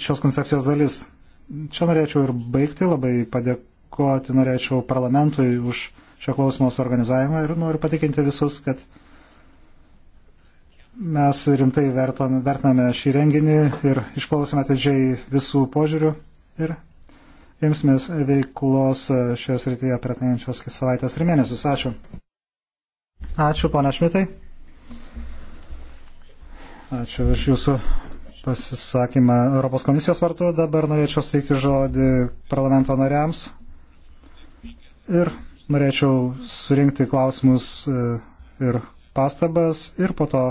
šios koncepcijos dalis. Čia norėčiau ir baigti, labai padėk, padėkoti norėčiau parlamentui už šio klausimo suorganizavimą ir noriu patikinti visus, kad mes rimtai vertome, vertiname šį renginį ir išklausome atidžiai visų požiūrių ir imsimės veiklos šioje srityje per ateinančios savaitės ir mėnesius. Ačiū. Ačiū, ponia Šmitai. Ačiū už jūsų pasisakymą Europos komisijos vartu. Dabar norėčiau steikti žodį parlamento nariams. Ir norėčiau surinkti klausimus e, ir pastabas ir po to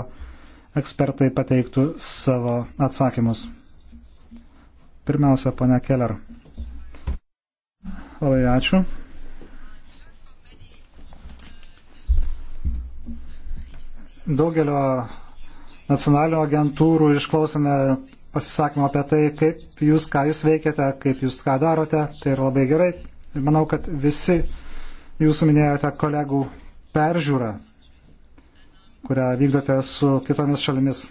ekspertai pateiktų savo atsakymus. Pirmiausia, ponia Keller. Labai ačiū. Daugelio nacionalinių agentūrų išklausėme pasisakymą apie tai, kaip jūs, ką jūs veikiate, kaip jūs ką darote. Tai yra labai gerai, Ir manau, kad visi jūsų minėjote kolegų peržiūrą, kurią vykdote su kitomis šalimis.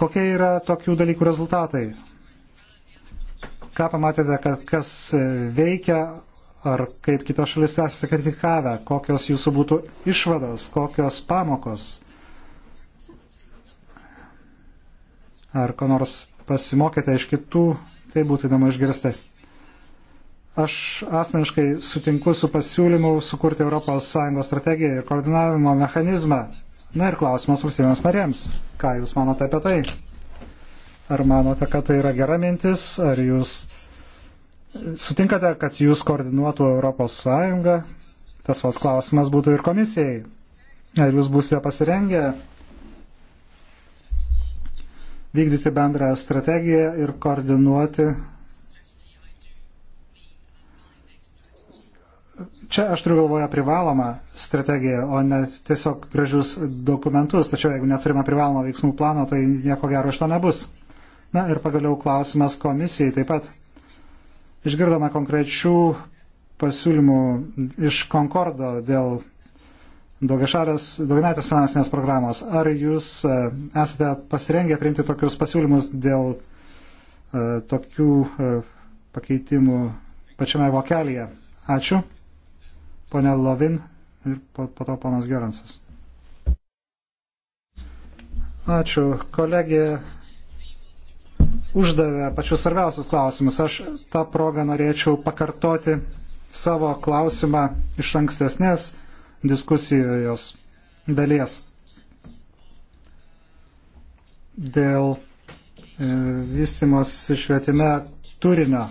Kokie yra tokių dalykų rezultatai? Ką pamatėte, kad kas veikia, ar kaip kitos šalis esate kritikavę, kokios jūsų būtų išvados, kokios pamokos, ar ko nors pasimokėte iš kitų, tai būtų įdomu išgirsti. Aš asmeniškai sutinku su pasiūlymu sukurti ES strategiją ir koordinavimo mechanizmą. Na ir klausimas valstybėms narėms. Ką Jūs manote apie tai? Ar manote, kad tai yra gera mintis? Ar Jūs sutinkate, kad Jūs koordinuotų ES? Tas vas klausimas būtų ir komisijai. Ar Jūs būsite pasirengę vykdyti bendrą strategiją ir koordinuoti čia aš turiu galvoje privalomą strategiją, o ne tiesiog gražius dokumentus. Tačiau jeigu neturime privalomo veiksmų plano, tai nieko gero iš to nebus. Na ir pagaliau klausimas komisijai taip pat. Išgirdome konkrečių pasiūlymų iš Konkordo dėl daugiametės finansinės programos. Ar jūs e, esate pasirengę priimti tokius pasiūlymus dėl e, tokių e, pakeitimų pačiame vokelėje? Ačiū. Pone Lovin ir po, po to ponas Geransas. Ačiū. Kolegė uždavė pačius svarbiausius klausimus. Aš tą progą norėčiau pakartoti savo klausimą iš ankstesnės diskusijos dalies dėl e, vystimos švietime turinio.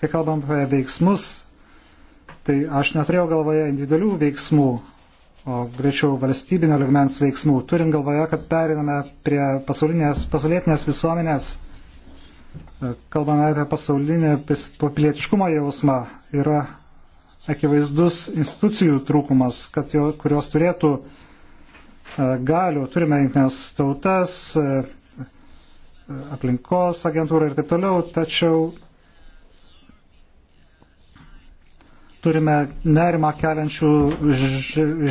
Kai kalbam apie veiksmus, Tai aš neturėjau galvoje individualių veiksmų, o greičiau valstybinio ligmens veiksmų, turint galvoje, kad periname prie pasaulietinės visuomenės, e, kalbame apie pasaulinį pilietiškumo jausmą, yra akivaizdus institucijų trūkumas, jo, kurios turėtų e, galių, turime jungtinės tautas, e, aplinkos agentūrą ir taip toliau, tačiau turime nerimą keliančių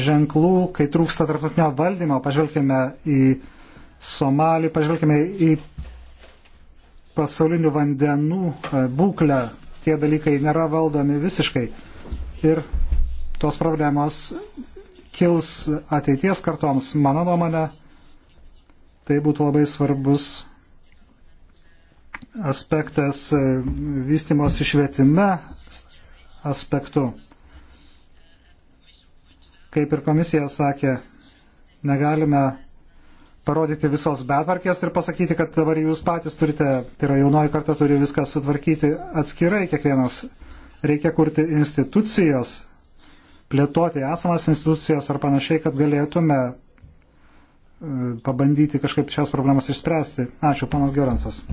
ženklų, kai trūksta tarptautinio valdymo. Pažvelkime į Somalį, pažvelkime į pasaulinių vandenų e, būklę. Tie dalykai nėra valdomi visiškai. Ir tos problemos kils ateities kartoms. Mano nuomonė, tai būtų labai svarbus aspektas e, vystimos išvietime aspektu. Kaip ir komisija sakė, negalime parodyti visos betvarkės ir pasakyti, kad dabar jūs patys turite, tai yra jaunoji karta turi viską sutvarkyti atskirai kiekvienas. Reikia kurti institucijos, plėtoti esamas institucijas ar panašiai, kad galėtume e, pabandyti kažkaip šias problemas išspręsti. Ačiū, panas Gerensas.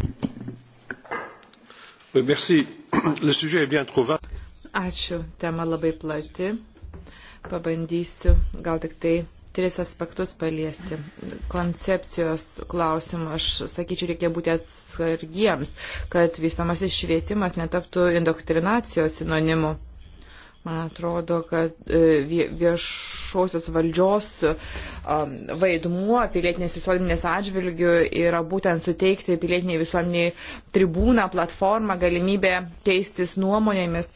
Merci. Le sujet est bien trop vague. Ačiū, tema labai plati. Pabandysiu gal tik tai tris aspektus paliesti. Koncepcijos klausimą, aš sakyčiau, reikia būti atsargiems, kad vystomasis švietimas netaptų indoktrinacijos sinonimu. Man atrodo, kad e, viešosios valdžios vaidmuo pilietinės visuomenės atžvilgių yra būtent suteikti pilietiniai visuomeniai tribūną, platformą, galimybę keistis nuomonėmis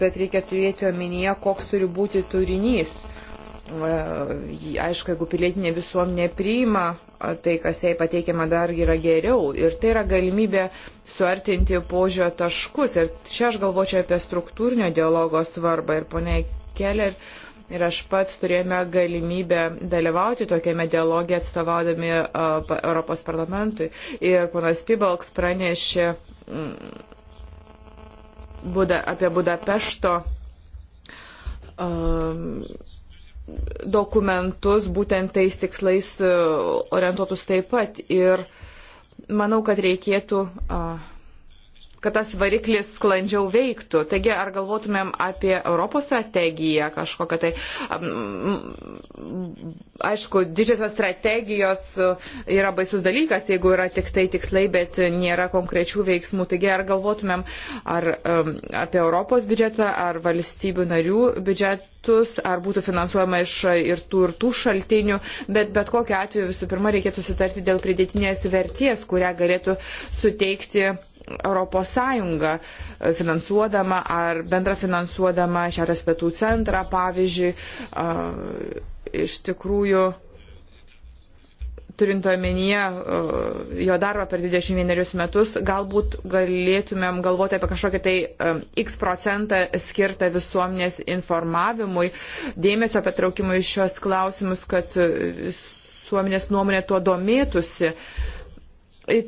bet reikia turėti omenyje, koks turi būti turinys. Aišku, jeigu pilietinė visuomenė priima tai, kas jai pateikiama, dar yra geriau. Ir tai yra galimybė suartinti požio taškus. Ir čia aš galvočiau apie struktūrinio dialogo svarbą. Ir ponia Keller ir aš pats turėjome galimybę dalyvauti tokiame dialogė atstovaudami Europos parlamentui. Ir ponas Pibalks pranešė Buda, apie Budapešto um, dokumentus būtent tais tikslais uh, orientuotus taip pat. Ir manau, kad reikėtų uh, kad tas variklis sklandžiau veiktų. Taigi, ar galvotumėm apie Europos strategiją kažkokią tai, aišku, didžiosios strategijos e, yra baisus dalykas, jeigu yra tik tai tikslai, bet nėra konkrečių veiksmų. Taigi, ar galvotumėm ar apie Europos biudžetą, ar valstybių narių biudžetus, ar būtų finansuojama iš ir tų ir tų šaltinių, bet bet kokiu atveju visų pirma reikėtų sutarti dėl pridėtinės vertės, kurią galėtų suteikti Europos Sąjunga e, finansuodama ar bendrafinansuodama Šiaurės pietų centrą, pavyzdžiui, iš tikrųjų turint omenyje e, jo darbą per 21 metus, galbūt galėtumėm galvoti apie kažkokį tai e, x procentą skirtą visuomenės informavimui, dėmesio patraukimui iš šios klausimus, kad visuomenės nuomonė tuo domėtųsi. Uh,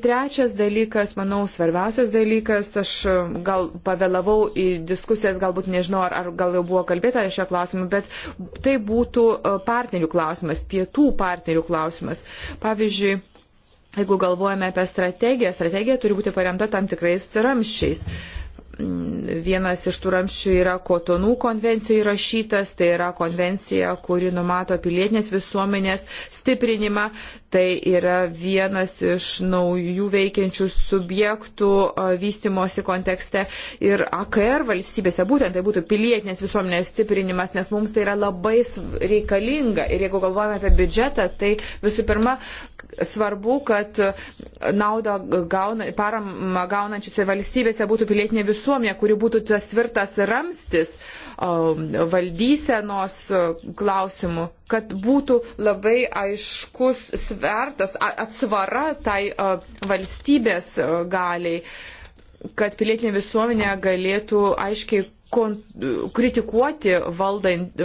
Trečias dalykas, manau, svarbiausias dalykas, aš um, gal pavėlavau į diskusijas, galbūt nežinau, ar, ar gal jau buvo kalbėta šio klausimu, bet tai būtų uh, partnerių klausimas, pietų partnerių klausimas. Pavyzdžiui, jeigu galvojame apie strategiją, strategija turi būti paremta tam tikrais ramščiais. Uh, vienas iš tų ramščių yra Kotonų konvencijų įrašytas, tai yra konvencija, kuri numato pilietinės visuomenės stiprinimą, tai yra vienas iš naujų veikiančių subjektų vystimosi kontekste ir AKR valstybėse, būtent tai būtų pilietinės visuomenės stiprinimas, nes mums tai yra labai reikalinga ir jeigu galvojame apie biudžetą, tai visų pirma svarbu, kad naudą gauna, paramą gaunančiose valstybėse būtų pilietinė visuomenė visuomenę, kuri būtų tas tvirtas ramstis um, valdysenos uh, klausimų, kad būtų labai aiškus svertas, atsvara tai uh, valstybės uh, galiai, kad pilietinė visuomenė galėtų aiškiai kritikuoti valdant,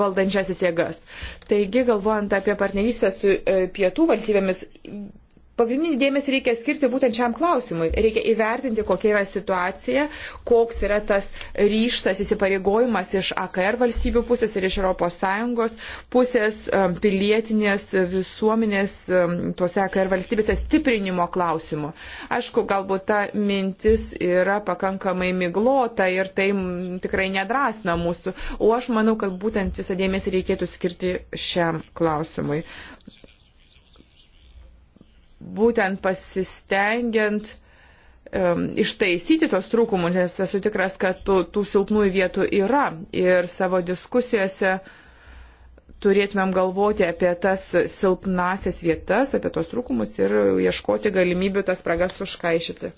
valdančiasis jėgas. Taigi, galvojant apie partnerystę su pietų valstybėmis, Pagrindinį dėmesį reikia skirti būtent šiam klausimui. Reikia įvertinti, kokia yra situacija, koks yra tas ryštas įsipareigojimas iš AKR valstybių pusės ir iš ES pusės um, pilietinės visuomenės um, tuose AKR valstybėse stiprinimo klausimu. Aišku, galbūt ta mintis yra pakankamai miglota ir tai tikrai nedrasna mūsų. O aš manau, kad būtent visą dėmesį reikėtų skirti šiam klausimui būtent pasistengiant um, ištaisyti tos trūkumus, nes esu tikras, kad tų, tų silpnųjų vietų yra ir savo diskusijose turėtumėm galvoti apie tas silpnasias vietas, apie tos trūkumus ir ieškoti galimybių tas spragas užkaišyti.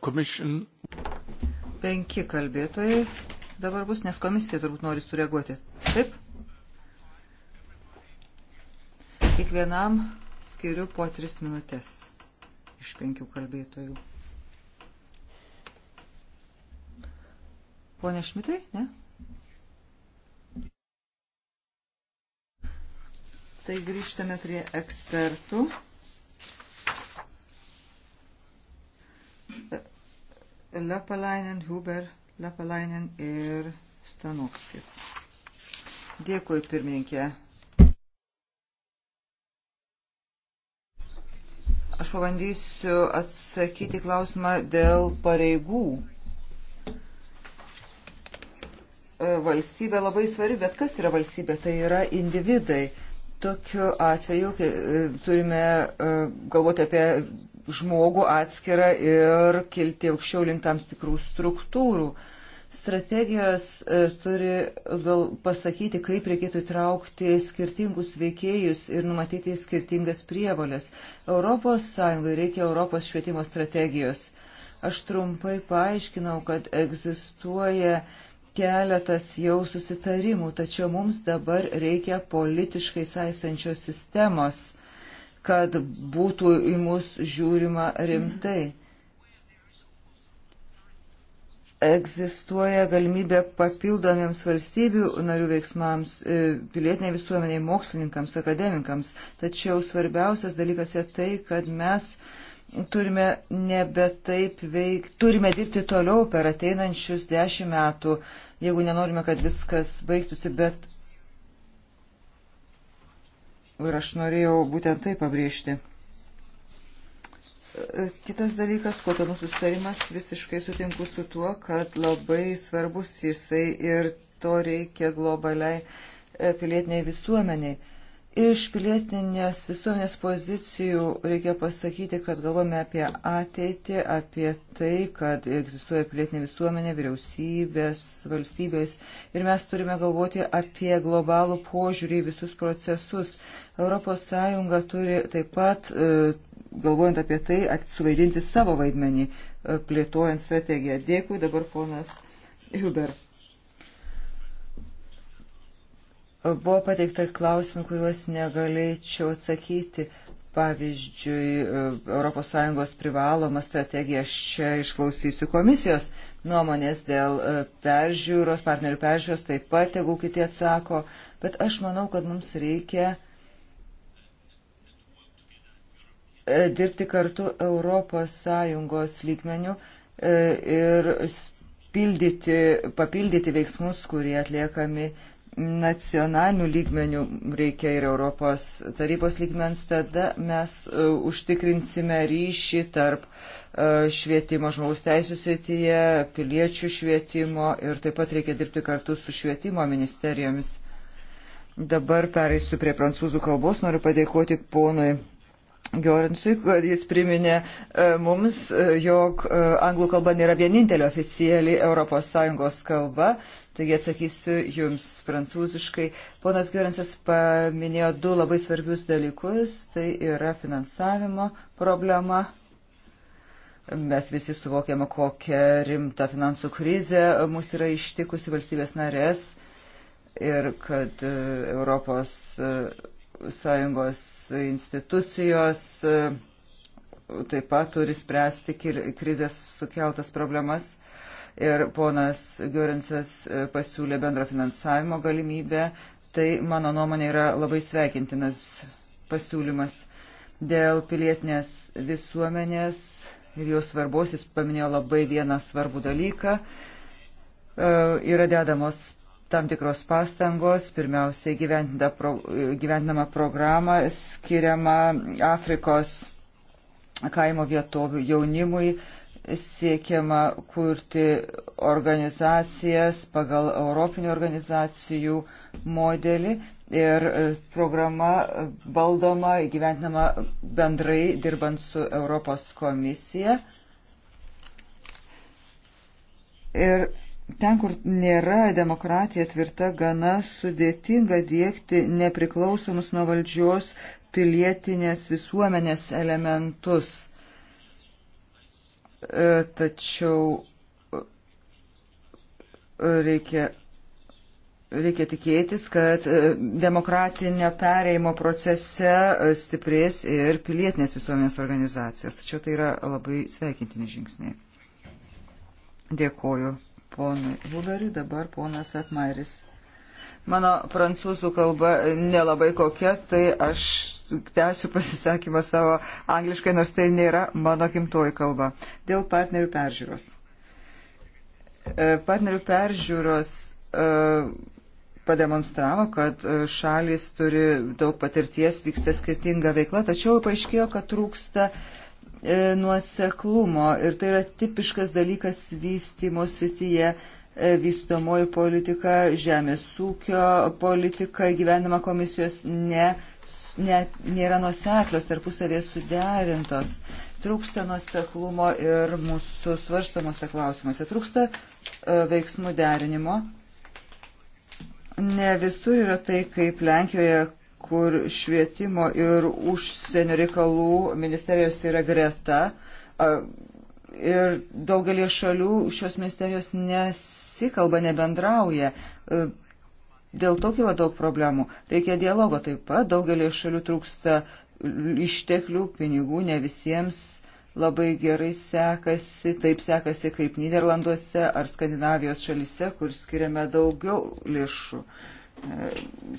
Commission... Penki kalbėtojai dabar bus, nes komisija turbūt nori sureaguoti. Taip? Kiekvienam skiriu po tris minutės iš penkių kalbėtojų. Pone Šmitai, ne? Tai grįžtame prie ekspertų. Lepalainen, Huber, Lepalainen ir Stanovskis. Dėkui, pirmininkė. Aš pabandysiu atsakyti klausimą dėl pareigų. E, valstybė labai svarbi, bet kas yra valstybė? Tai yra individai. Tokiu atveju e, turime e, galvoti apie žmogų atskirą ir kilti aukščiau link tam tikrų struktūrų. Strategijos e, turi gal pasakyti, kaip reikėtų traukti skirtingus veikėjus ir numatyti skirtingas prievolės. Europos Sąjungai reikia Europos švietimo strategijos. Aš trumpai paaiškinau, kad egzistuoja keletas jau susitarimų, tačiau mums dabar reikia politiškai saistančios sistemos, kad būtų į mus žiūrima rimtai egzistuoja galimybė papildomiems valstybių narių veiksmams, e, pilietiniai visuomeniai, mokslininkams, akademikams. Tačiau svarbiausias dalykas yra tai, kad mes turime nebe taip veikti, turime dirbti toliau per ateinančius dešimt metų, jeigu nenorime, kad viskas baigtųsi, bet. Ir aš norėjau būtent tai pabrėžti. E, kitas dalykas, kotonų sustarimas, visiškai sutinku su tuo, kad labai svarbus jisai ir to reikia globaliai e, pilietiniai visuomeniai. Iš pilietinės visuomenės pozicijų reikia pasakyti, kad galvome apie ateitį, apie tai, kad egzistuoja pilietinė visuomenė, vyriausybės, valstybės ir mes turime galvoti apie globalų požiūrį į visus procesus. ES turi taip pat, e, galvojant apie tai, suvaidinti savo vaidmenį, e, plėtojant strategiją. Dėkui dabar ponas Huber. Buvo pateikta klausimų, kuriuos negalėčiau atsakyti. Pavyzdžiui, ES privaloma strategija, aš čia išklausysiu komisijos nuomonės dėl e, peržiūros, partnerių peržiūros, taip pat, jeigu kiti atsako, bet aš manau, kad mums reikia e, dirbti kartu ES lygmenių e, ir pildyti, papildyti veiksmus, kurie atliekami uh, nacionalinių lygmenių reikia ir Europos tarybos lygmens, tada mes e, užtikrinsime ryšį tarp e, švietimo žmogaus teisų srityje, piliečių švietimo ir taip pat reikia dirbti kartu su švietimo ministerijomis. Dabar pereisiu prie prancūzų kalbos. Noriu padėkoti ponui Giorinsui, kad jis priminė e, mums, e, jog e, anglų kalba nėra vienintelė oficiali ES kalba, taigi atsakysiu jums prancūziškai. Ponas Giorinsas paminėjo du labai svarbius dalykus, tai yra finansavimo problema. Mes visi suvokiame, kokią rimtą finansų krizę mus yra ištikusi valstybės narės ir kad Europos Sąjungos institucijos e, taip pat turi spręsti krizės sukeltas problemas. Ir ponas Giorinsas e, pasiūlė bendro finansavimo galimybę. Tai, mano nuomonė, yra labai sveikintinas pasiūlymas. Dėl pilietinės visuomenės ir jos svarbos jis paminėjo labai vieną svarbų dalyką. E, yra dedamos tam tikros pastangos, pirmiausiai pro, gyventinama programa skiriama Afrikos kaimo vietovių jaunimui, siekiama kurti organizacijas pagal Europinių organizacijų modelį ir e, programa valdoma, gyventinama bendrai dirbant su Europos komisija. Ir ten, kur nėra demokratija tvirta, gana sudėtinga dėkti nepriklausomus nuo valdžios pilietinės visuomenės elementus. E, tačiau e, reikia, reikia tikėtis, kad e, demokratinio pereimo procese stiprės ir pilietinės visuomenės organizacijos. Tačiau tai yra labai sveikintini žingsniai. Dėkoju ponui Huberiui, dabar ponas Atmairis. Mano prancūzų kalba nelabai kokia, tai aš tęsiu pasisakymą savo angliškai, nors tai nėra mano gimtoji kalba. Dėl partnerių peržiūros. E, partnerių peržiūros e, pademonstravo, kad e, šalis turi daug patirties, vyksta skirtinga veikla, tačiau paaiškėjo, kad trūksta uh, E, nuoseklumo ir tai yra tipiškas dalykas vystymo srityje e, vystomoji politika, žemės ūkio politika, gyvenama komisijos ne, ne, nėra nuoseklios, tarpusavėje suderintos. Trūksta nuoseklumo ir mūsų svarstamuose klausimuose. Trūksta e, veiksmų derinimo. Ne visur yra tai, kaip Lenkijoje, kur švietimo ir užsienio reikalų ministerijos yra greta. Ir daugelie šalių šios ministerijos nesikalba, nebendrauja. E, dėl to kyla daug problemų. Reikia dialogo taip pat. Daugelį šalių trūksta išteklių, pinigų, ne visiems labai gerai sekasi, taip sekasi kaip Niderlanduose ar Skandinavijos šalise, kur skiriame daugiau lėšų. Uh,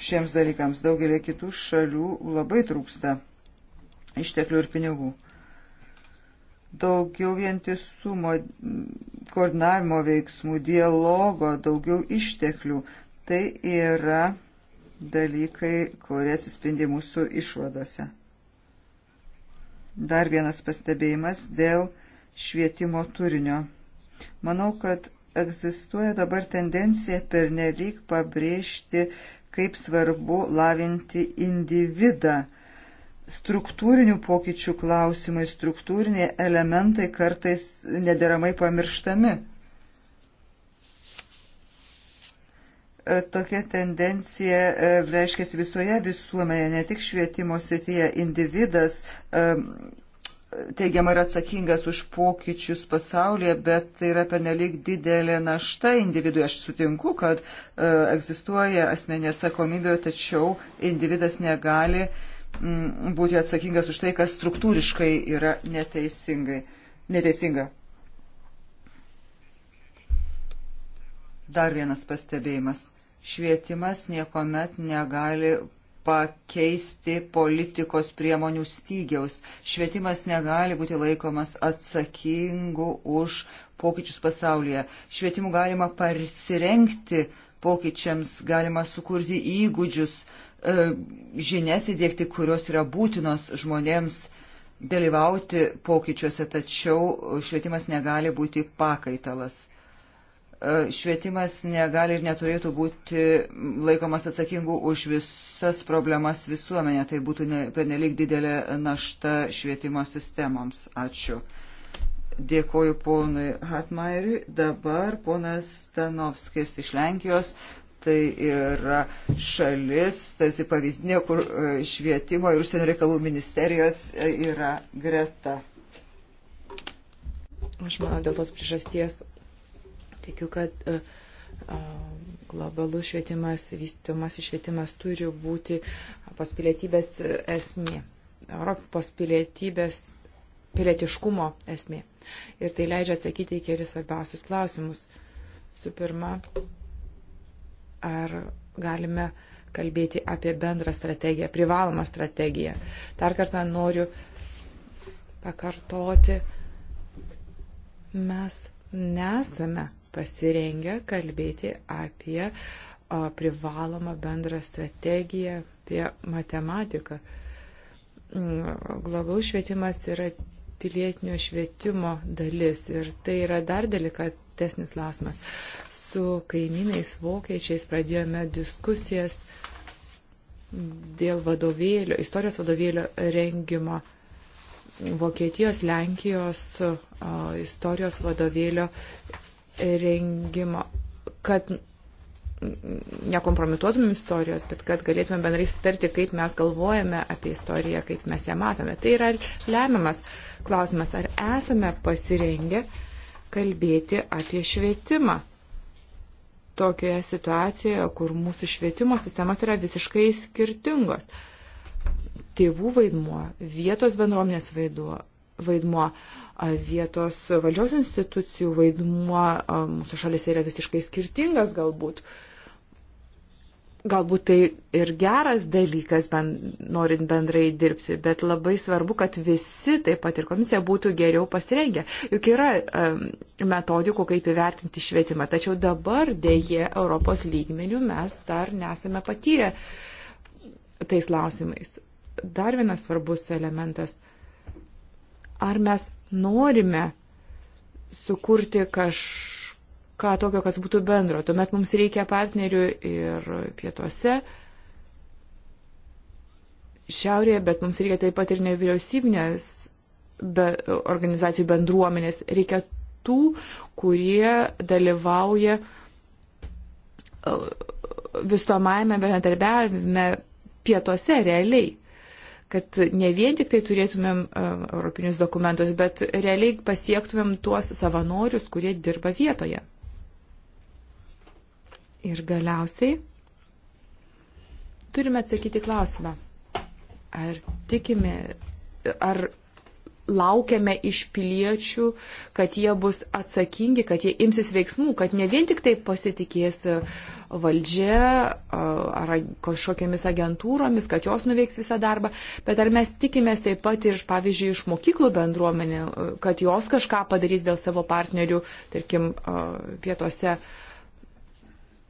šiems dalykams. Daugelį kitų šalių labai trūksta išteklių ir pinigų. Daugiau vientisumo, koordinavimo veiksmų, dialogo, daugiau išteklių. Tai yra dalykai, kurie atsispindi mūsų išvadose. Dar vienas pastebėjimas dėl švietimo turinio. Manau, kad egzistuoja dabar tendencija per nelik pabrėžti, kaip svarbu lavinti individą. Struktūrinių pokyčių klausimai, struktūriniai elementai kartais nederamai pamirštami. E, tokia tendencija e, reiškia visoje visuomenėje, ne tik švietimo srityje. Individas e, teigiamai yra atsakingas už pokyčius pasaulyje, bet tai yra pernelyg didelė našta individui. Aš sutinku, kad e, egzistuoja asmenė atsakomybė, tačiau individas negali m, mm, būti atsakingas už tai, kas struktūriškai yra neteisingai. neteisinga. Dar vienas pastebėjimas. Švietimas niekuomet negali pakeisti politikos priemonių stygiaus. Švietimas negali būti laikomas atsakingu už pokyčius pasaulyje. Švietimu galima parsirenkti pokyčiams, galima sukurti įgūdžius, e, žinias įdėkti, kurios yra būtinos žmonėms dalyvauti pokyčiuose, tačiau švietimas negali būti pakaitalas. E, švietimas negali ir neturėtų būti laikomas atsakingu už visas problemas visuomenė. Tai būtų ne, pernelyg didelė našta švietimo sistemoms. Ačiū. Dėkoju ponui Hatmairiui. Dabar ponas Stanovskis iš Lenkijos. Tai yra šalis, tarsi pavyzdinė, kur e, švietimo ir užsienio reikalų ministerijos e, yra greta. Aš manau, dėl tos priežasties Tikiu, kad e, e, globalus švietimas, vystimas švietimas turi būti pas pilietybės esmė, Europos pilietybės pilietiškumo esmė. Ir tai leidžia atsakyti į kelis svarbiausius klausimus. Su pirma, ar galime kalbėti apie bendrą strategiją, privalomą strategiją. Dar kartą noriu pakartoti, mes nesame pasirengę kalbėti apie privalomą bendrą strategiją, apie matematiką. Mm, Globalus švietimas yra pilietinio švietimo dalis ir tai yra dar delikatesnis klausimas. Su kaimynais vokiečiais pradėjome diskusijas dėl vadovėlio, istorijos vadovėlio rengimo. Vokietijos, Lenkijos istorijos vadovėlio rengimo, kad nekompromituotumėm istorijos, bet kad galėtumėm bendrai sutarti, kaip mes galvojame apie istoriją, kaip mes ją matome. Tai yra lemiamas klausimas, ar esame pasirengę kalbėti apie švietimą tokioje situacijoje, kur mūsų švietimo sistemas yra visiškai skirtingos. Tėvų vaidmuo, vietos bendruomenės vaidmuo, vaidmuo Vietos valdžios institucijų vaidmuo mūsų šalise yra visiškai skirtingas galbūt. Galbūt tai ir geras dalykas, ben, norint bendrai dirbti, bet labai svarbu, kad visi, taip pat ir komisija, būtų geriau pasirengę. Juk yra um, metodikų, kaip įvertinti švietimą, tačiau dabar dėje Europos lygmenių mes dar nesame patyrę tais klausimais. Dar vienas svarbus elementas uh, Ar mes norime sukurti kažką tokio, kas būtų bendro? Tuomet mums reikia partnerių ir pietuose, šiaurėje, bet mums reikia taip pat ir nevyriausybinės be, organizacijų bendruomenės. Reikia tų, kurie dalyvauja uh, visuomajame bendradarbiavime pietuose realiai kad ne vien tik tai turėtumėm e, europinius dokumentus, bet realiai pasiektumėm tuos savanorius, kurie dirba vietoje. Ir galiausiai turime atsakyti klausimą, ar tikime, ar laukiame iš piliečių, kad jie bus atsakingi, kad jie imsis veiksmų, kad ne vien tik tai pasitikės valdžia ar kažkokiamis agentūromis, kad jos nuveiks visą darbą, bet ar mes tikimės taip pat ir, pavyzdžiui, iš mokyklų bendruomenė, kad jos kažką padarys dėl savo partnerių, tarkim, pietuose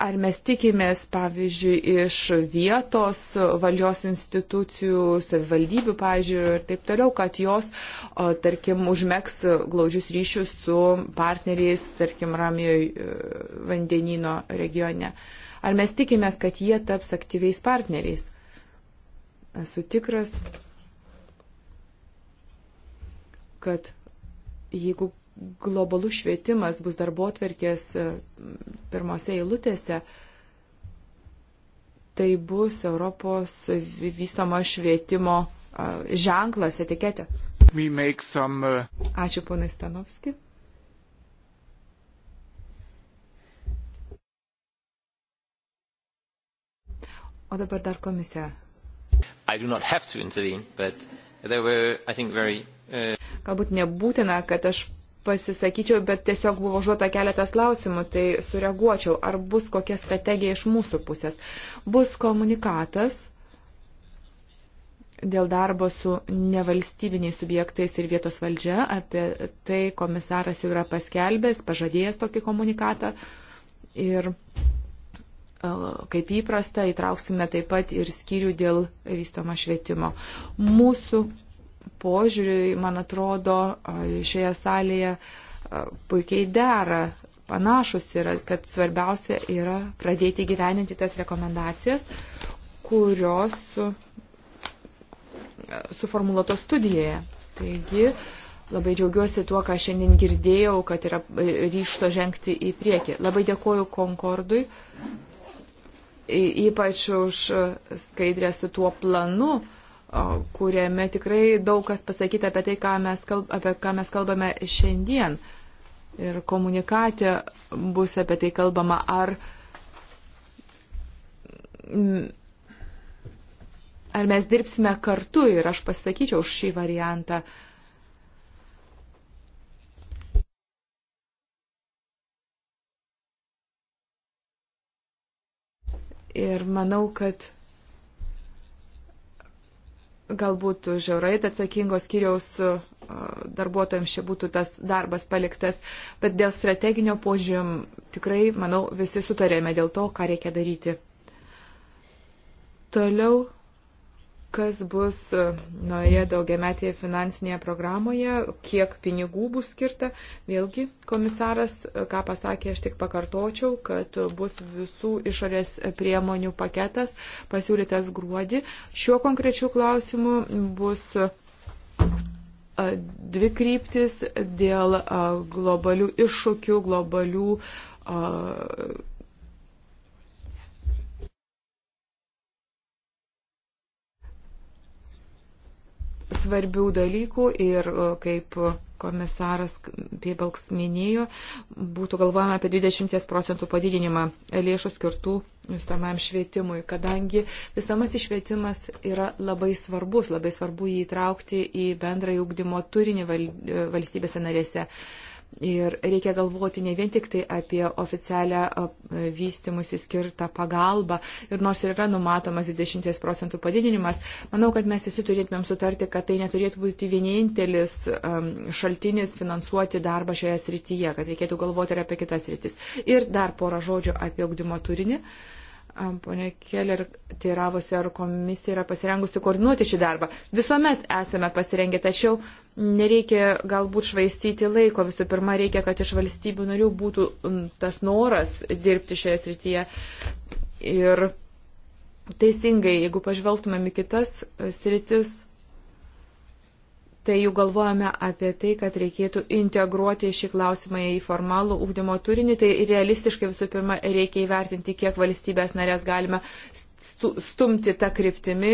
Ar mes tikimės, pavyzdžiui, iš vietos valdžios institucijų, savivaldybių, pavyzdžiui, ir taip toliau, kad jos, o, tarkim, užmėgs glaudžius ryšius su partneriais, tarkim, Ramijoje vandenino regione. Ar mes tikimės, kad jie taps aktyviais partneriais? Esu tikras, kad jeigu globalus švietimas bus darbo atverkės e, pirmose eilutėse, tai bus Europos vystomo švietimo e, ženklas, etiketė. Some, uh... Ačiū ponai Stanovski. O dabar dar komisija. But... Were, think, very, uh... Galbūt nebūtina, kad aš pasisakyčiau, bet tiesiog buvo užduota keletas klausimų, tai sureaguočiau, ar bus kokia strategija iš mūsų pusės. Bus komunikatas dėl darbo su nevalstybiniais subjektais ir vietos valdžia, apie tai komisaras jau yra paskelbęs, pažadėjęs tokį komunikatą. Ir e, kaip įprasta, įtrauksime taip pat ir skyrių dėl vystoma švietimo. Mūsų požiūriui, man atrodo, šioje salėje puikiai dera, panašus yra, kad svarbiausia yra pradėti gyveninti tas rekomendacijas, kurios suformuluotos studijoje. Taigi, Labai džiaugiuosi tuo, ką šiandien girdėjau, kad yra e, ryšto žengti į priekį. Labai dėkoju Konkordui, ypač už skaidrę su tuo planu, kuriame tikrai daug kas pasakyta apie tai, ką mes, kalb, apie ką mes kalbame šiandien. Ir komunikatė bus apie tai kalbama, ar, ar mes dirbsime kartu ir aš pasakyčiau už šį variantą. Ir manau, kad galbūt žiaurai atsakingos skyriaus e, darbuotojams čia būtų tas darbas paliktas, bet dėl strateginio požiūrėm tikrai, manau, visi sutarėme dėl to, ką reikia daryti. Toliau kas bus naujoje daugiametėje finansinėje programoje, kiek pinigų bus skirta. Vėlgi, komisaras, e, ką pasakė, aš tik pakartočiau, kad bus visų išorės priemonių paketas pasiūlytas gruodį. Šiuo konkrečiu klausimu bus e, dvi kryptis dėl e, globalių iššūkių, globalių svarbių dalykų ir kaip komisaras Piebalks minėjo, būtų galvojama apie 20 procentų padidinimą lėšų skirtų visuomam švietimui, kadangi visuomas išvietimas yra labai svarbus, labai svarbu jį įtraukti į bendrąjį ugdymo turinį valstybėse narėse. Ir reikia galvoti ne vien tik tai apie oficialią vystimusi skirtą pagalbą. Ir nors ir yra numatomas 20 procentų padidinimas, manau, kad mes visi turėtumėm sutarti, kad tai neturėtų būti vienintelis šaltinis finansuoti darbą šioje srityje, kad reikėtų galvoti ir apie kitas sritis. Ir dar porą žodžių apie ugdymo turinį. Uh, Pone Keller teiravosi, ar komisija yra pasirengusi koordinuoti šį darbą. Visuomet esame pasirengę, tačiau nereikia galbūt švaistyti laiko. Visų pirma, reikia, kad iš valstybių narių būtų tas noras dirbti šioje srityje. Ir teisingai, jeigu pažvelgtumėm į kitas e, sritis, tai jau galvojame apie tai, kad reikėtų integruoti šį klausimą į formalų ūkdymo turinį. Tai realistiškai visų pirma reikia įvertinti, kiek valstybės narės galime stumti tą kryptimį.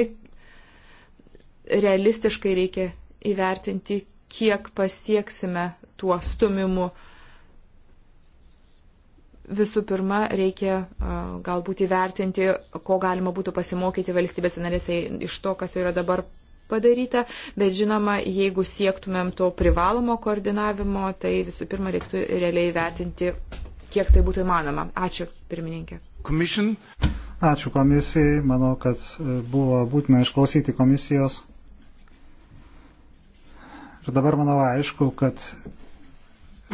Realistiškai reikia įvertinti, kiek pasieksime tuo stumimu. Visų pirma, reikia galbūt įvertinti, ko galima būtų pasimokyti valstybės narėse iš to, kas yra dabar padaryta, bet žinoma, jeigu siektumėm to privalomo koordinavimo, tai visų pirma reiktų realiai vertinti, kiek tai būtų įmanoma. Ačiū, pirmininkė. Commission. Ačiū komisijai, manau, kad e, buvo būtina išklausyti komisijos. Ir dabar manau aišku, kad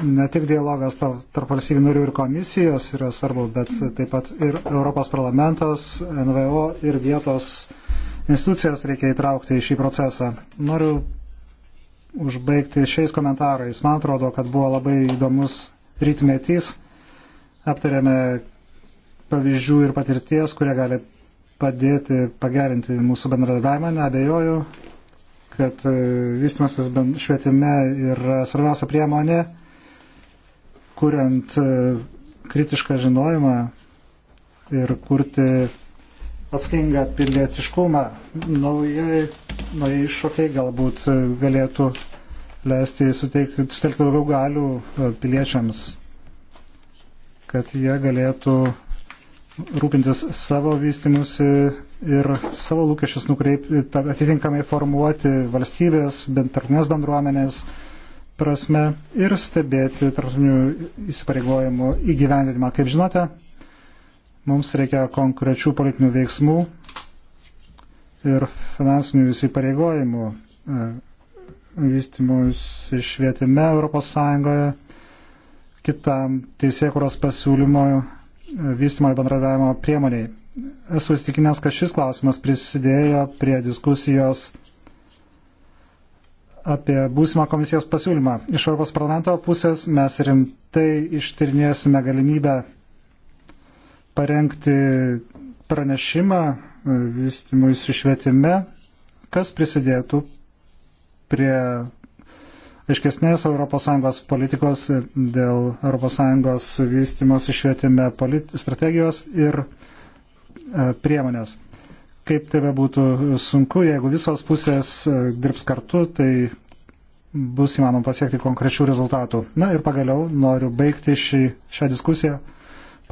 ne tik dialogas tarp valstybių narių ir komisijos yra svarbu, bet taip pat ir Europos parlamentas, NVO ir vietos uh, institucijas reikia įtraukti į šį procesą. Noriu užbaigti šiais komentarais. Man atrodo, kad buvo labai įdomus rytmetys. Aptarėme pavyzdžių ir patirties, kurie gali padėti pagerinti mūsų bendradarbiavimą. Neabejoju, kad e, vystimasis švietime yra svarbiausia priemonė, kuriant e, kritišką žinojimą ir kurti atsakingą pilietiškumą, naujai, naujai iššūkiai galbūt galėtų leisti suteikti, suteikti daugiau galių e, piliečiams, kad jie galėtų rūpintis savo vystimusi ir savo lūkesčius nukreipti, e, atitinkamai formuoti valstybės, bentarnės bendruomenės prasme ir stebėti tarptautinių įsipareigojimų įgyvendinimą. Kaip žinote, Mums reikia konkrečių politinių veiksmų ir finansinių įsipareigojimų e, vystimus švietime Europos Sąjungoje, kitam teisėkuros pasiūlymo e, vystimo ir bendradavimo priemoniai. Esu įstikinęs, kad šis klausimas prisidėjo prie diskusijos apie būsimą komisijos pasiūlymą. Iš Europos parlamento pusės mes rimtai ištirnėsime galimybę parengti pranešimą e, vystimui su švietime, kas prisidėtų prie aiškesnės ES politikos dėl ES vystimos švietime strategijos ir e, priemonės. Kaip tai būtų sunku, jeigu visos pusės e, dirbs kartu, tai bus įmanoma pasiekti konkrečių rezultatų. Na ir pagaliau noriu baigti šį, šią diskusiją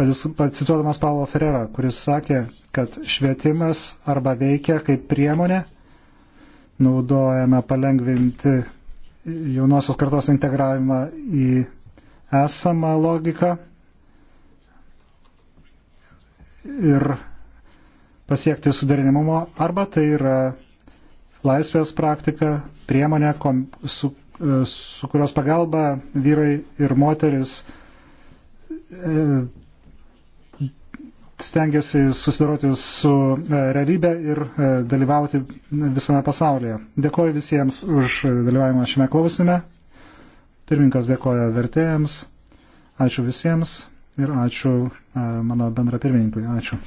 pacituodamas Paulo Ferrerą, kuris sakė, kad švietimas arba veikia kaip priemonė, naudojame palengvinti jaunosios kartos integravimą į esamą logiką ir pasiekti suderinimumo, arba tai yra laisvės praktika, priemonė, kom, su, e, su kurios pagalba vyrai ir moteris e, stengiasi susidoroti su e, realybė ir e, dalyvauti visame pasaulyje. Dėkoju visiems už dalyvavimą šiame klausime. Pirmininkas dėkoja vertėjams. Ačiū visiems ir ačiū e, mano bendra pirmininkui. Ačiū.